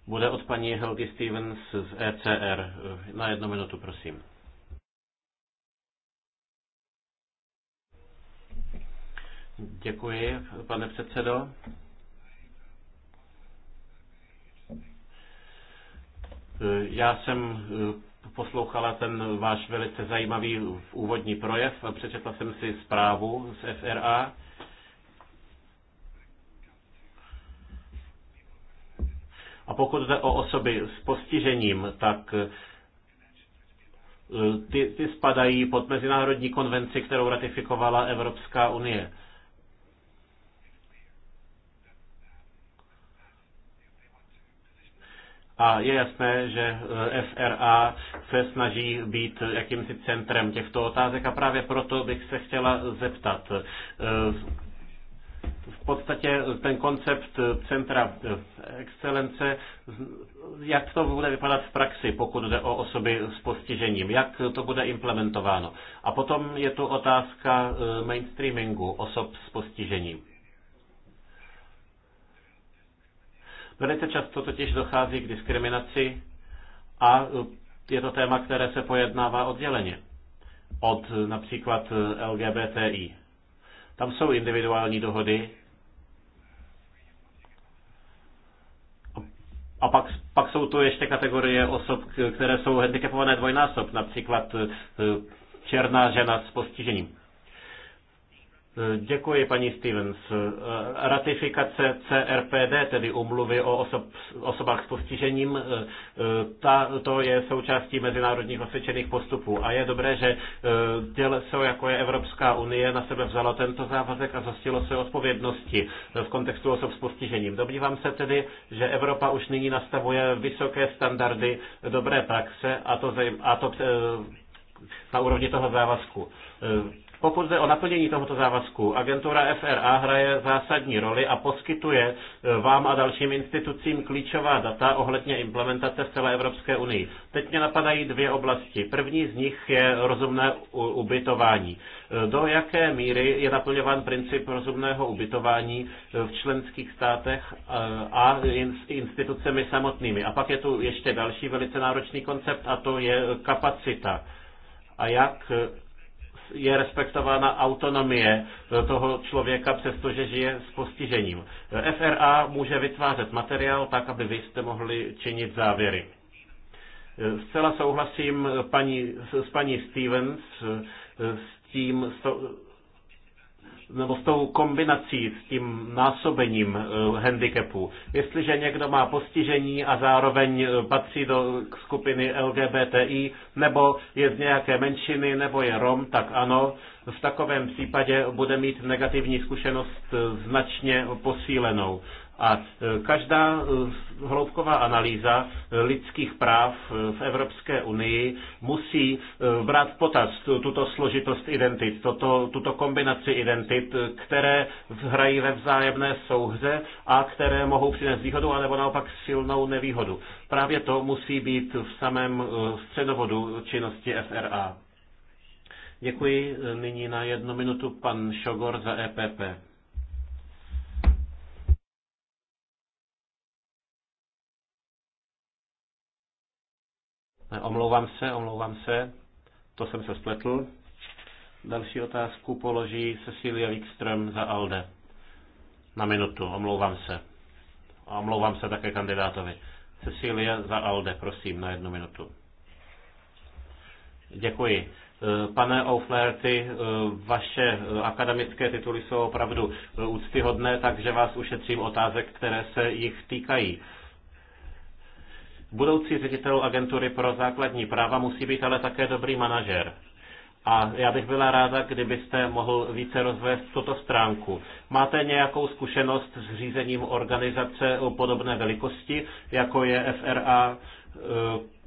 bude od paní Helgi Stevens z ECR. Na jednu minutu, prosím. Děkuji, pane předsedo. Já jsem eh, poslouchala ten váš velice zajímavý úvodní projev. Přečetla jsem si zprávu z FRA. A pokud jde o osoby s postižením, tak e, ty, ty spadají pod mezinárodní konvenci, kterou ratifikovala Evropská unie. A je jasné, že eh, FRA se snaží být jakýmsi centrem těchto otázek a právě proto bych se chtěla zeptat. Eh, v podstatě ten koncept centra eh, excelence, jak to bude vypadat v praxi, pokud jde o osoby s postižením, jak to bude implementováno. A potom je tu otázka mainstreamingu osob s postižením. Velice často totiž dochází k diskriminaci a eh, je to téma, které se pojednává odděleně od eh, například eh, LGBTI. Tam jsou individuální dohody a pak, pak jsou tu ještě kategorie osob, které jsou handicapované dvojnásob, například černá žena s postižením. Děkuji, paní Stevens. Ratifikace CRPD, tedy umluvy o osob, osobách s postižením, ta, to je součástí mezinárodních osvědčených postupů. A je dobré, že jsou eh, jako je Evropská unie, na sebe vzalo tento závazek a zastilo se odpovědnosti eh, v kontextu osob s postižením. Domnívám se tedy, že Evropa už nyní nastavuje vysoké standardy dobré praxe a to, a to eh, na úrovni toho závazku. Pokud jde o naplnění tohoto závazku, agentura FRA hraje zásadní roli a poskytuje e, vám a dalším institucím klíčová data ohledně implementace v celé Evropské unii. Teď mě napadají dvě oblasti. První z nich je rozumné ubytování. E, do jaké míry je naplňován princip rozumného ubytování e, v členských státech a institucemi samotnými? A pak je tu ještě další velice náročný koncept a to je kapacita. A jak je respektována autonomie toho člověka, přestože žije s postižením. FRA může vytvářet materiál tak, aby vy jste mohli činit závěry. Zcela souhlasím paní, s paní Stevens s tím, nebo s tou kombinací, s tím násobením eh, handicapu. Jestliže někdo má postižení a zároveň eh, patří do skupiny LGBTI, nebo je z nějaké menšiny, nebo je Rom, tak ano, v takovém případě bude mít negativní zkušenost eh, značně posílenou. A e, každá e, hloubková analýza e, lidských práv v Evropské unii musí brát v potaz tuto složitost identit, toto, tuto kombinaci identit, které hrají ve vzájemné souhře a které mohou přinést výhodu, anebo naopak silnou nevýhodu. Právě to musí být v samém středovodu činnosti FRA. Děkuji. Nyní na jednu minutu pan Šogor za EPP. Omlouvám se, omlouvám se. To jsem se spletl. Další otázku položí Cecilia Wikström za ALDE. Na minutu, omlouvám se. A omlouvám se také kandidátovi. Cecilia za ALDE, prosím, na jednu minutu. Děkuji. E, pane O'Flaherty, e, vaše e, akademické tituly jsou opravdu úctyhodné, takže vás ušetřím otázek, které se jich týkají. Budoucí ředitel agentury pro základní práva musí být ale také dobrý manažer. A já bych byla ráda, kdybyste mohl více rozvést tuto stránku. Máte nějakou zkušenost s řízením organizace o podobné velikosti, jako je FRA? E,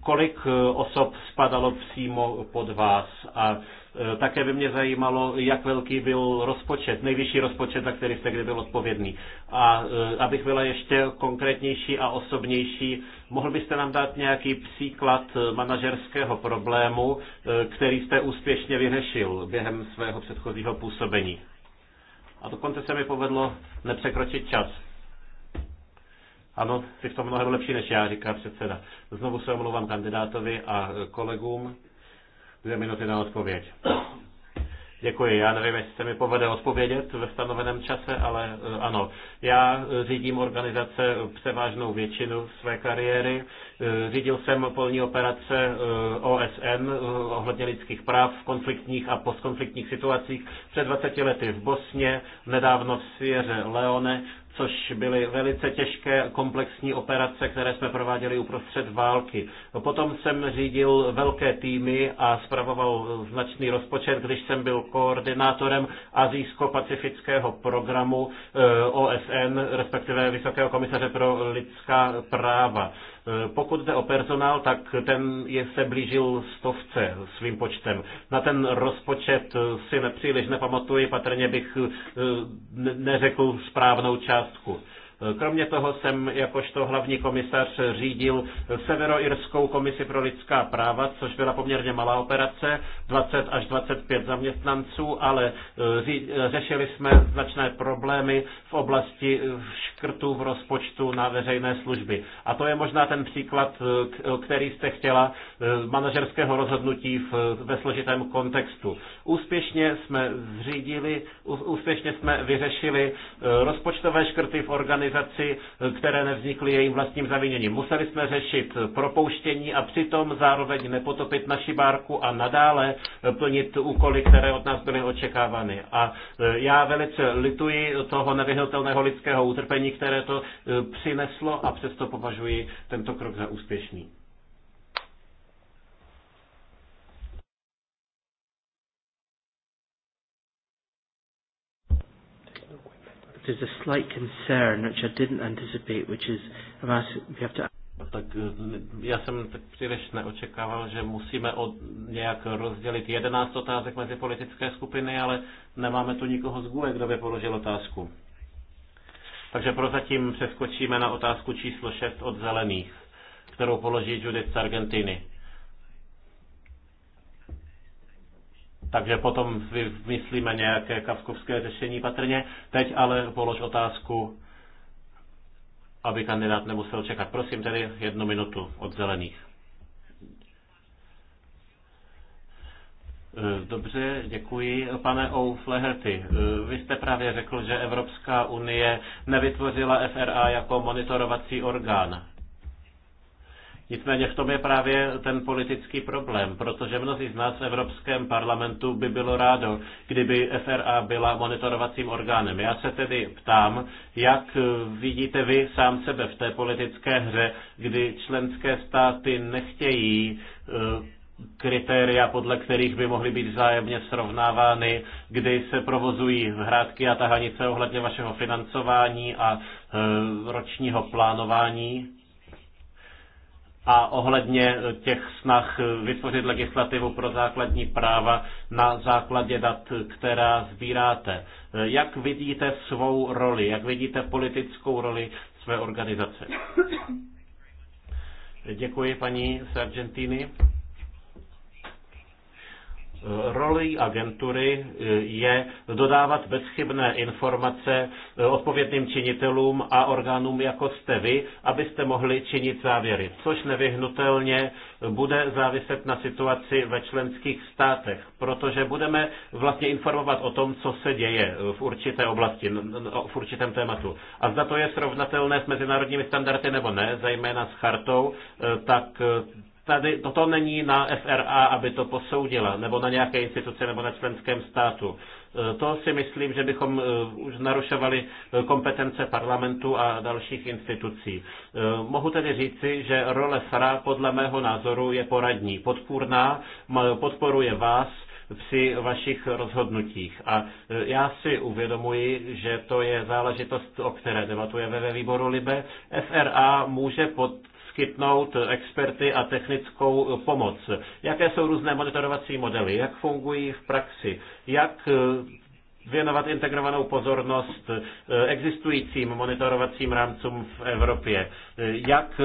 kolik e, osob spadalo přímo pod vás a Eh, také by mě zajímalo, jak velký byl rozpočet, nejvyšší rozpočet, za který jste kdy byl odpovědný. A eh, abych byla ještě konkrétnější a osobnější, mohl byste nám dát nějaký příklad eh, manažerského problému, který jste úspěšně vyřešil během svého předchozího působení? A dokonce se mi povedlo nepřekročit čas. Ano, jsi v tom mnohem lepší než já, říká předseda. Znovu se omlouvám kandidátovi a kolegům dvě minuty na odpověď. Děkuji. Já nevím, jestli se mi povede odpovědět ve stanoveném čase, ale eh, ano. Já eh, řídím organizace eh, převážnou většinu své kariéry. Řídil jsem polní operace OSN ohledně lidských práv v konfliktních a postkonfliktních situacích před 20 lety v Bosně, nedávno v Svěře Leone, což byly velice těžké komplexní operace, které jsme prováděli uprostřed války. Potom jsem řídil velké týmy a zpravoval značný rozpočet, když jsem byl koordinátorem azijsko-pacifického programu eh, OSN, respektive Vysokého komisaře pro lidská práva. Eh, pokud jde o personál, tak ten je se blížil stovce svým počtem. Na ten rozpočet eh, si nepříliš nepamatuji, patrně bych eh, neřekl správnou částku. Kromě toho jsem jakožto hlavní komisař řídil Severoirskou komisi pro lidská práva, což byla poměrně malá operace, 20 až 25 zaměstnanců, ale e, e, řešili jsme značné problémy v oblasti e, škrtů v rozpočtu na veřejné služby. A to je možná ten příklad, který jste chtěla manažerského rozhodnutí v, ve složitém kontextu. Úspěšně jsme zřídili, úspěšně jsme vyřešili rozpočtové škrty v organizaci organizaci, které nevznikly jejím vlastním zaviněním. Museli jsme řešit propouštění a přitom zároveň nepotopit naši bárku a nadále plnit úkoly, které od nás byly očekávány. A e, já velice lituji toho nevyhnutelného lidského utrpení, které to e, přineslo a přesto považuji tento krok za úspěšný. there's a slight concern which I didn't anticipate, which is I'm asking, we have to no, tak eh, já jsem tak příliš neočekával, že musíme od, nějak rozdělit 11 otázek mezi politické skupiny, ale nemáme tu nikoho z GUE, kdo by položil otázku. Takže prozatím přeskočíme na otázku číslo 6 od zelených, kterou položí Judith z Argentiny. takže potom vymyslíme nějaké kavkovské řešení patrně. Teď ale polož otázku, aby kandidát nemusel čekat. Prosím tedy jednu minutu od zelených. E, dobře, děkuji. Pane O. Fleherty. E, vy jste právě řekl, že Evropská unie nevytvořila FRA jako monitorovací orgán. Nicméně v tom je právě ten politický problém, protože mnozí z nás v Evropském parlamentu by bylo rádo, kdyby FRA byla monitorovacím orgánem. Já se tedy ptám, jak vidíte vy sám sebe v té politické hře, kdy členské státy nechtějí eh, kritéria, podle kterých by mohly být vzájemně srovnávány, kdy se provozují hrádky a tahanice ohledně vašeho financování a eh, ročního plánování a ohledně těch snah vytvořit legislativu pro základní práva na základě dat, která sbíráte. Jak vidíte svou roli, jak vidíte politickou roli své organizace? Děkuji paní z Argentiny. Rolí agentury eh, je dodávat bezchybné informace eh, odpovědným činitelům a orgánům, jako jste vy, abyste mohli činit závěry, což nevyhnutelně bude záviset na situaci ve členských státech, protože budeme vlastně informovat o tom, co se děje eh, v určité oblasti, v určitém tématu. A zda to je srovnatelné s mezinárodními standardy nebo ne, zejména s chartou, tak tady, toto není na FRA, aby to posoudila, nebo na nějaké instituce, nebo na členském státu. E, to si myslím, že bychom e, už narušovali e, kompetence parlamentu a dalších institucí. Mohu tedy říci, že role FRA podle mého názoru je poradní, podpůrná, podporuje vás při vašich rozhodnutích. A já si uvědomuji, že to je záležitost, o které debatujeme ve výboru Libe. FRA může pod, poskytnout experty a technickou pomoc. Jaké jsou různé monitorovací modely, jak fungují v praxi, jak eh, věnovat integrovanou pozornost eh, existujícím monitorovacím rámcům v Evropě. Eh, jak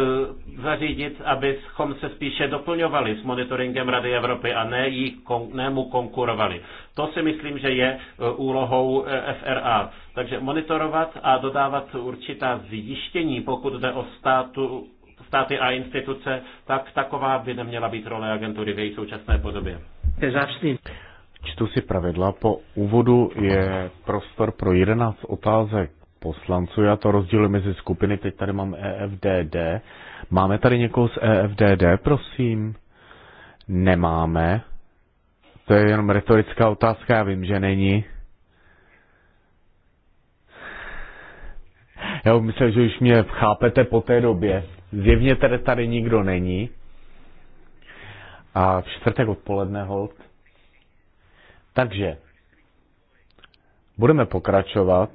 zařídit, abychom se spíše doplňovali s monitoringem Rady Evropy a ne, jí, ne mu konkurovali. To si myslím, že je úlohou FRA. Takže monitorovat a dodávat určitá zjištění, pokud jde o státu, státy a instituce, tak taková by neměla být role agentury v její současné podobě. Čtu si pravidla. Po úvodu je prostor pro 11 otázek poslanců. Já to rozdělím mezi skupiny. Teď tady mám EFDD. Máme tady někoho z EFDD, prosím? Nemáme. To je jenom retorická otázka, já vím, že není. Já myslím, že už mě chápete po té době. Zjevně tady, tady nikdo není. A v čtvrtek odpoledne hold. Takže budeme pokračovat.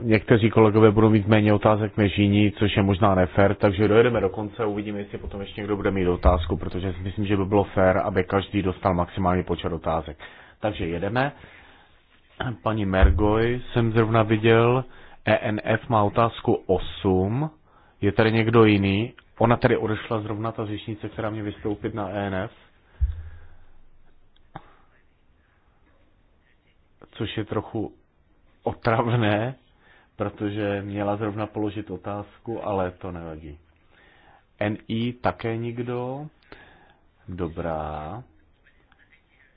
Někteří kolegové budou mít méně otázek než jiní, což je možná nefér, takže dojedeme do konce a uvidíme, jestli potom ještě někdo bude mít otázku, protože si myslím, že by bylo fér, aby každý dostal maximální počet otázek. Takže jedeme. Paní Mergoj jsem zrovna viděl, ENF má otázku 8. Je tady někdo jiný? Ona tady odešla zrovna ta řečnice, která mě vystoupit na ENF. Což je trochu otravné, protože měla zrovna položit otázku, ale to nevadí. NI také nikdo? Dobrá.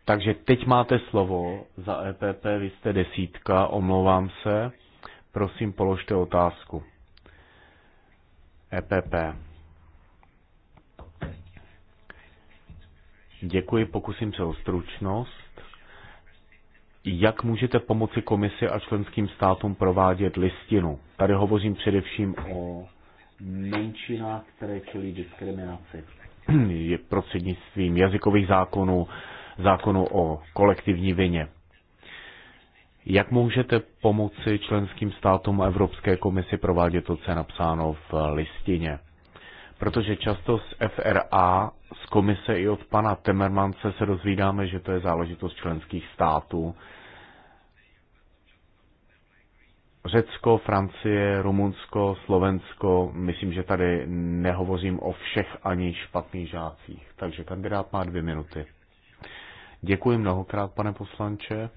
Takže teď máte slovo za EPP, vy jste desítka, omlouvám se. Prosím, položte otázku. EPP. Děkuji, pokusím se o stručnost. Jak můžete pomoci komisi a členským státům provádět listinu? Tady hovořím především o menšinách, které čelí diskriminaci prostřednictvím jazykových zákonů, zákonu o kolektivní vině. Jak můžete pomoci členským státům Evropské komisi provádět to, co je napsáno v listině? Protože často z FRA, z komise i od pana Temermance se dozvídáme, že to je záležitost členských států. Řecko, Francie, Rumunsko, Slovensko, myslím, že tady nehovořím o všech ani špatných žácích. Takže kandidát má dvě minuty. Děkuji mnohokrát, pane poslanče.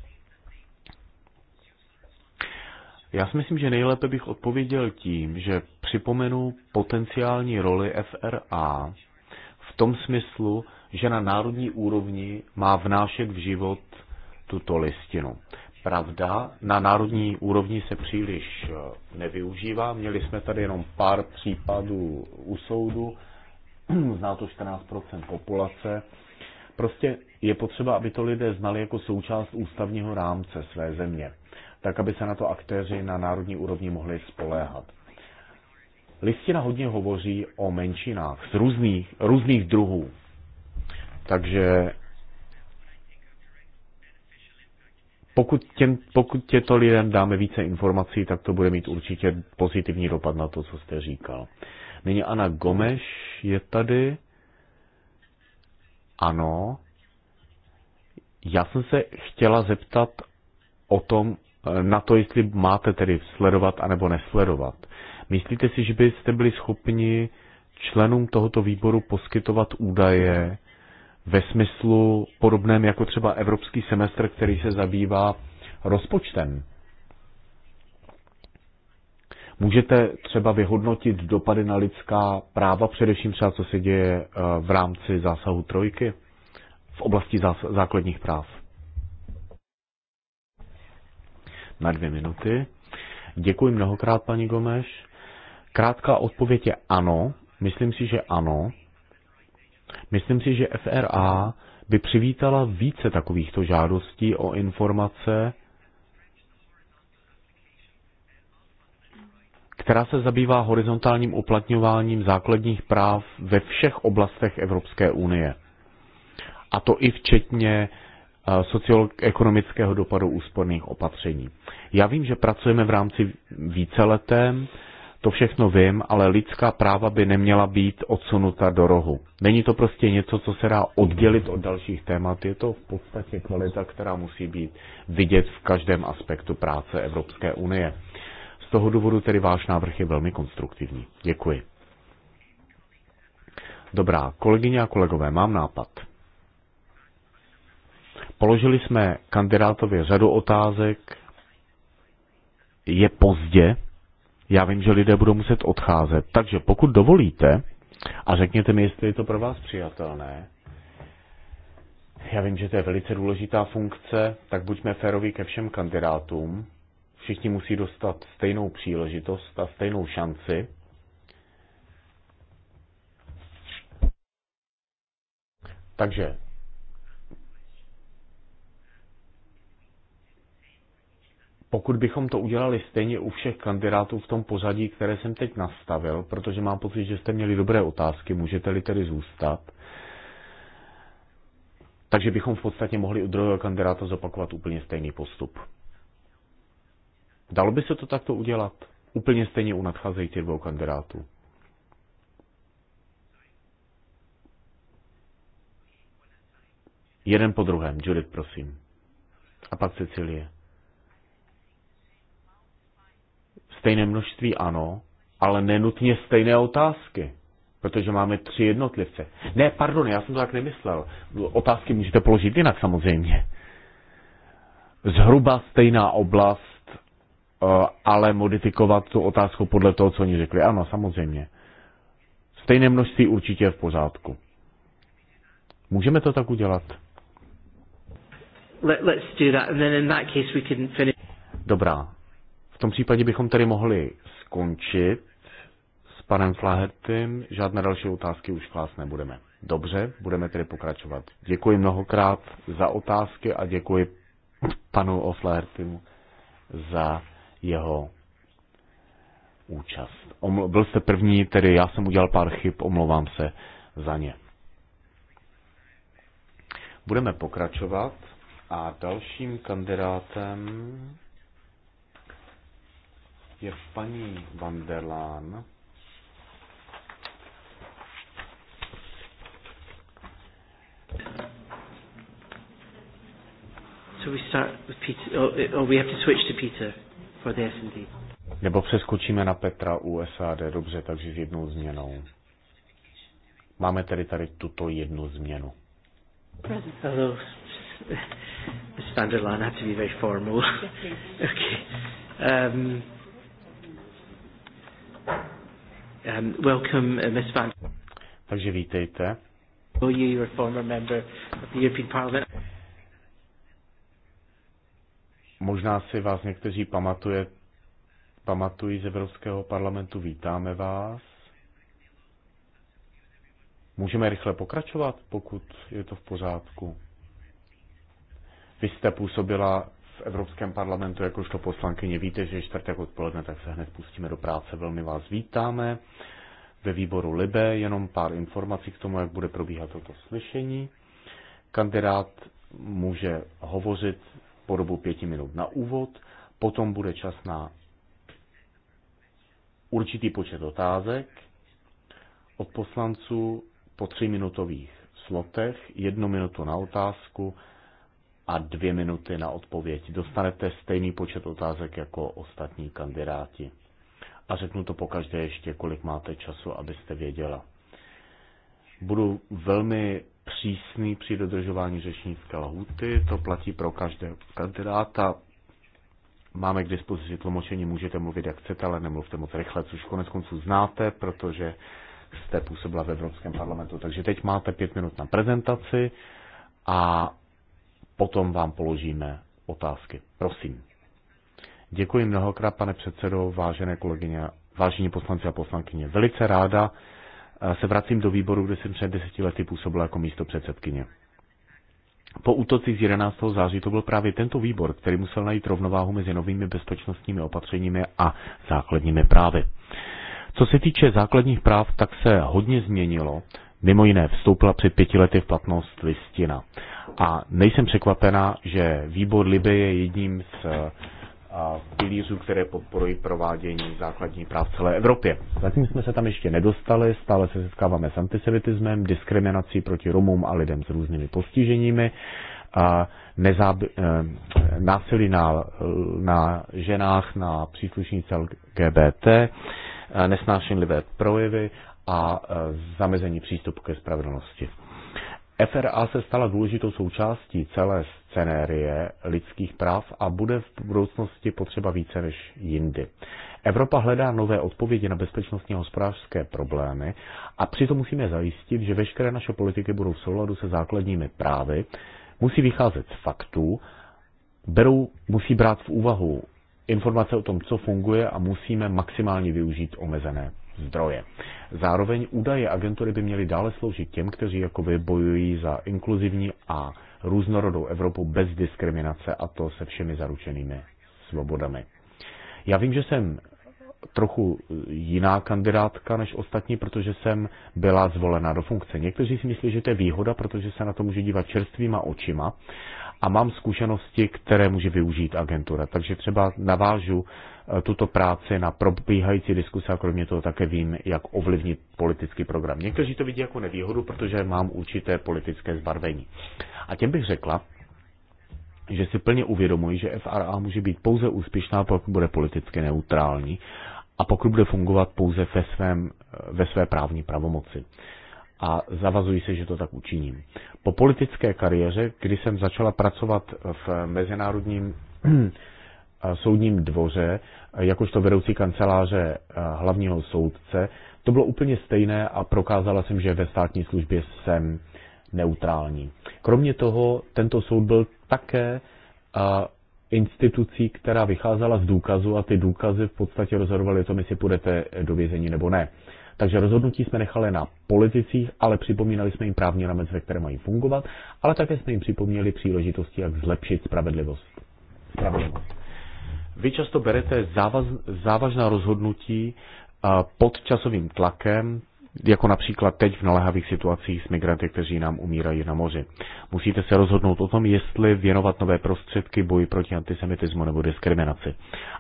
Já si myslím, že nejlépe bych odpověděl tím, že připomenu potenciální roli FRA v tom smyslu, že na národní úrovni má vnášet v život tuto listinu. Pravda, na národní úrovni se příliš eh, nevyužívá. Měli jsme tady jenom pár případů u soudu, zná to 14 populace. Prostě je potřeba, aby to lidé znali jako součást ústavního rámce své země tak aby se na to aktéři na národní úrovni mohli spoléhat. Listina hodně hovoří o menšinách z různých, různých druhů. Takže pokud, těm, pokud těto lidem dáme více informací, tak to bude mít určitě pozitivní dopad na to, co jste říkal. Nyní Ana Gomeš je tady. Ano. Já jsem se chtěla zeptat o tom, Eh, na to, jestli máte tedy sledovat anebo nesledovat. Myslíte si, že byste byli schopni členům tohoto výboru poskytovat údaje ve smyslu podobném jako třeba evropský semestr, který se zabývá rozpočtem? Můžete třeba vyhodnotit dopady na lidská práva, především třeba co se děje eh, v rámci zásahu trojky v oblasti základních práv? na dvě minuty. Děkuji mnohokrát, paní Gomeš. Krátká odpověď je ano. Myslím si, že ano. Myslím si, že FRA by přivítala více takovýchto žádostí o informace, která se zabývá horizontálním uplatňováním základních práv ve všech oblastech Evropské unie. A to i včetně socioekonomického dopadu úsporných opatření. Já vím, že pracujeme v rámci víceletém, to všechno vím, ale lidská práva by neměla být odsunuta do rohu. Není to prostě něco, co se dá oddělit od dalších témat. Je to v podstatě kvalita, která musí být vidět v každém aspektu práce Evropské unie. Z toho důvodu tedy váš návrh je velmi konstruktivní. Děkuji. Dobrá, kolegyně a kolegové, mám nápad. Položili jsme kandidátově řadu otázek. Je pozdě. Já vím, že lidé budou muset odcházet. Takže pokud dovolíte, a řekněte mi, jestli je to pro vás přijatelné, já vím, že to je velice důležitá funkce, tak buďme féroví ke všem kandidátům. Všichni musí dostat stejnou příležitost a stejnou šanci. Takže pokud bychom to udělali stejně u všech kandidátů v tom pořadí, které jsem teď nastavil, protože mám pocit, že jste měli dobré otázky, můžete-li tedy zůstat, takže bychom v podstatě mohli u druhého kandidáta zopakovat úplně stejný postup. Dalo by se to takto udělat? Úplně stejně u nadcházejících dvou kandidátů. Jeden po druhém. Judith, prosím. A pak Cecilie. Stejné množství ano, ale nenutně stejné otázky, protože máme tři jednotlivce. Ne, pardon, já jsem to tak nemyslel. Otázky můžete položit jinak samozřejmě. Zhruba stejná oblast, eh, ale modifikovat tu otázku podle toho, co oni řekli. Ano, samozřejmě. Stejné množství určitě je v pořádku. Můžeme to tak udělat? Let, let's do that, and then in that case we can finish. Dobrá, v tom případě bychom tedy mohli skončit s panem Flahertym. Žádné další otázky už vás nebudeme. Dobře, budeme tedy pokračovat. Děkuji mnohokrát za otázky a děkuji panu Oflahertymu za jeho účast. Omlu- byl jste první, tedy já jsem udělal pár chyb, omlouvám se za ně. Budeme pokračovat a dalším kandidátem je paní Van der Laan. So we start with Peter, or, oh, or oh, we have to switch to Peter for the S&D. Nebo přeskočíme na Petra SAD. dobře, takže s jednou změnou. Máme tedy tady tuto jednu změnu. Hello. Standard line, I have to be very formal. okay. Um, Um, welcome, uh, Ms. Van. Takže vítejte. Možná si vás někteří pamatuje, pamatují z Evropského parlamentu. Vítáme vás. Můžeme rychle pokračovat, pokud je to v pořádku. Vy jste působila v Evropském parlamentu jakožto poslankyně. Víte, že čtvrtek odpoledne, tak se hned pustíme do práce. Velmi vás vítáme ve výboru Libe. Jenom pár informací k tomu, jak bude probíhat toto slyšení. Kandidát může hovořit po dobu pěti minut na úvod, potom bude čas na určitý počet otázek od poslanců po tříminutových slotech, jednu minutu na otázku, a dvě minuty na odpověď. Dostanete stejný počet otázek jako ostatní kandidáti. A řeknu to pokaždé ještě, kolik máte času, abyste věděla. Budu velmi přísný při dodržování řečnické lhuty, to platí pro každého kandidáta. Máme k dispozici tlumočení, můžete mluvit jak chcete, ale nemluvte moc rychle, což konec konců znáte, protože jste působila v Evropském parlamentu. Takže teď máte pět minut na prezentaci a potom vám položíme otázky. Prosím. Děkuji mnohokrát, pane předsedo, vážené kolegyně, vážení poslanci a poslankyně. Velice ráda eh, se vracím do výboru, kde jsem před deseti lety působila jako místo předsedkyně. Po útoci z 11. září to byl právě tento výbor, který musel najít rovnováhu mezi novými bezpečnostními opatřeními a základními právy. Co se týče základních práv, tak se hodně změnilo. Mimo jiné vstoupila před pěti lety v platnost listina. A nejsem překvapená, že výbor Libe je jedním z eh, pilířů, které podporují provádění základní práv v celé Evropě. Zatím jsme se tam ještě nedostali, stále se setkáváme s antisemitismem, diskriminací proti Romům a lidem s různými postiženími, a nezáb- eh, násilí na, na ženách, na příslušnice LGBT, eh, nesnášenlivé projevy a zamezení přístupu ke spravedlnosti. FRA se stala důležitou součástí celé scenérie lidských práv a bude v budoucnosti potřeba více než jindy. Evropa hledá nové odpovědi na bezpečnostní a hospodářské problémy a přitom musíme zajistit, že veškeré naše politiky budou v souladu se základními právy, musí vycházet z faktů, berou, musí brát v úvahu informace o tom, co funguje a musíme maximálně využít omezené zdroje. Zároveň údaje agentury by měly dále sloužit těm, kteří jakoby bojují za inkluzivní a různorodou Evropu bez diskriminace a to se všemi zaručenými svobodami. Já vím, že jsem trochu jiná kandidátka než ostatní, protože jsem byla zvolena do funkce. Někteří si myslí, že to je výhoda, protože se na to může dívat čerstvýma očima a mám zkušenosti, které může využít agentura. Takže třeba navážu Eh, tuto práci na probíhající diskuse a kromě toho také vím, jak ovlivnit politický program. Někteří to vidí jako nevýhodu, protože mám určité politické zbarvení. A těm bych řekla, že si plně uvědomuji, že FRA může být pouze úspěšná, pokud bude politicky neutrální a pokud bude fungovat pouze ve, svém, eh, ve své právní pravomoci. A zavazuji se, že to tak učiním. Po politické kariéře, kdy jsem začala pracovat v mezinárodním soudním dvoře, jakožto vedoucí kanceláře eh, hlavního soudce. To bylo úplně stejné a prokázala jsem, že ve státní službě jsem neutrální. Kromě toho, tento soud byl také eh, institucí, která vycházela z důkazu a ty důkazy v podstatě rozhodovaly o tom, jestli půjdete do vězení nebo ne. Takže rozhodnutí jsme nechali na politicích, ale připomínali jsme jim právní rámec, ve které mají fungovat, ale také jsme jim připomněli příležitosti, jak zlepšit spravedlivost. spravedlivost. Vy často berete závaz, závažná rozhodnutí eh, pod časovým tlakem, jako například teď v naléhavých situacích s migranty, kteří nám umírají na moři. Musíte se rozhodnout o tom, jestli věnovat nové prostředky boji proti antisemitismu nebo diskriminaci.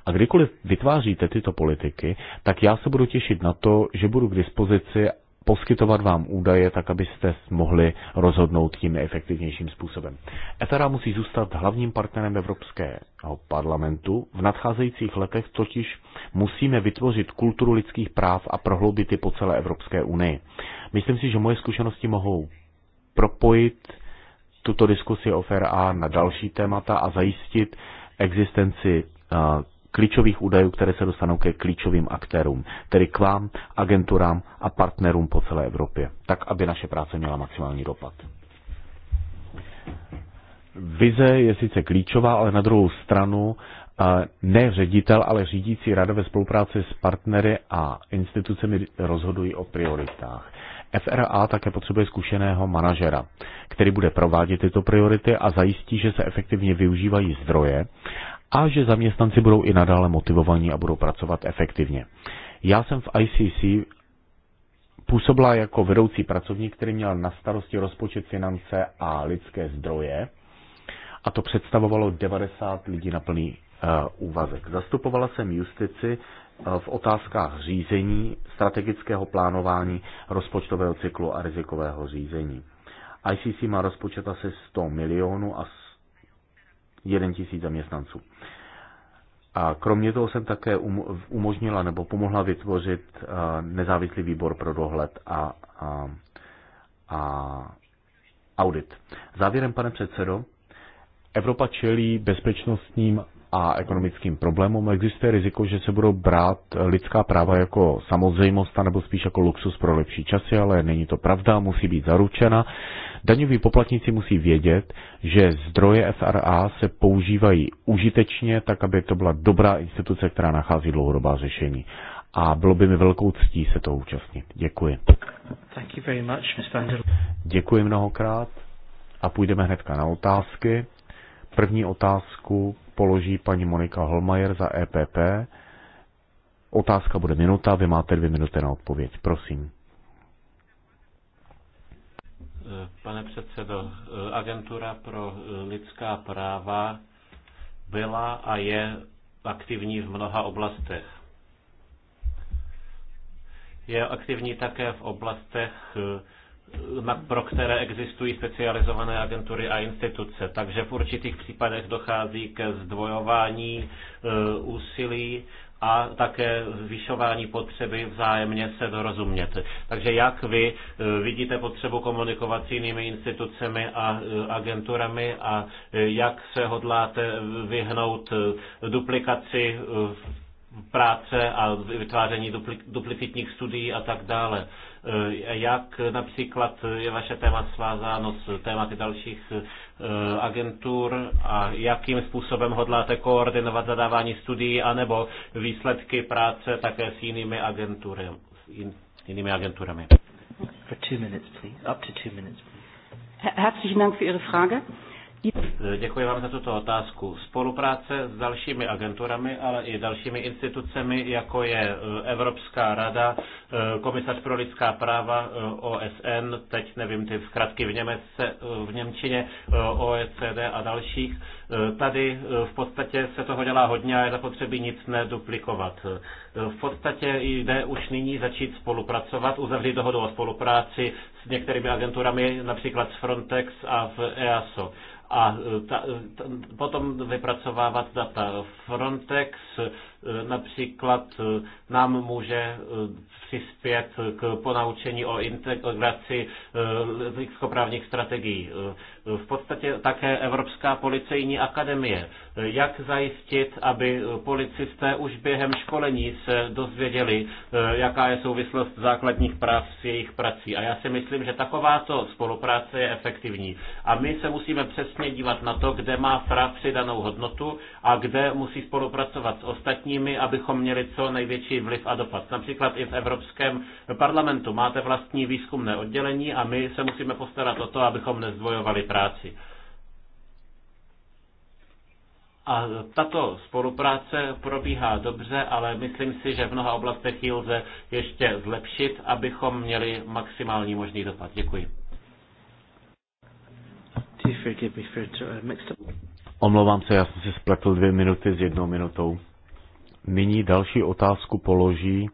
A kdykoliv vytváříte tyto politiky, tak já se budu těšit na to, že budu k dispozici poskytovat vám údaje, tak abyste mohli rozhodnout tím efektivnějším způsobem. Etera musí zůstat hlavním partnerem Evropského parlamentu. V nadcházejících letech totiž musíme vytvořit kulturu lidských práv a prohloubit ji po celé Evropské unii. Myslím si, že moje zkušenosti mohou propojit tuto diskusi o FRA na další témata a zajistit existenci klíčových údajů, které se dostanou ke klíčovým aktérům, tedy k vám, agenturám a partnerům po celé Evropě, tak aby naše práce měla maximální dopad. Vize je sice klíčová, ale na druhou stranu eh, ne ředitel, ale řídící rada ve spolupráci s partnery a institucemi rozhodují o prioritách. FRA také potřebuje zkušeného manažera, který bude provádět tyto priority a zajistí, že se efektivně využívají zdroje a že zaměstnanci budou i nadále motivovaní a budou pracovat efektivně. Já jsem v ICC působila jako vedoucí pracovník, který měl na starosti rozpočet finance a lidské zdroje a to představovalo 90 lidí na plný uh, úvazek. Zastupovala jsem justici uh, v otázkách řízení, strategického plánování, rozpočtového cyklu a rizikového řízení. ICC má rozpočet asi 100 milionů a 1 tisíc zaměstnanců. A kromě toho jsem také um, umožnila nebo pomohla vytvořit eh, nezávislý výbor pro dohled a, a, a audit. Závěrem, pane předsedo, Evropa čelí bezpečnostním a ekonomickým problémům. Existuje riziko, že se budou brát lidská práva jako samozřejmost, nebo spíš jako luxus pro lepší časy, ale není to pravda, musí být zaručena. Daňoví poplatníci musí vědět, že zdroje FRA se používají užitečně, tak aby to byla dobrá instituce, která nachází dlouhodobá řešení. A bylo by mi velkou ctí se toho účastnit. Děkuji. Thank you very much, Mr. Děkuji mnohokrát a půjdeme hnedka na otázky. První otázku položí paní Monika Holmajer za EPP. Otázka bude minuta, vy máte dvě minuty na odpověď. Prosím. Pane předsedo, agentura pro lidská práva byla a je aktivní v mnoha oblastech. Je aktivní také v oblastech, pro které existují specializované agentury a instituce. Takže v určitých případech dochází ke zdvojování e, úsilí a také zvyšování potřeby vzájemně se dorozumět. Takže jak vy eh, vidíte potřebu komunikovat s jinými institucemi a eh, agenturami a eh, jak se hodláte vyhnout duplikaci práce a vytváření dupli, duplicitních studií a tak dále. Eh, jak například je vaše téma svázáno s tématy dalších eh, agentur a jakým způsobem hodláte koordinovat zadávání studií anebo výsledky práce také s jinými agentury, s jinými agenturami? For two minutes, please. Up to two minutes, please. Herzlichen Dank für Ihre Frage. Děkuji vám za tuto otázku. Spolupráce s dalšími agenturami, ale i dalšími institucemi, jako je eh, Evropská rada, eh, Komisař pro lidská práva, eh, OSN, teď nevím ty zkratky v, Němece, v Němčině, OECD a dalších. Tady v podstatě se toho dělá hodně a je zapotřebí nic neduplikovat. V podstatě jde už nyní začít spolupracovat, uzavřít dohodu o spolupráci s některými agenturami, například s Frontex a v EASO a e, ta, e, ta, potom vypracovávat data. Frontex e, například nám může přispět k ponaučení o integraci lidskoprávních strategií v podstatě také Evropská policejní akademie. Jak zajistit, aby policisté už během školení se dozvěděli, eh, jaká je souvislost základních práv s jejich prací. A já si myslím, že takováto spolupráce je efektivní. A my se musíme přesně dívat na to, kde má FRA přidanou hodnotu a kde musí spolupracovat s ostatními, abychom měli co největší vliv a dopad. Například i v Evropském parlamentu máte vlastní výzkumné oddělení a my se musíme postarat o to, abychom nezdvojovali práv práci. A tato spolupráce probíhá dobře, ale myslím si, že v mnoha oblastech ji lze ještě zlepšit, abychom měli maximální možný dopad. Děkuji. Omlouvám se, já jsem si spletl dvě minuty s jednou minutou. Nyní další otázku položí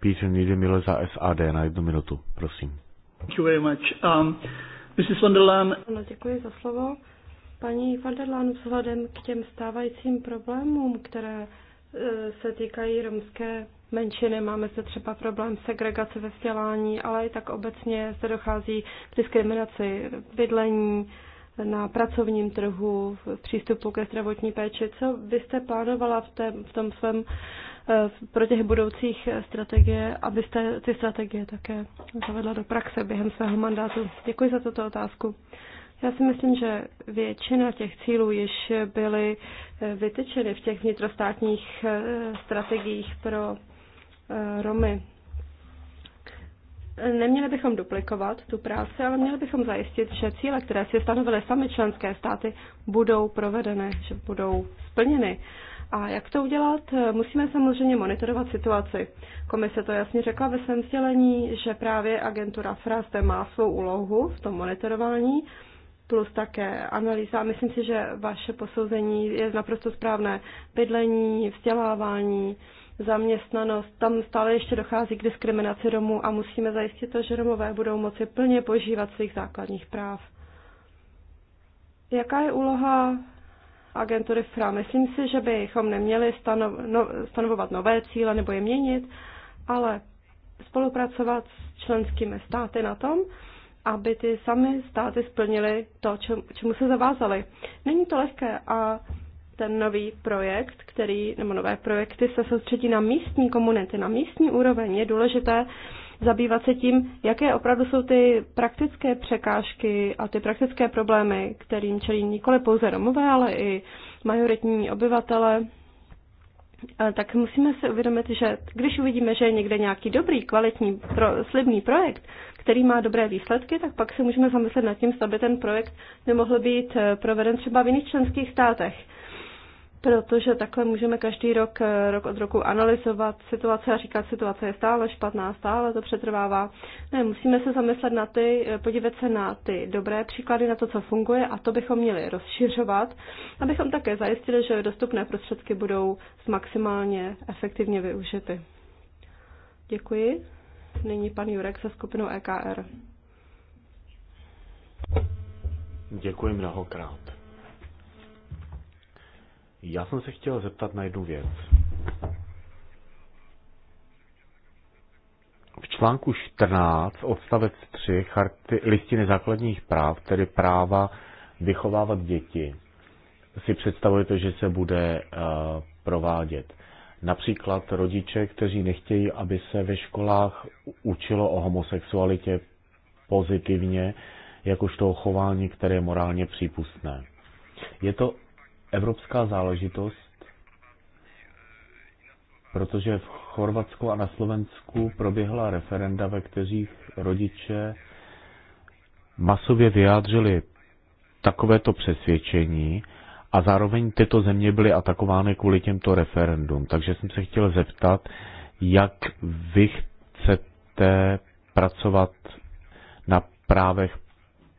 Peter Nidemile za SAD na jednu minutu, prosím. Thank you very much. Um... Mrs. van der Laan. Ano, děkuji za slovo. Paní van der Laan, vzhledem k těm stávajícím problémům, které e, se týkají romské menšiny, máme zde třeba problém segregace ve vzdělání, ale i tak obecně se dochází k diskriminaci bydlení, na pracovním trhu, v přístupu ke zdravotní péči. Co byste plánovala v, té, v tom svém pro těch budoucích strategie, abyste ty strategie také zavedla do praxe během svého mandátu? Děkuji za tuto otázku. Já si myslím, že většina těch cílů již byly eh, vytyčeny v těch vnitrostátních eh, strategiích pro eh, Romy. Neměli bychom duplikovat tu práci, ale měli bychom zajistit, že cíle, které si stanovily sami členské státy, budou provedeny, že budou splněny. A jak to udělat? Musíme samozřejmě monitorovat situaci. Komise to jasně řekla ve svém sdělení, že právě agentura FRA má svou úlohu v tom monitorování, plus také analýza. Myslím si, že vaše posouzení je naprosto správné. Bydlení, vzdělávání, zaměstnanost, tam stále ještě dochází k diskriminaci Romů a musíme zajistit to, že Romové budou moci plně požívat svých základních práv. Jaká je úloha agentury FRA. Myslím si, že bychom neměli stanov, no, stanovovat nové cíle nebo je měnit, ale spolupracovat s členskými státy na tom, aby ty sami státy splnily to, čemu, čemu se zavázaly. Není to lehké a ten nový projekt, který, nebo nové projekty se soustředí na místní komunity, na místní úroveň. Je důležité, zabývat se tím, jaké opravdu jsou ty praktické překážky a ty praktické problémy, kterým čelí nikoli pouze Romové, ale i majoritní obyvatele. Tak musíme si uvědomit, že když uvidíme, že je někde nějaký dobrý, kvalitní, pro, slibný projekt, který má dobré výsledky, tak pak si můžeme zamyslet nad tím, zda by ten projekt nemohl být eh, proveden třeba v jiných členských státech protože takhle můžeme každý rok, eh, rok od roku analyzovat situaci a říkat, situace je stále špatná, stále to přetrvává. Ne, musíme se zamyslet na ty, eh, podívat se na ty dobré příklady, na to, co funguje a to bychom měli rozšiřovat, abychom také zajistili, že dostupné prostředky budou maximálně efektivně využity. Děkuji. Nyní pan Jurek se skupinou EKR. Děkuji mnohokrát. Já jsem se chtěl zeptat na jednu věc. V článku 14 odstavec 3 charty, listiny základních práv, tedy práva vychovávat děti, si představujete, že se bude uh, provádět. Například rodiče, kteří nechtějí, aby se ve školách učilo o homosexualitě pozitivně, jakožto o chování, které je morálně přípustné. Je to evropská záležitost, protože v Chorvatsku a na Slovensku proběhla referenda, ve kterých rodiče masově vyjádřili takovéto přesvědčení a zároveň tyto země byly atakovány kvůli těmto referendum. Takže jsem se chtěl zeptat, jak vy chcete pracovat na právech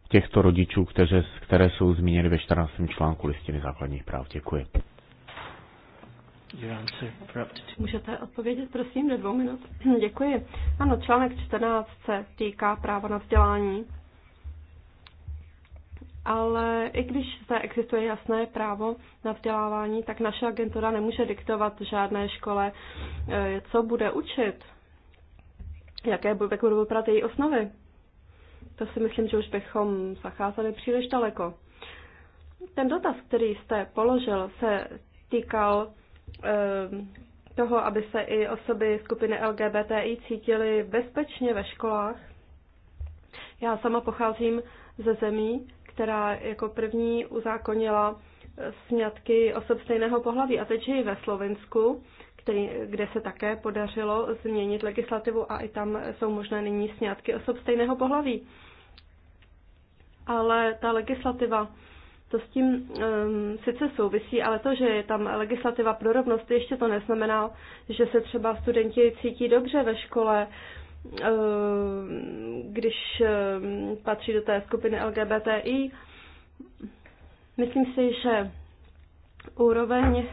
těchto rodičů, které, které jsou zmíněny ve 14. článku listiny základních práv. Děkuji. Můžete odpovědět, prosím, do dvou minut. Děkuji. Ano, článek 14 se týká práva na vzdělání. Ale i když zde existuje jasné právo na vzdělávání, tak naše agentura nemůže diktovat žádné škole, eh, co bude učit, jaké budou vypadat její osnovy. To si myslím, že už bychom zacházeli příliš daleko. Ten dotaz, který jste položil, se týkal ehm, toho, aby se i osoby skupiny LGBTI cítily bezpečně ve školách. Já sama pocházím ze zemí, která jako první uzákonila eh, sňatky osob stejného pohlaví. A teď je i ve Slovensku, který, kde se také podařilo změnit legislativu a i tam jsou možné nyní sňatky osob stejného pohlaví ale ta legislativa, to s tím um, sice souvisí, ale to, že je tam legislativa pro rovnost, ještě to neznamená, že se třeba studenti cítí dobře ve škole, ehm, když ehm, patří do té skupiny LGBTI. Myslím si, že úroveň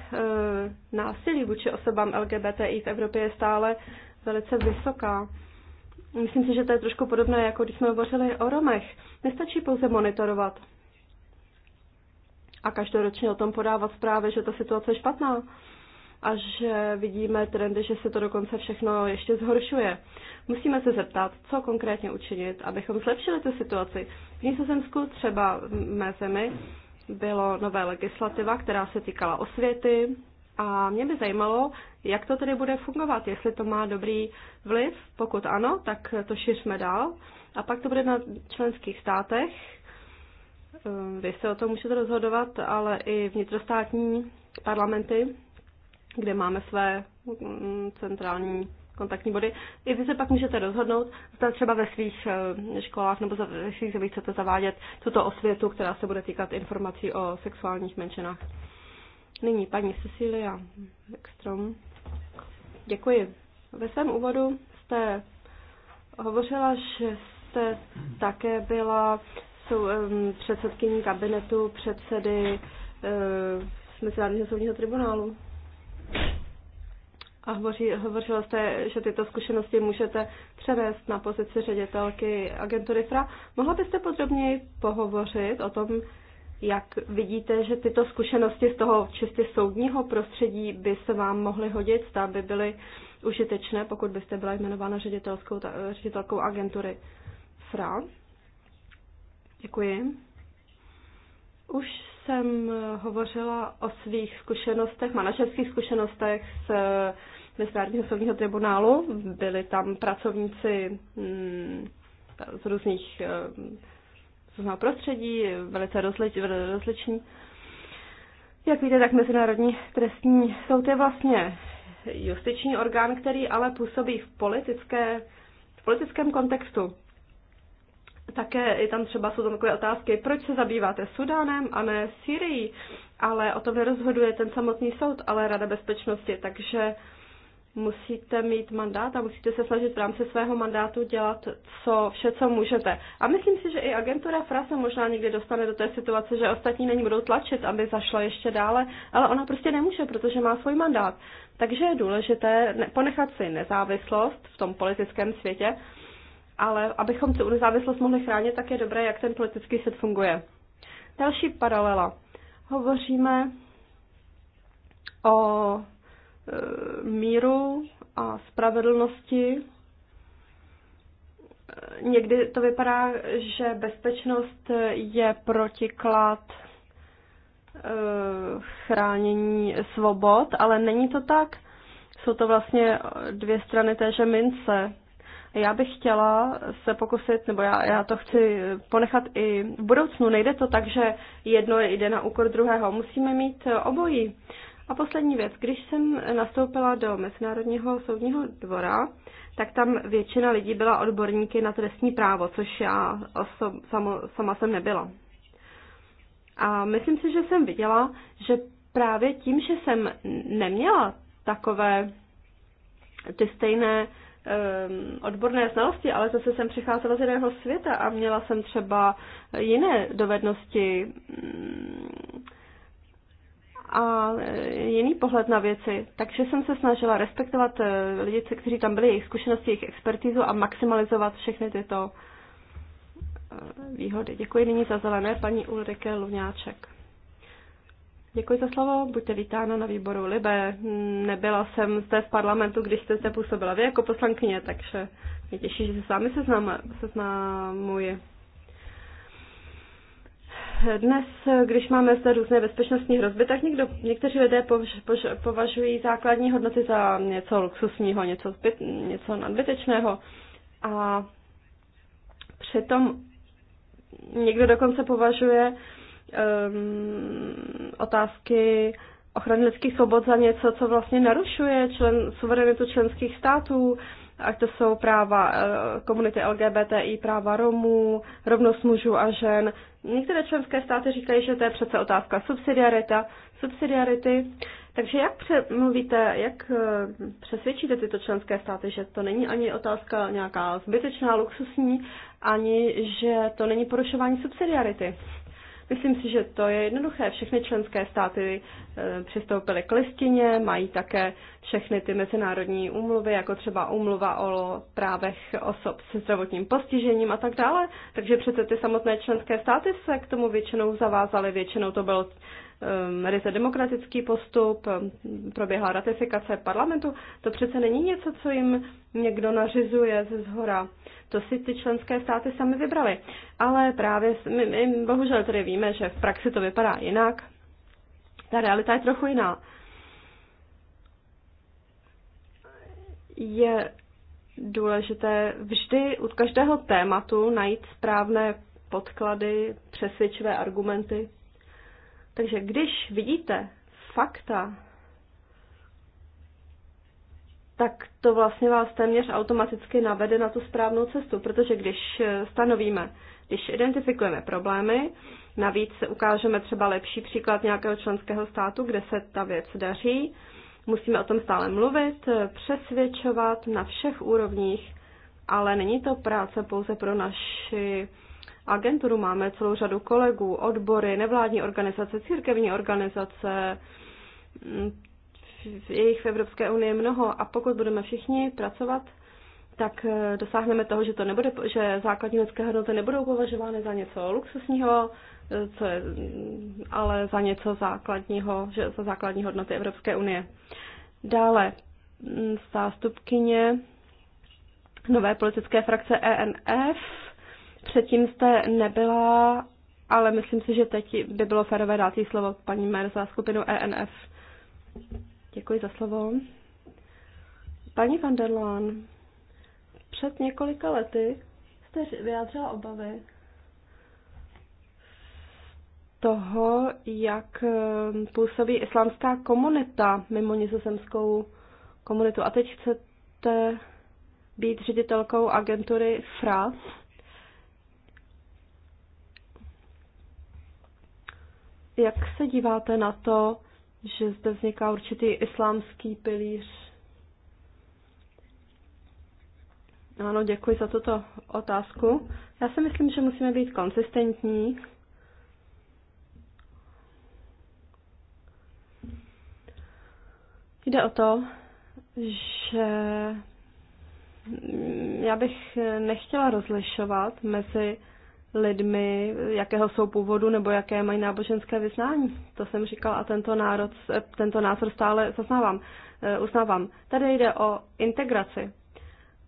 násilí vůči osobám LGBTI v Evropě je stále velice vysoká. Myslím si, že to je trošku podobné, jako když jsme hovořili o Romech. Nestačí pouze monitorovat a každoročně o tom podávat zprávy, že ta situace je špatná a že vidíme trendy, že se to dokonce všechno ještě zhoršuje. Musíme se zeptat, co konkrétně učinit, abychom zlepšili tu situaci. V Nizozemsku třeba v mé zemi bylo nové legislativa, která se týkala osvěty, a mě by zajímalo, jak to tedy bude fungovat, jestli to má dobrý vliv. Pokud ano, tak to šiřme dál. A pak to bude na členských státech. Ehm, vy se o tom můžete rozhodovat, ale i vnitrostátní parlamenty, kde máme své mm, centrální kontaktní body. I vy se pak můžete rozhodnout, zda třeba ve svých ehm, školách nebo ve svých zemích chcete zavádět tuto osvětu, která se bude týkat informací o sexuálních menšinách. Nyní paní Cecilia Ekstrom. Děkuji. Ve svém úvodu jste hovořila, že jste také byla um, předsedkyní kabinetu předsedy eh, Mezinárodního soudního tribunálu. A hovoří, hovořila jste, že tyto zkušenosti můžete převést na pozici ředitelky agentury FRA. Mohla byste podrobněji pohovořit o tom, jak vidíte, že tyto zkušenosti z toho čistě soudního prostředí by se vám mohly hodit, ta by byly užitečné, pokud byste byla jmenována ředitelskou, ředitelkou agentury FRA? Děkuji. Už jsem hovořila o svých zkušenostech, manažerských zkušenostech s Mezinárodního soudního tribunálu. Byli tam pracovníci mm, z různých eh, různého prostředí, velice rozlič, rozliční. Jak víte, tak Mezinárodní trestní soud je vlastně justiční orgán, který ale působí v, politické, v politickém kontextu. Také i tam třeba jsou tam takové otázky, proč se zabýváte Sudánem a ne Syrií, ale o tom nerozhoduje ten samotný soud, ale Rada bezpečnosti, takže musíte mít mandát a musíte se snažit v rámci svého mandátu dělat co, vše, co můžete. A myslím si, že i agentura FRA se možná někdy dostane do té situace, že ostatní na ní budou tlačit, aby zašla ještě dále, ale ona prostě nemůže, protože má svůj mandát. Takže je důležité ponechat si nezávislost v tom politickém světě, ale abychom tu nezávislost mohli chránit, tak je dobré, jak ten politický svět funguje. Další paralela. Hovoříme o Eh, míru a spravedlnosti. Eh, někdy to vypadá, že bezpečnost je protiklad eh, chránění svobod, ale není to tak. Jsou to vlastně dvě strany téže mince. Já bych chtěla se pokusit, nebo já, já to chci ponechat i v budoucnu. Nejde to tak, že jedno jde na úkor druhého. Musíme mít obojí. A poslední věc, když jsem nastoupila do Mezinárodního soudního dvora, tak tam většina lidí byla odborníky na trestní právo, což já osob, samo, sama jsem nebyla. A myslím si, že jsem viděla, že právě tím, že jsem neměla takové ty stejné um, odborné znalosti, ale zase jsem přicházela z jiného světa a měla jsem třeba jiné dovednosti. Um, a e, jiný pohled na věci. Takže jsem se snažila respektovat e, lidi, kteří tam byli, jejich zkušenosti, jejich expertizu a maximalizovat všechny tyto e, výhody. Děkuji nyní za zelené paní Ulrike Luňáček. Děkuji za slovo, buďte vítána na výboru Libe. Nebyla jsem zde v parlamentu, když jste zde působila vy jako poslankyně, takže mě těší, že se s vámi seznámuji. seznamuji. Dnes, když máme zde různé bezpečnostní hrozby, tak někdo, někteří lidé pož, pož, považují základní hodnoty za něco luxusního, něco, zbyt, něco nadbytečného. A přitom někdo dokonce považuje um, otázky ochrany lidských svobod za něco, co vlastně narušuje člen, suverenitu členských států. Um, ať to jsou práva eh, komunity LGBTI, práva Romů, rovnost mužů a žen. Některé členské státy říkají, že to je přece otázka subsidiarita, subsidiarity. Takže jak přemluvíte, jak eh, přesvědčíte tyto členské státy, že to není ani otázka nějaká zbytečná, luxusní, ani že to není porušování subsidiarity? Myslím si, že to je jednoduché. Všechny členské státy eh, přistoupily k listině, mají také všechny ty mezinárodní úmluvy, jako třeba úmluva o právech osob se zdravotním postižením a tak dále. Takže přece ty samotné členské státy se k tomu většinou zavázaly, většinou to bylo ryze ehm, demokratický postup, ehm, proběhla ratifikace parlamentu, to přece není něco, co jim někdo nařizuje ze zhora. To si ty členské státy sami vybrali. Ale právě my, my bohužel tedy víme, že v praxi to vypadá jinak. Ta realita je trochu jiná. Je důležité vždy u každého tématu najít správné podklady, přesvědčivé argumenty, takže když vidíte fakta, tak to vlastně vás téměř automaticky navede na tu správnou cestu, protože když eh, stanovíme, když identifikujeme problémy, navíc ukážeme třeba lepší příklad nějakého členského státu, kde se ta věc daří, musíme o tom stále mluvit, eh, přesvědčovat na všech úrovních, ale není to práce pouze pro naši agenturu, máme celou řadu kolegů, odbory, nevládní organizace, církevní organizace, mm, je jich v Evropské unii mnoho a pokud budeme všichni pracovat, tak eh, dosáhneme toho, že, to nebude, že základní lidské hodnoty nebudou považovány za něco luxusního, eh, co je, mm, ale za něco základního, že za základní hodnoty Evropské unie. Dále mm, zástupkyně nové politické frakce ENF Předtím jste nebyla, ale myslím si, že teď by bylo férové dát jí slovo paní Mer za skupinu ENF. Děkuji za slovo. Paní van der Laan, před několika lety jste vyjádřila obavy toho, jak eh, působí islámská komunita mimo nizozemskou komunitu. A teď chcete být ředitelkou agentury FRAS Jak se díváte na to, že zde vzniká určitý islámský pilíř? Ano, děkuji za tuto otázku. Já si myslím, že musíme být konzistentní. Jde o to, že já bych nechtěla rozlišovat mezi lidmi, jakého jsou původu nebo jaké mají náboženské vyznání. To jsem říkal a tento, národ, eh, tento názor stále zaznávám, eh, uznávám. Tady jde o integraci.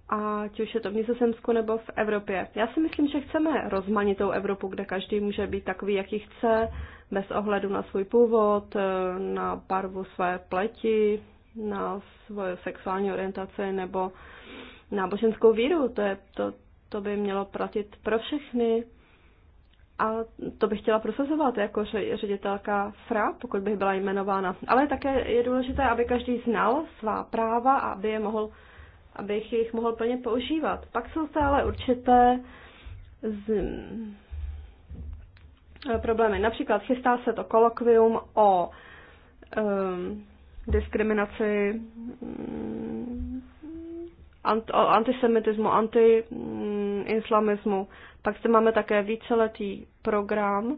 Ať už je to v Nizozemsku nebo v Evropě. Já si myslím, že chceme rozmanitou Evropu, kde každý může být takový, jaký chce, bez ohledu na svůj původ, eh, na barvu své pleti, na svoje sexuální orientaci nebo náboženskou víru. To, je, to, to by mělo platit pro všechny a to bych chtěla prosazovat jako ředitelka FRA, pokud bych byla jmenována. Ale také je důležité, aby každý znal svá práva a aby je mohl, abych jich mohl plně používat. Pak jsou stále ale určité z, eh, problémy. Například chystá se to kolokvium o um, diskriminaci um, o antisemitismu, antiislamismu. Pak zde máme také víceletý program,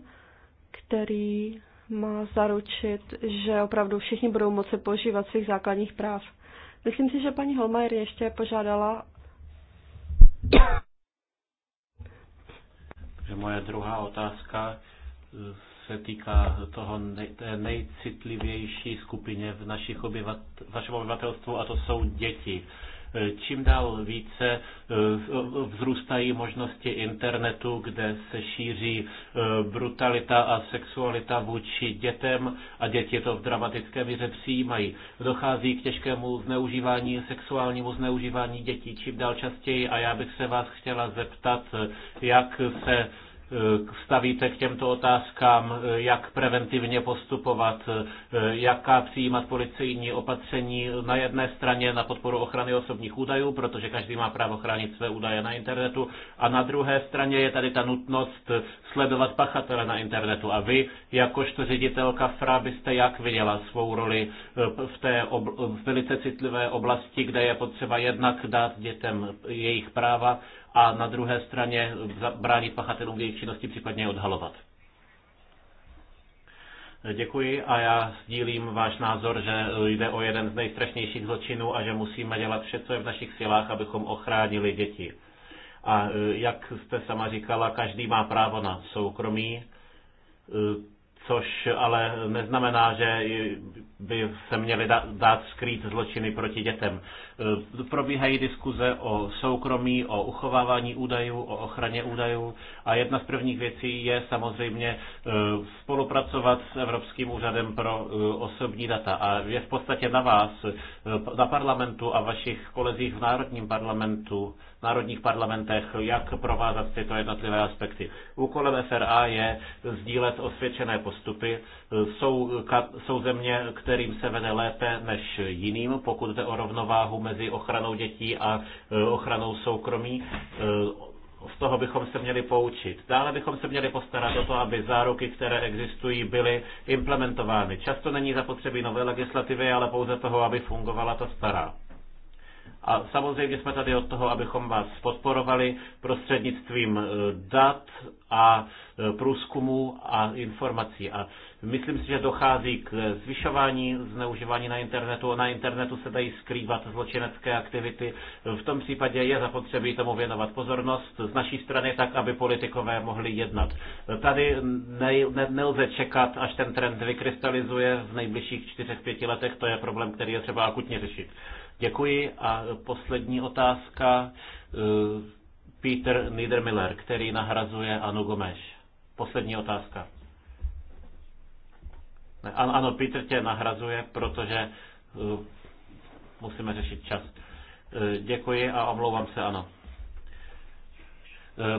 který má zaručit, že opravdu všichni budou moci požívat svých základních práv. Myslím si, že paní Holmajer ještě požádala. Takže moje druhá otázka eh, se týká toho nej, té nejcitlivější skupině v našich obyvat, v našem obyvatelstvu a to jsou děti. Čím dál více eh, vzrůstají možnosti internetu, kde se šíří eh, brutalita a sexualita vůči dětem a děti to v dramatické míře přijímají. Dochází k těžkému zneužívání, sexuálnímu zneužívání dětí čím dál častěji a já bych se vás chtěla zeptat, eh, jak se Eh, stavíte k těmto otázkám, eh, jak preventivně postupovat, eh, jaká přijímat policejní opatření na jedné straně na podporu ochrany osobních údajů, protože každý má právo chránit své údaje na internetu, a na druhé straně je tady ta nutnost sledovat pachatele na internetu. A vy, jakožto ředitelka FRA, byste jak viděla svou roli eh, v té v velice citlivé oblasti, kde je potřeba jednak dát dětem jejich práva a na druhé straně bránit pachatelům v jejich činnosti, případně odhalovat? Děkuji a já sdílím váš názor, že jde o jeden z nejstrašnějších zločinů a že musíme dělat vše, co je v našich silách, abychom ochránili děti. A e, jak jste sama říkala, každý má právo na soukromí, e, což ale neznamená, že by se měly dát skrýt zločiny proti dětem. E, probíhají diskuze o soukromí, o uchovávání údajů, o ochraně údajů a jedna z prvních věcí je samozřejmě spolupracovat s Evropským úřadem pro osobní data. A je v podstatě na vás, na parlamentu a vašich kolezích v Národním parlamentu, národních parlamentech, jak provázat tyto jednotlivé aspekty. Úkolem FRA je sdílet osvědčené postupy. Jsou, jsou země, kterým se vede lépe než jiným, pokud jde o rovnováhu mezi ochranou dětí a e, ochranou soukromí e, z toho bychom se měli poučit. Dále bychom se měli postarat o to, aby záruky, které existují, byly implementovány. Často není zapotřebí nové legislativy, ale pouze toho, aby fungovala ta stará. A samozřejmě jsme tady od toho, abychom vás podporovali prostřednictvím eh, dat a eh, průzkumu a informací. A myslím si, že dochází k eh, zvyšování zneužívání na internetu. Na internetu se dají skrývat zločinecké aktivity. V tom případě je zapotřebí tomu věnovat pozornost z naší strany tak, aby politikové mohli jednat. Tady ne, ne, nelze čekat, až ten trend vykrystalizuje v nejbližších 4-5 letech. To je problém, který je třeba akutně řešit. Děkuji a poslední otázka. Eh, Peter Niedermiller, který nahrazuje Anu Gomeš. Poslední otázka. Ne, ano, ano, Peter tě nahrazuje, protože uh, musíme řešit čas. Uh, děkuji a omlouvám se, ano.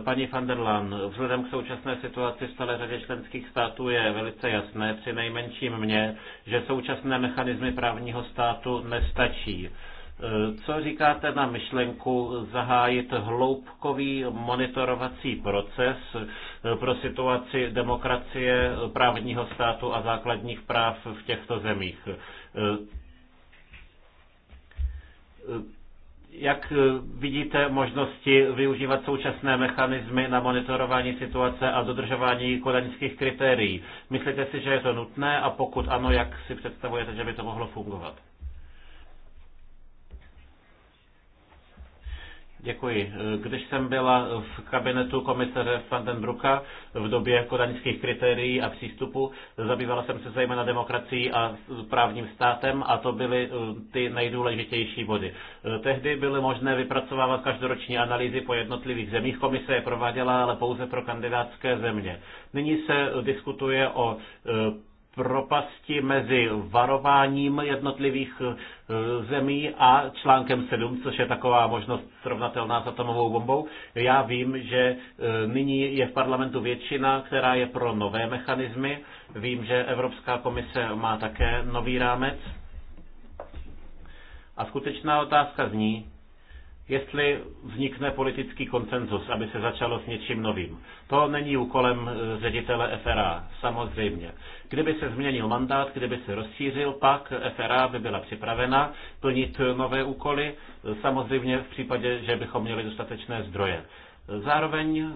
Paní van der Lan, vzhledem k současné situaci v celé řadě členských států je velice jasné, při nejmenším mně, že současné mechanismy právního státu nestačí. Co říkáte na myšlenku zahájit hloubkový monitorovací proces pro situaci demokracie, právního státu a základních práv v těchto zemích? Jak vidíte možnosti využívat současné mechanismy na monitorování situace a dodržování kodaňských kritérií? Myslíte si, že je to nutné a pokud ano, jak si představujete, že by to mohlo fungovat? Děkuji. Když jsem byla v kabinetu komisaře Vandenbrucka v době kodaňských kritérií a přístupu, zabývala jsem se zejména demokracií a právním státem a to byly eh, ty nejdůležitější body. Eh, tehdy byly možné vypracovávat každoroční analýzy po jednotlivých zemích. Komise je prováděla, ale pouze pro kandidátské země. Nyní se diskutuje o eh, propasti mezi varováním jednotlivých eh, zemí a článkem 7, což je taková možnost srovnatelná s atomovou bombou. Já vím, že eh, nyní je v parlamentu většina, která je pro nové mechanismy. Vím, že Evropská komise má také nový rámec. A skutečná otázka zní, jestli vznikne politický konsenzus, aby se začalo s něčím novým. To není úkolem eh, ředitele FRA, samozřejmě. Kdyby se změnil mandát, kdyby se rozšířil, pak FRA by byla připravena plnit nové úkoly, eh, samozřejmě v případě, že bychom měli dostatečné zdroje. Zároveň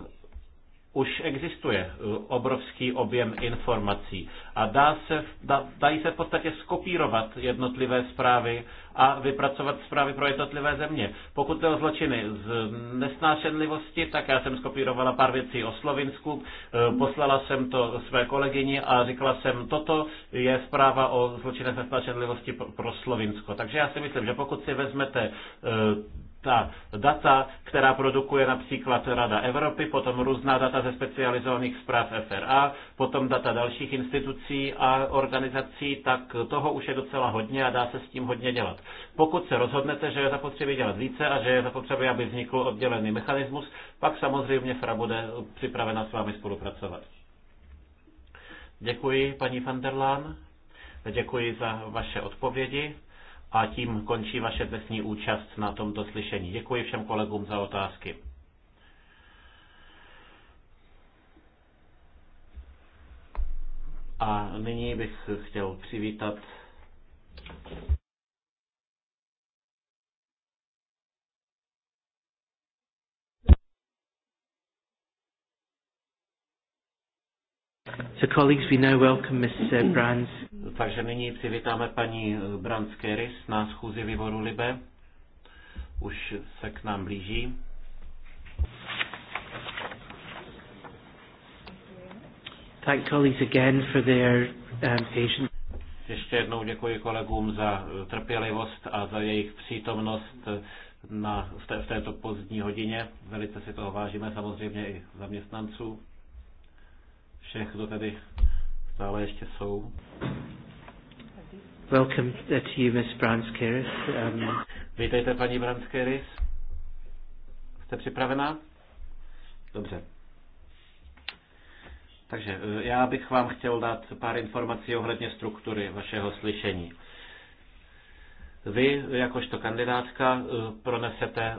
už existuje e, obrovský objem informací a dá se, da, dají se v podstatě skopírovat jednotlivé zprávy a vypracovat zprávy pro jednotlivé země. Pokud jde o zločiny z nesnášenlivosti, tak já jsem skopírovala pár věcí o Slovinsku, e, poslala jsem to své kolegyni a říkala jsem, toto je zpráva o zločinech z nesnášenlivosti pro Slovinsko. Takže já si myslím, že pokud si vezmete e, ta data, která produkuje například Rada Evropy, potom různá data ze specializovaných zpráv FRA, potom data dalších institucí a organizací, tak toho už je docela hodně a dá se s tím hodně dělat. Pokud se rozhodnete, že je zapotřebí dělat více a že je zapotřebí, aby vznikl oddělený mechanismus, pak samozřejmě FRA bude připravena s vámi spolupracovat. Děkuji, paní van der Děkuji za vaše odpovědi. A tím končí vaše dnesní účast na tomto slyšení. Děkuji všem kolegům za otázky. A nyní bych chtěl přivítat So colleagues, we now welcome Ms. Uh, Brands takže nyní přivítáme paní eh, Branskeris na schůzi výboru Libe. Už se k nám blíží. Thank colleagues again for their um, patience. Ještě jednou děkuji kolegům za eh, trpělivost a za jejich přítomnost eh, na, v, té, v této pozdní hodině. Velice si toho vážíme samozřejmě i zaměstnanců. Všech, kdo tedy Stále ještě jsou. Welcome to you, Miss Branskeris. Um... Vítejte, paní Branskeris. Jste připravená? Dobře. Takže eh, já bych vám chtěl dát pár informací ohledně struktury vašeho slyšení. Vy, jakožto kandidátka, eh, pronesete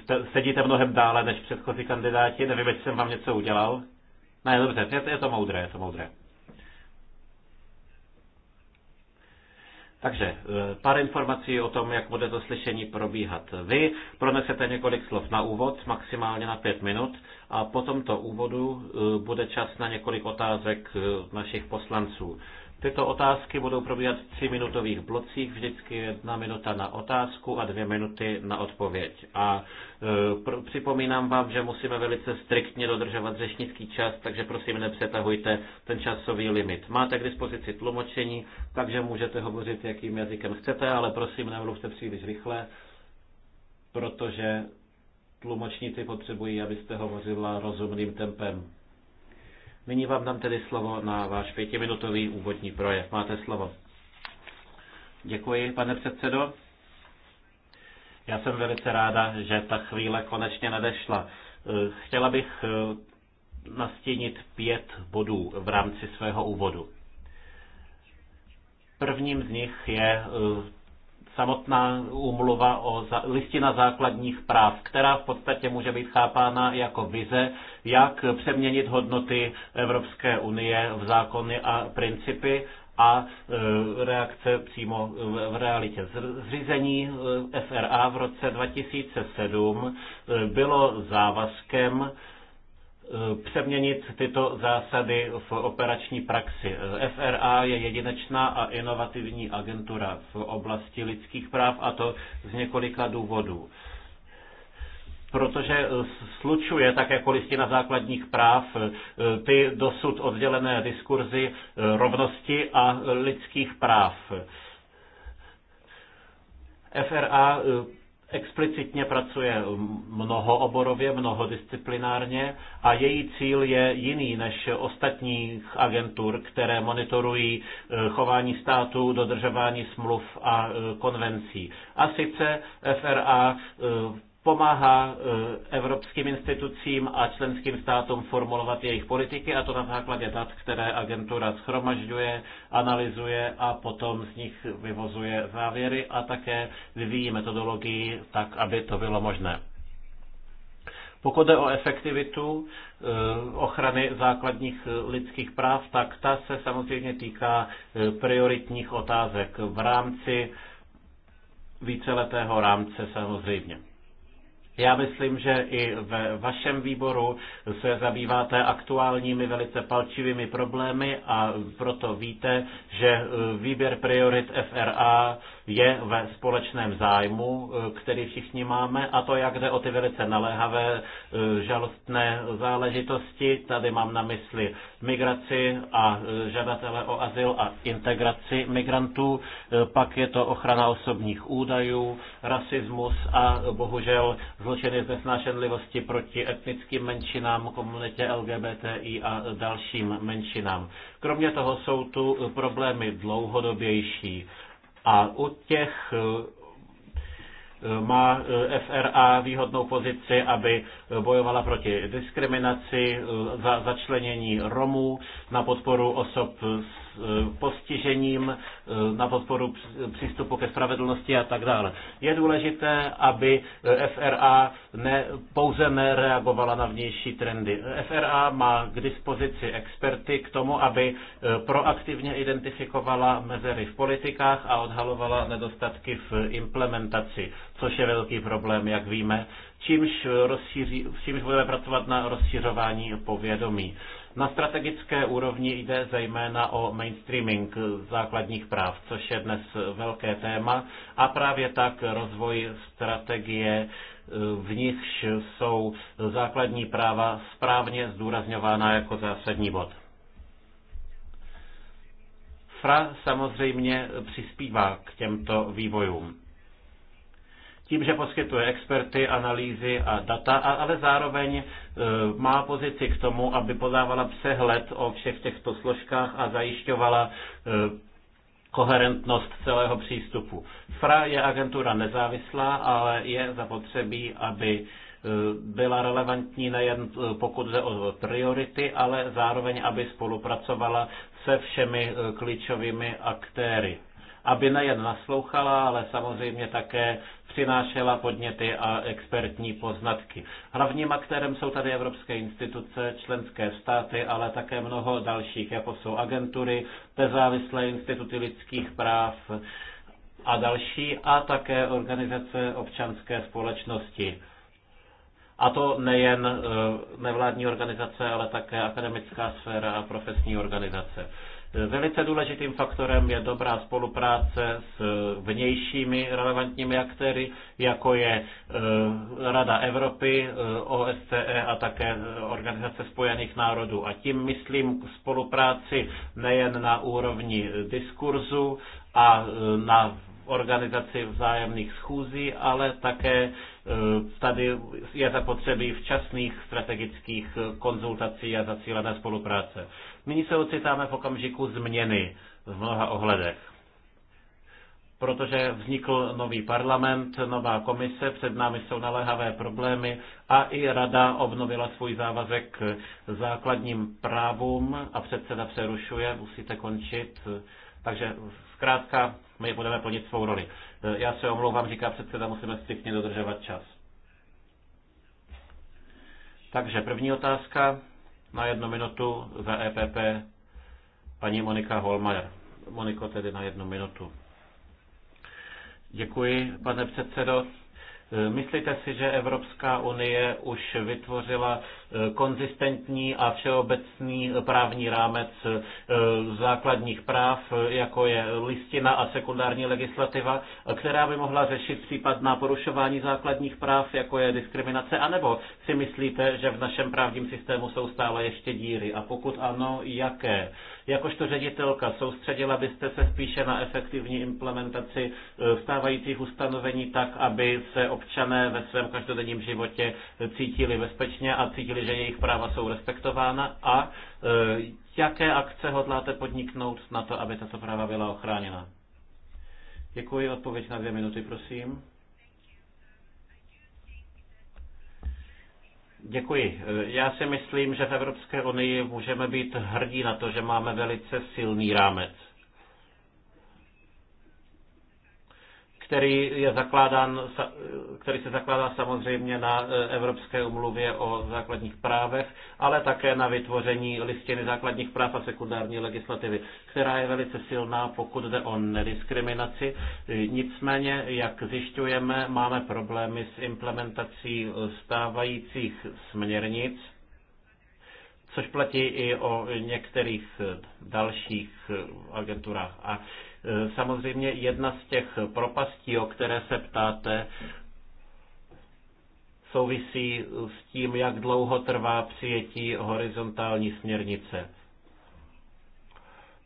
eh, sedíte mnohem dále než předchozí kandidáti, nevím, jestli jsem vám něco udělal. Ne, dobře, je, je to moudré, je to moudré. Takže e, pár informací o tom, jak bude to slyšení probíhat. Vy pronesete několik slov na úvod, maximálně na pět minut, a po tomto úvodu e, bude čas na několik otázek e, našich poslanců. Tyto otázky budou probíhat v tříminutových blocích, vždycky jedna minuta na otázku a dvě minuty na odpověď. A e, připomínám vám, že musíme velice striktně dodržovat řečnický čas, takže prosím nepřetahujte ten časový limit. Máte k dispozici tlumočení, takže můžete hovořit, jakým jazykem chcete, ale prosím nemluvte příliš rychle, protože tlumočníci potřebují, abyste hovořila rozumným tempem. Nyní vám dám tedy slovo na váš pětiminutový úvodní projev. Máte slovo. Děkuji, pane předsedo. Já jsem velice ráda, že ta chvíle konečně nadešla. Chtěla bych eh, nastínit pět bodů v rámci svého úvodu. Prvním z nich je eh, samotná úmluva o listina základních práv, která v podstatě může být chápána jako vize, jak přeměnit hodnoty Evropské unie v zákony a principy a e, reakce přímo v realitě. Zřízení e, FRA v roce 2007 e, bylo závazkem Eh, přeměnit tyto zásady v operační praxi. Eh, FRA je jedinečná a inovativní agentura v oblasti lidských práv a to z několika důvodů protože eh, slučuje tak jako listina základních práv ty dosud oddělené diskurzy rovnosti a lidských práv. FRA explicitně pracuje mnohooborově, mnohodisciplinárně a její cíl je jiný než ostatních agentur, které monitorují eh, chování států, dodržování smluv a eh, konvencí. A sice FRA eh, pomáhá eh, evropským institucím a členským státům formulovat jejich politiky a to na základě dat, které agentura schromažďuje, analyzuje a potom z nich vyvozuje závěry a také vyvíjí metodologii tak, aby to bylo možné. Pokud jde o efektivitu eh, ochrany základních eh, lidských práv, tak ta se samozřejmě týká prioritních otázek v rámci víceletého rámce samozřejmě. Já myslím, že i ve vašem výboru se zabýváte aktuálními velice palčivými problémy a proto víte, že e, výběr priorit FRA je ve společném zájmu, eh, který všichni máme, a to jak jde o ty velice naléhavé, eh, žalostné záležitosti. Tady mám na mysli migraci a eh, žadatele o azyl a integraci migrantů, pak je to ochrana osobních údajů, rasismus a bohužel zločiny z nesnášenlivosti proti etnickým menšinám, komunitě LGBTI a dalším menšinám. Kromě toho jsou tu problémy dlouhodobější a u těch eh, eh, má eh, FRA výhodnou pozici, aby bojovala proti diskriminaci, za začlenění Romů, na podporu osob s postižením, e, na podporu přístupu ke spravedlnosti a tak dále. Je důležité, aby FRA ne, pouze nereagovala na vnější trendy. FRA má k dispozici experty k tomu, aby e, proaktivně identifikovala mezery v politikách a odhalovala nedostatky v implementaci, což je velký problém, jak víme, čímž, rozšíří, čímž budeme pracovat na rozšířování povědomí. Na strategické úrovni jde zejména o mainstreaming základních práv, což je dnes velké téma a právě tak rozvoj strategie v nichž jsou základní práva správně zdůrazňována jako zásadní bod. FRA samozřejmě přispívá k těmto vývojům tím, že poskytuje experty, analýzy a data, ale zároveň e, má pozici k tomu, aby podávala přehled o všech těchto složkách a zajišťovala e, koherentnost celého přístupu. FRA je agentura nezávislá, ale je zapotřebí, aby e, byla relevantní nejen pokud jde o priority, ale zároveň, aby spolupracovala se všemi klíčovými aktéry aby nejen naslouchala, ale samozřejmě také přinášela podněty a expertní poznatky. Hlavním aktérem jsou tady evropské instituce, členské státy, ale také mnoho dalších, jako jsou agentury, nezávislé instituty lidských práv a další, a také organizace občanské společnosti. A to nejen eh, nevládní organizace, ale také akademická sféra a profesní organizace. Velice důležitým faktorem je dobrá spolupráce s vnějšími relevantními aktéry, jako je e, Rada Evropy, OSCE e a také e, Organizace spojených národů. A tím myslím spolupráci nejen na úrovni diskurzu a na organizaci vzájemných schůzí, ale také e, tady je zapotřebí včasných strategických konzultací a zacílené spolupráce. Nyní se ocitáme v okamžiku změny v mnoha ohledech protože vznikl nový parlament, nová komise, před námi jsou naléhavé problémy a i rada obnovila svůj závazek k základním právům a předseda přerušuje, musíte končit. Takže zkrátka my budeme plnit svou roli. E, já se omlouvám, říká předseda, musíme striktně dodržovat čas. Takže první otázka na jednu minutu za EPP paní Monika Holmajer. Moniko, tedy na jednu minutu. Děkuji, pane předsedo. E, myslíte si, že Evropská unie už vytvořila konzistentní a všeobecný právní rámec eh, základních práv, eh, jako je listina a sekundární legislativa, která by mohla řešit případná porušování základních práv, jako je diskriminace, anebo si myslíte, že v našem právním systému jsou stále ještě díry? A pokud ano, jaké? Jakožto ředitelka, soustředila byste se spíše na efektivní implementaci eh, stávajících ustanovení tak, aby se občané ve svém každodenním životě cítili bezpečně a cítili že jejich práva jsou respektována a e, jaké akce hodláte podniknout na to, aby tato práva byla ochráněna? Děkuji, odpověď na dvě minuty, prosím. Děkuji. Já si myslím, že v Evropské unii můžeme být hrdí na to, že máme velice silný rámec. který, je zakládán, který se zakládá samozřejmě na e, Evropské umluvě o základních právech, ale také na vytvoření listiny základních práv a sekundární legislativy, která je velice silná, pokud jde o nediskriminaci. E, nicméně, jak zjišťujeme, máme problémy s implementací e, stávajících směrnic, což platí i o některých dalších agenturách. A Samozřejmě jedna z těch propastí, o které se ptáte, souvisí s tím, jak dlouho trvá přijetí horizontální směrnice.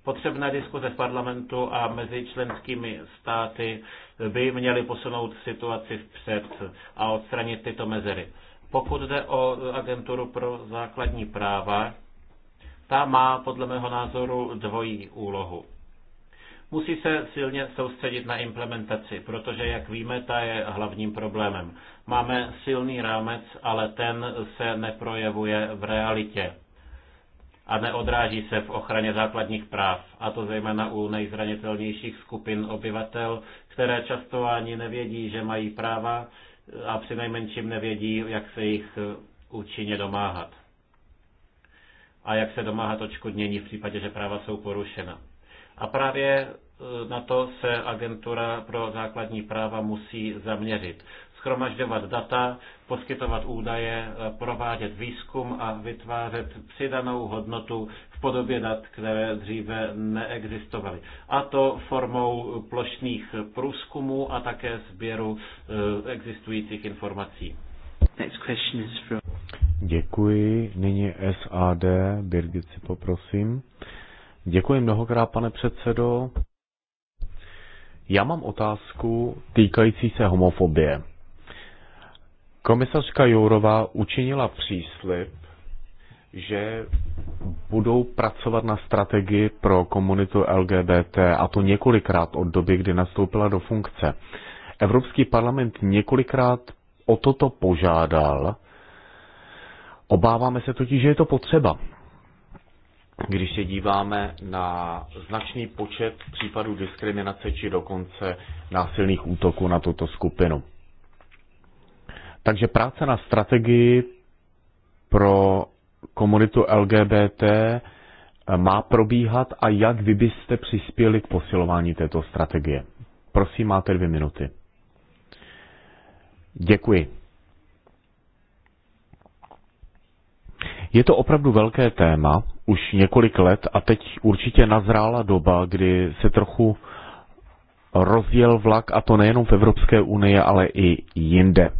Potřebné diskuze v parlamentu a mezi členskými státy by měly posunout situaci vpřed a odstranit tyto mezery. Pokud jde o agenturu pro základní práva, ta má podle mého názoru dvojí úlohu. Musí se silně soustředit na implementaci, protože, jak víme, ta je hlavním problémem. Máme silný rámec, ale ten se neprojevuje v realitě a neodráží se v ochraně základních práv, a to zejména u nejzranitelnějších skupin obyvatel, které často ani nevědí, že mají práva a nejmenším nevědí, jak se jich eh, účinně domáhat a jak se domáhat odškodnění v případě, že práva jsou porušena. A právě e, na to se agentura pro základní práva musí zaměřit. Schromažďovat data, poskytovat údaje, e, provádět výzkum a vytvářet přidanou hodnotu v podobě dat, které dříve neexistovaly. A to formou plošných průzkumů a také sběru e, existujících informací. Next question is from... Děkuji. Nyní SAD. Birgit si poprosím. Uh, Děkuji mnohokrát, pane předsedo. Já mám otázku týkající se homofobie. Komisařka Jourová učinila příslip, že budou pracovat na strategii pro komunitu LGBT a to několikrát od doby, kdy nastoupila do funkce. Evropský parlament několikrát o toto požádal. Obáváme se totiž, že je to potřeba když se díváme na značný počet případů diskriminace či dokonce násilných útoků na tuto skupinu. Takže práce na strategii pro komunitu LGBT eh, má probíhat a jak vy byste přispěli k posilování této strategie? Prosím, máte dvě minuty. Děkuji. Je to opravdu velké téma, už několik let a teď určitě nazrála doba, kdy se trochu rozjel vlak a to nejenom v Evropské unii, ale i jinde,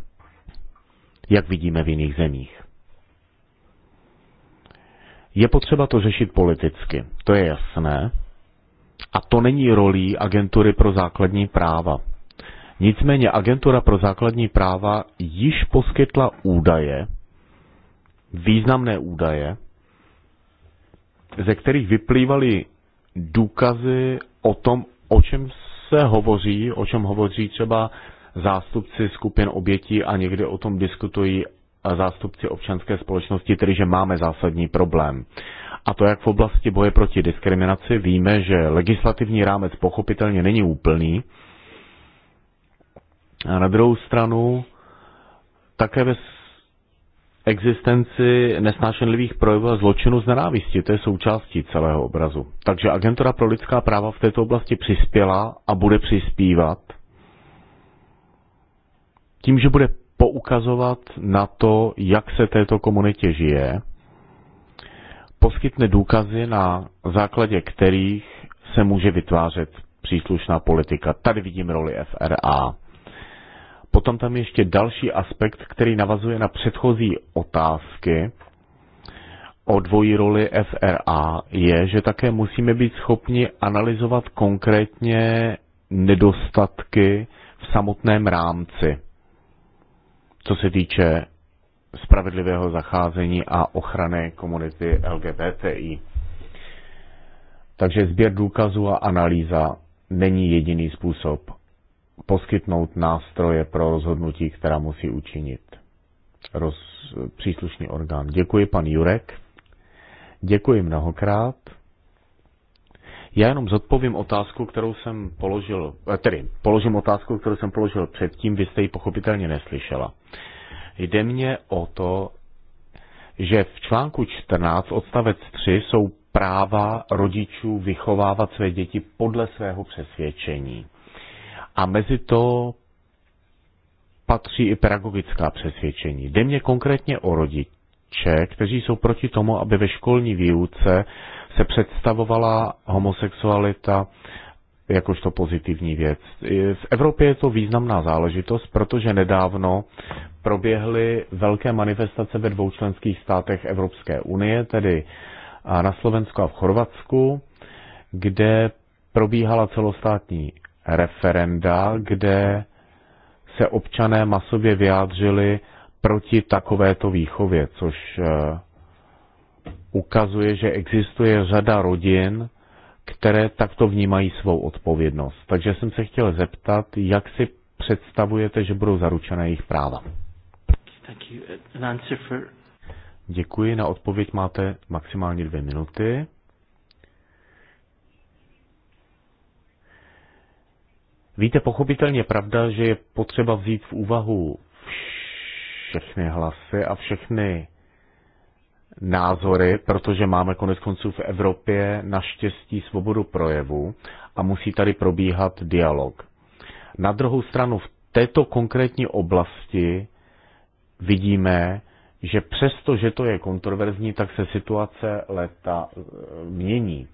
jak vidíme v jiných zemích. Je potřeba to řešit politicky, to je jasné. A to není rolí agentury pro základní práva. Nicméně agentura pro základní práva již poskytla údaje, významné údaje, ze kterých vyplývaly důkazy o tom, o čem se hovoří, o čem hovoří třeba zástupci skupin obětí a někdy o tom diskutují zástupci občanské společnosti, tedy že máme zásadní problém. A to jak v oblasti boje proti diskriminaci víme, že legislativní rámec pochopitelně není úplný. A na druhou stranu také ve existenci nesnášenlivých projevů a zločinu z nenávisti. To je součástí celého obrazu. Takže Agentura pro lidská práva v této oblasti přispěla a bude přispívat tím, že bude poukazovat na to, jak se této komunitě žije, poskytne důkazy, na základě kterých se může vytvářet příslušná politika. Tady vidím roli FRA. Potom tam je ještě další aspekt, který navazuje na předchozí otázky o dvojí roli FRA, je, že také musíme být schopni analyzovat konkrétně nedostatky v samotném rámci, co se týče spravedlivého zacházení a ochrany komunity LGBTI. Takže sběr důkazů a analýza není jediný způsob poskytnout nástroje pro rozhodnutí, která musí učinit roz, příslušný orgán. Děkuji, pan Jurek. Děkuji mnohokrát. Já jenom zodpovím otázku, kterou jsem položil, eh, tedy položím otázku, kterou jsem položil předtím, vy jste ji pochopitelně neslyšela. Jde mě o to, že v článku 14 odstavec 3 jsou práva rodičů vychovávat své děti podle svého přesvědčení a mezi to patří i pedagogická přesvědčení. Jde mě konkrétně o rodiče, kteří jsou proti tomu, aby ve školní výuce se představovala homosexualita jakožto pozitivní věc. V Evropě je to významná záležitost, protože nedávno proběhly velké manifestace ve dvou členských státech Evropské unie, tedy na Slovensku a v Chorvatsku, kde probíhala celostátní referenda, kde se občané masově vyjádřili proti takovéto výchově, což eh, ukazuje, že existuje řada rodin, které takto vnímají svou odpovědnost. Takže jsem se chtěl zeptat, jak si představujete, že budou zaručena jejich práva? Děkuji, na odpověď máte maximálně dvě minuty. Víte, pochopitelně pravda, že je potřeba vzít v úvahu všechny hlasy a všechny názory, protože máme konec konců v Evropě naštěstí svobodu projevu a musí tady probíhat dialog. Na druhou stranu v této konkrétní oblasti vidíme, že přesto, že to je kontroverzní, tak se situace leta e, mění.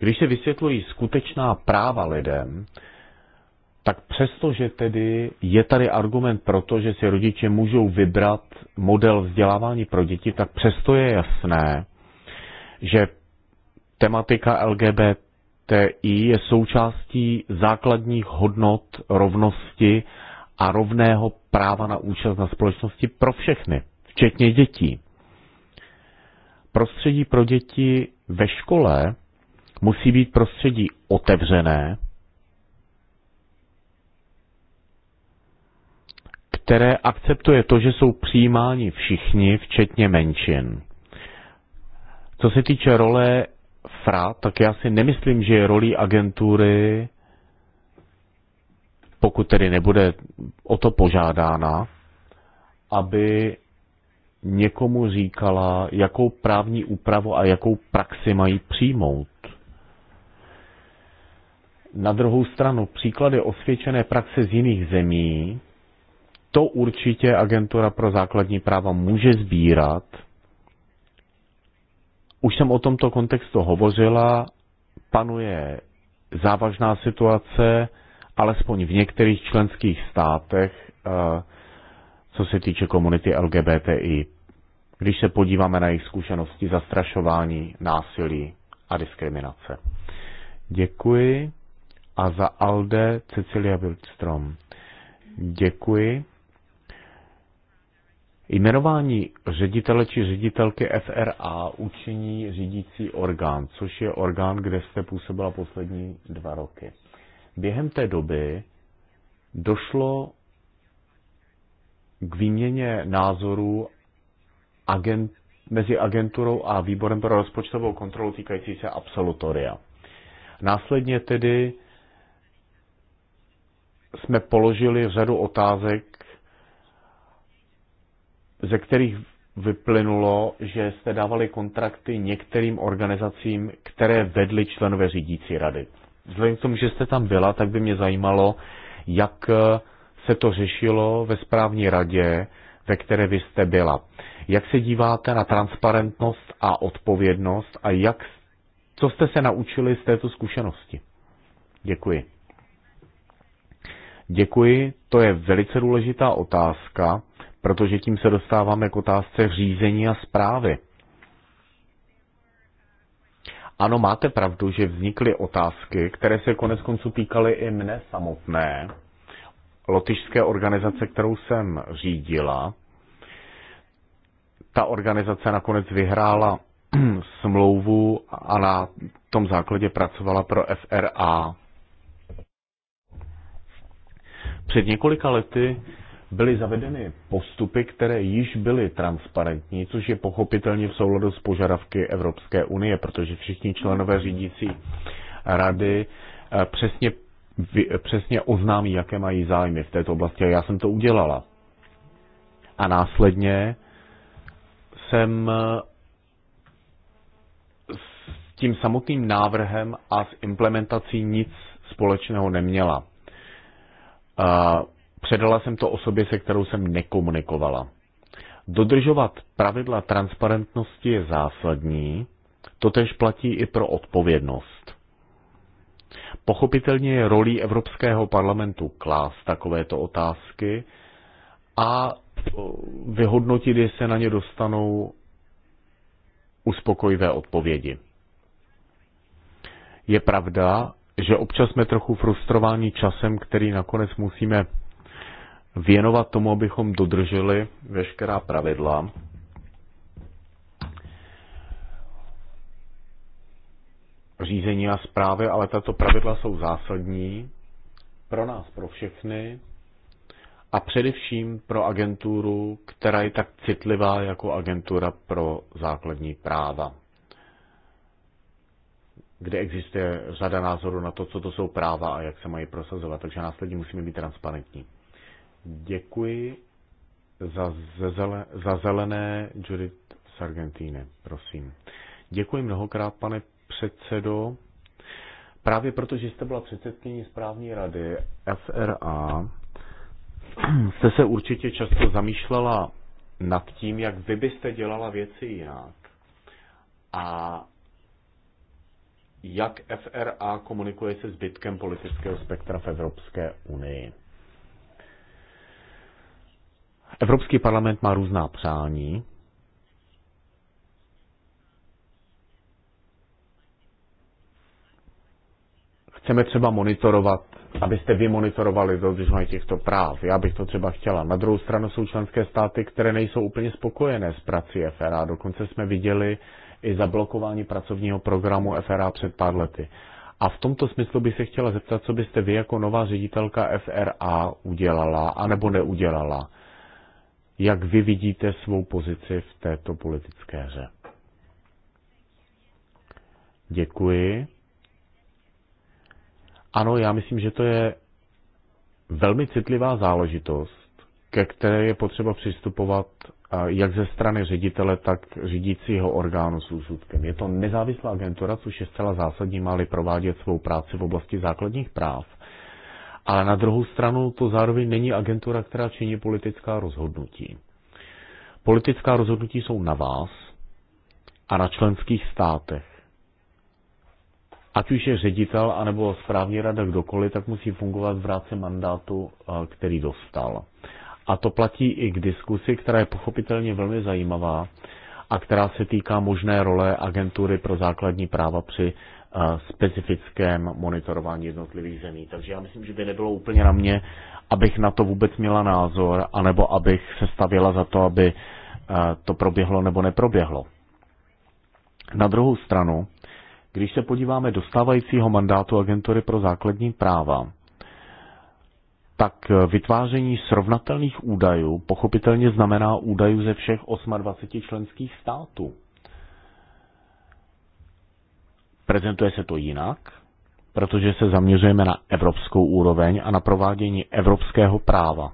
Když se vysvětlují skutečná práva lidem, tak přestože tedy je tady argument pro to, že si rodiče můžou vybrat model vzdělávání pro děti, tak přesto je jasné, že tematika LGBTI je součástí základních hodnot rovnosti a rovného práva na účast na společnosti pro všechny, včetně dětí. Prostředí pro děti ve škole Musí být prostředí otevřené, které akceptuje to, že jsou přijímáni všichni, včetně menšin. Co se týče role FRA, tak já si nemyslím, že je rolí agentury, pokud tedy nebude o to požádána, aby někomu říkala, jakou právní úpravu a jakou praxi mají přijmout. Na druhou stranu příklady osvědčené praxe z jiných zemí, to určitě agentura pro základní práva může sbírat. Už jsem o tomto kontextu hovořila, panuje závažná situace, alespoň v některých členských státech, eh, co se týče komunity LGBTI. Když se podíváme na jejich zkušenosti zastrašování, násilí a diskriminace. Děkuji a za ALDE Cecilia Wildstrom. Děkuji. Jmenování ředitele či ředitelky FRA učiní řídící orgán, což je orgán, kde jste působila poslední dva roky. Během té doby došlo k výměně názorů agent, mezi agenturou a výborem pro rozpočtovou kontrolu týkající se absolutoria. Následně tedy jsme položili řadu otázek, ze kterých vyplynulo, že jste dávali kontrakty některým organizacím, které vedly členové řídící rady. Vzhledem k tomu, že jste tam byla, tak by mě zajímalo, jak eh, se to řešilo ve správní radě, ve které vy jste byla. Jak se díváte na transparentnost a odpovědnost a jak, co jste se naučili z této zkušenosti? Děkuji. Děkuji, to je velice důležitá otázka, protože tím se dostáváme k otázce řízení a zprávy. Ano, máte pravdu, že vznikly otázky, které se konec konců týkaly i mne samotné, lotyšské organizace, kterou jsem řídila. Ta organizace nakonec vyhrála smlouvu a na tom základě pracovala pro FRA. Před několika lety byly zavedeny postupy, které již byly transparentní, což je pochopitelně v souladu s požadavky Evropské unie, protože všichni členové řídící rady eh, přesně, eh, přesně oznámí, jaké mají zájmy v této oblasti. A já jsem to udělala. A následně jsem eh, s tím samotným návrhem a s implementací nic společného neměla. A předala jsem to osobě, se kterou jsem nekomunikovala. Dodržovat pravidla transparentnosti je zásadní, totež platí i pro odpovědnost. Pochopitelně je rolí Evropského parlamentu klást takovéto otázky a vyhodnotit, jestli se na ně dostanou uspokojivé odpovědi. Je pravda, že občas jsme trochu frustrováni časem, který nakonec musíme věnovat tomu, abychom dodrželi veškerá pravidla. řízení a zprávy, ale tato pravidla jsou zásadní pro nás, pro všechny a především pro agenturu, která je tak citlivá jako agentura pro základní práva kde existuje řada názorů na to, co to jsou práva a jak se mají prosazovat. Takže následně musíme být transparentní. Děkuji za, zele, za zelené Judith Argentíny, prosím. Děkuji mnohokrát, pane předsedo. Právě protože jste byla předsedkyní správní rady FRA, jste se určitě často zamýšlela nad tím, jak vy byste dělala věci jinak. A jak FRA komunikuje se zbytkem politického spektra v Evropské unii. Evropský parlament má různá přání. Chceme třeba monitorovat, abyste vy monitorovali dodržování těchto práv. Já bych to třeba chtěla. Na druhou stranu jsou členské státy, které nejsou úplně spokojené s prací FRA. Dokonce jsme viděli, i zablokování pracovního programu FRA před pár lety. A v tomto smyslu bych se chtěla zeptat, co byste vy jako nová ředitelka FRA udělala anebo neudělala. Jak vy vidíte svou pozici v této politické hře? Děkuji. Ano, já myslím, že to je velmi citlivá záležitost, ke které je potřeba přistupovat jak ze strany ředitele, tak řídícího orgánu s úsudkem. Je to nezávislá agentura, což je zcela zásadní, má provádět svou práci v oblasti základních práv. Ale na druhou stranu to zároveň není agentura, která činí politická rozhodnutí. Politická rozhodnutí jsou na vás a na členských státech. Ať už je ředitel anebo správní rada kdokoliv, tak musí fungovat v rámci mandátu, eh, který dostal. A to platí i k diskusi, která je pochopitelně velmi zajímavá a která se týká možné role agentury pro základní práva při eh, specifickém monitorování jednotlivých zemí. Takže já myslím, že by nebylo úplně na mě, abych na to vůbec měla názor, anebo abych se stavěla za to, aby eh, to proběhlo nebo neproběhlo. Na druhou stranu, když se podíváme do stávajícího mandátu agentury pro základní práva, tak eh, vytváření srovnatelných údajů pochopitelně znamená údajů ze všech 28 členských států. Prezentuje se to jinak, protože se zaměřujeme na evropskou úroveň a na provádění evropského práva.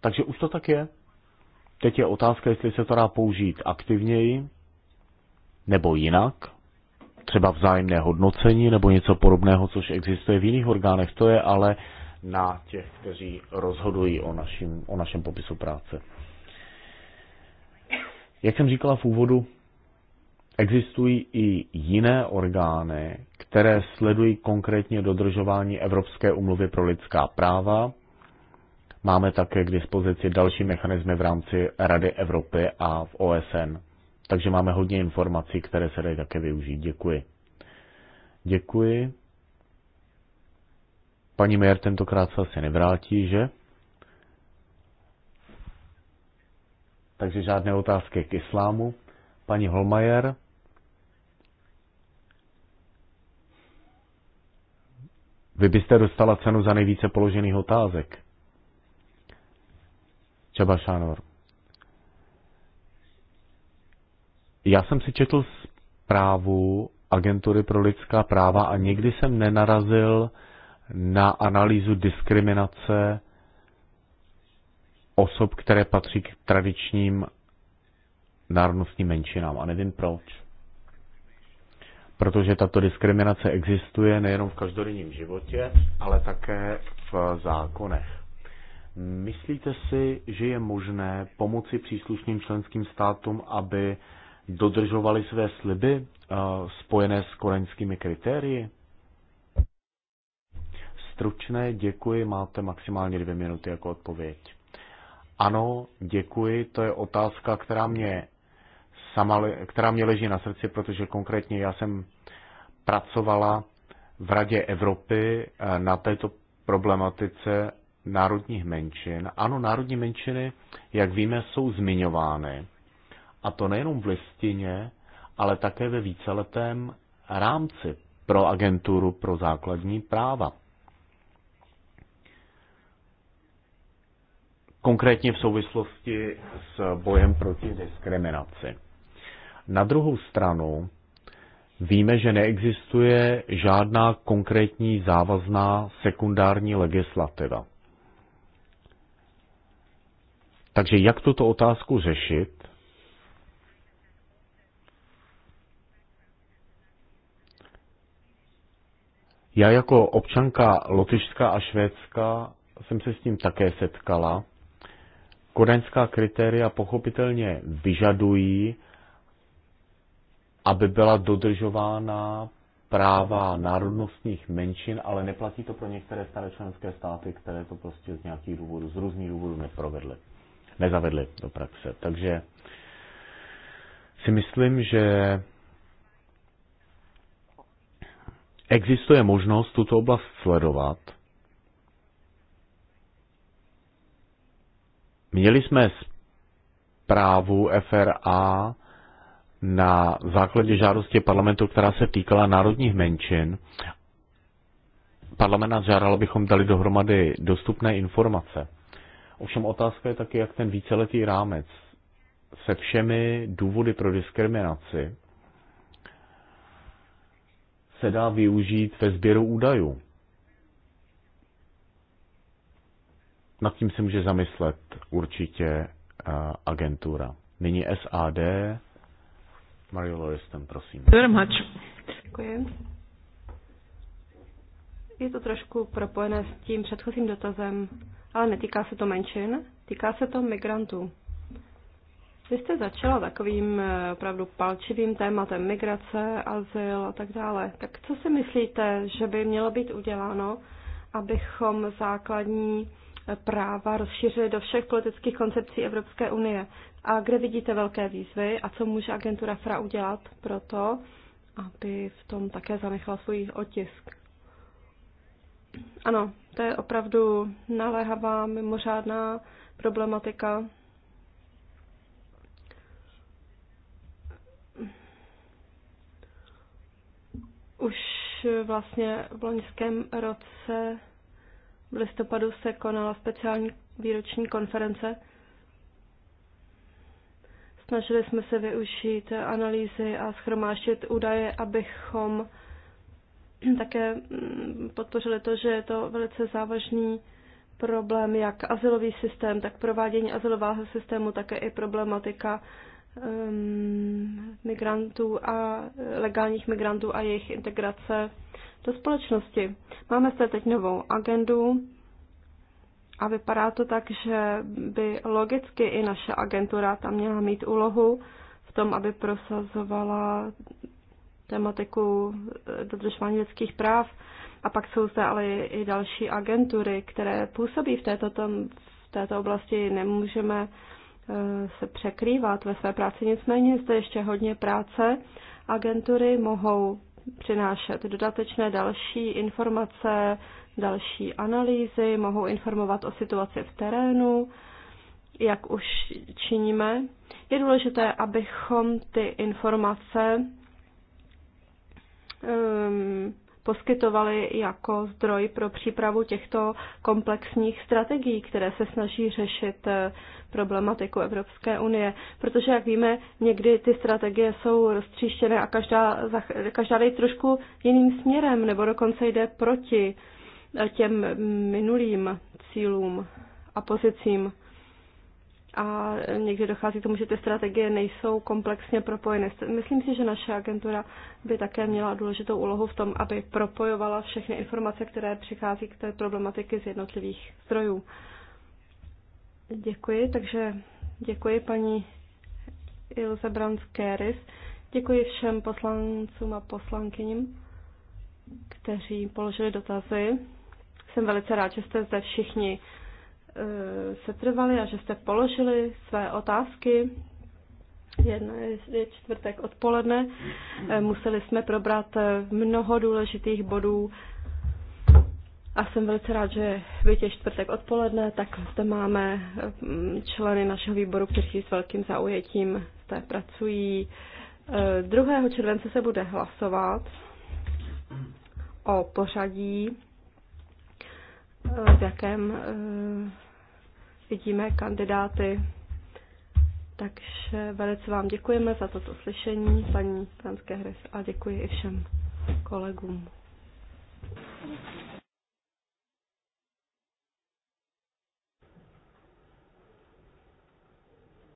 Takže už to tak je. Teď je otázka, jestli se to dá použít aktivněji nebo jinak třeba vzájemné hodnocení nebo něco podobného, což existuje v jiných orgánech. To je ale na těch, kteří rozhodují o, našim, o našem popisu práce. Jak jsem říkala v úvodu, existují i jiné orgány, které sledují konkrétně dodržování Evropské umluvy pro lidská práva. Máme také k dispozici další mechanismy v rámci Rady Evropy a v OSN. Takže máme hodně informací, které se dají také využít. Děkuji. Děkuji. Paní Mayer tentokrát se asi nevrátí, že? Takže žádné otázky k islámu. Paní Holmajer. Vy byste dostala cenu za nejvíce položených otázek. Čaba Šánor. Já jsem si četl zprávu Agentury pro lidská práva a nikdy jsem nenarazil na analýzu diskriminace osob, které patří k tradičním národnostním menšinám. A nevím proč. Protože tato diskriminace existuje nejenom v každodenním životě, ale také v zákonech. Myslíte si, že je možné pomoci příslušným členským státům, aby dodržovali své sliby eh, spojené s koreňskými kritérii? Stručné, děkuji, máte maximálně dvě minuty jako odpověď. Ano, děkuji, to je otázka, která mě, sama, která mě leží na srdci, protože konkrétně já jsem pracovala v Radě Evropy eh, na této problematice národních menšin. Ano, národní menšiny, jak víme, jsou zmiňovány a to nejenom v listině, ale také ve víceletém rámci pro agenturu pro základní práva. Konkrétně v souvislosti s bojem proti diskriminaci. Na druhou stranu víme, že neexistuje žádná konkrétní závazná sekundární legislativa. Takže jak tuto otázku řešit Já jako občanka Lotyšská a Švédska jsem se s tím také setkala. Kodaňská kritéria pochopitelně vyžadují, aby byla dodržována práva národnostních menšin, ale neplatí to pro některé staré členské státy, které to prostě z nějakých důvodů, z různých důvodů neprovedly, nezavedly do praxe. Takže si myslím, že Existuje možnost tuto oblast sledovat. Měli jsme zprávu FRA na základě žádosti parlamentu, která se týkala národních menšin. Parlament nás žádal, abychom dali dohromady dostupné informace. Ovšem otázka je taky, jak ten víceletý rámec se všemi důvody pro diskriminaci se dá využít ve sběru údajů. Nad tím se může zamyslet určitě eh, agentura. Nyní SAD. Mario Loriston, prosím. Děkuji. Je to trošku propojené s tím předchozím dotazem, ale netýká se to menšin, týká se to migrantů. Vy jste začala takovým eh, opravdu palčivým tématem migrace, azyl a tak dále. Tak co si myslíte, že by mělo být uděláno, abychom základní eh, práva rozšířili do všech politických koncepcí Evropské unie? A kde vidíte velké výzvy a co může agentura FRA udělat pro to, aby v tom také zanechala svůj otisk? Ano, to je opravdu naléhavá, mimořádná problematika Už eh, vlastně v loňském roce v listopadu se konala speciální výroční konference. Snažili jsme se využít analýzy a schromáštit údaje, abychom také mm, podpořili to, že je to velice závažný problém, jak asilový systém, tak provádění asilového systému, také i problematika um, migrantů a eh, legálních migrantů a jejich integrace do společnosti. Máme zde teď novou agendu a vypadá to tak, že by logicky i naše agentura tam měla mít úlohu v tom, aby prosazovala tematiku eh, dodržování lidských práv. A pak jsou zde ale i další agentury, které působí v této, tom, v této oblasti. Nemůžeme Eh, se překrývat ve své práci, nicméně zde ještě hodně práce. Agentury mohou přinášet dodatečné další informace, další analýzy, mohou informovat o situaci v terénu, jak už činíme. Je důležité, abychom ty informace um, poskytovali jako zdroj pro přípravu těchto komplexních strategií, které se snaží řešit eh, problematiku Evropské unie. Protože, jak víme, někdy ty strategie jsou roztříštěné a každá, každá jde trošku jiným směrem, nebo dokonce jde proti eh, těm minulým cílům a pozicím a někdy dochází k tomu, že ty strategie nejsou komplexně propojeny. Myslím si, že naše agentura by také měla důležitou úlohu v tom, aby propojovala všechny informace, které přichází k té problematiky z jednotlivých zdrojů. Děkuji, takže děkuji paní Ilze Branskéris. Děkuji všem poslancům a poslankyním, kteří položili dotazy. Jsem velice rád, že jste zde všichni. Eh, setrvali a že jste položili své otázky. Jedna je čtvrtek odpoledne. Eh, museli jsme probrat eh, mnoho důležitých bodů a jsem velice rád, že byť je čtvrtek odpoledne, tak zde máme mm, členy našeho výboru, kteří s velkým zaujetím zde pracují. 2. července se bude hlasovat o pořadí, v jakém vidíme kandidáty. Takže velice vám děkujeme za toto slyšení, paní Franské Hres, a děkuji i všem kolegům. Děkuji.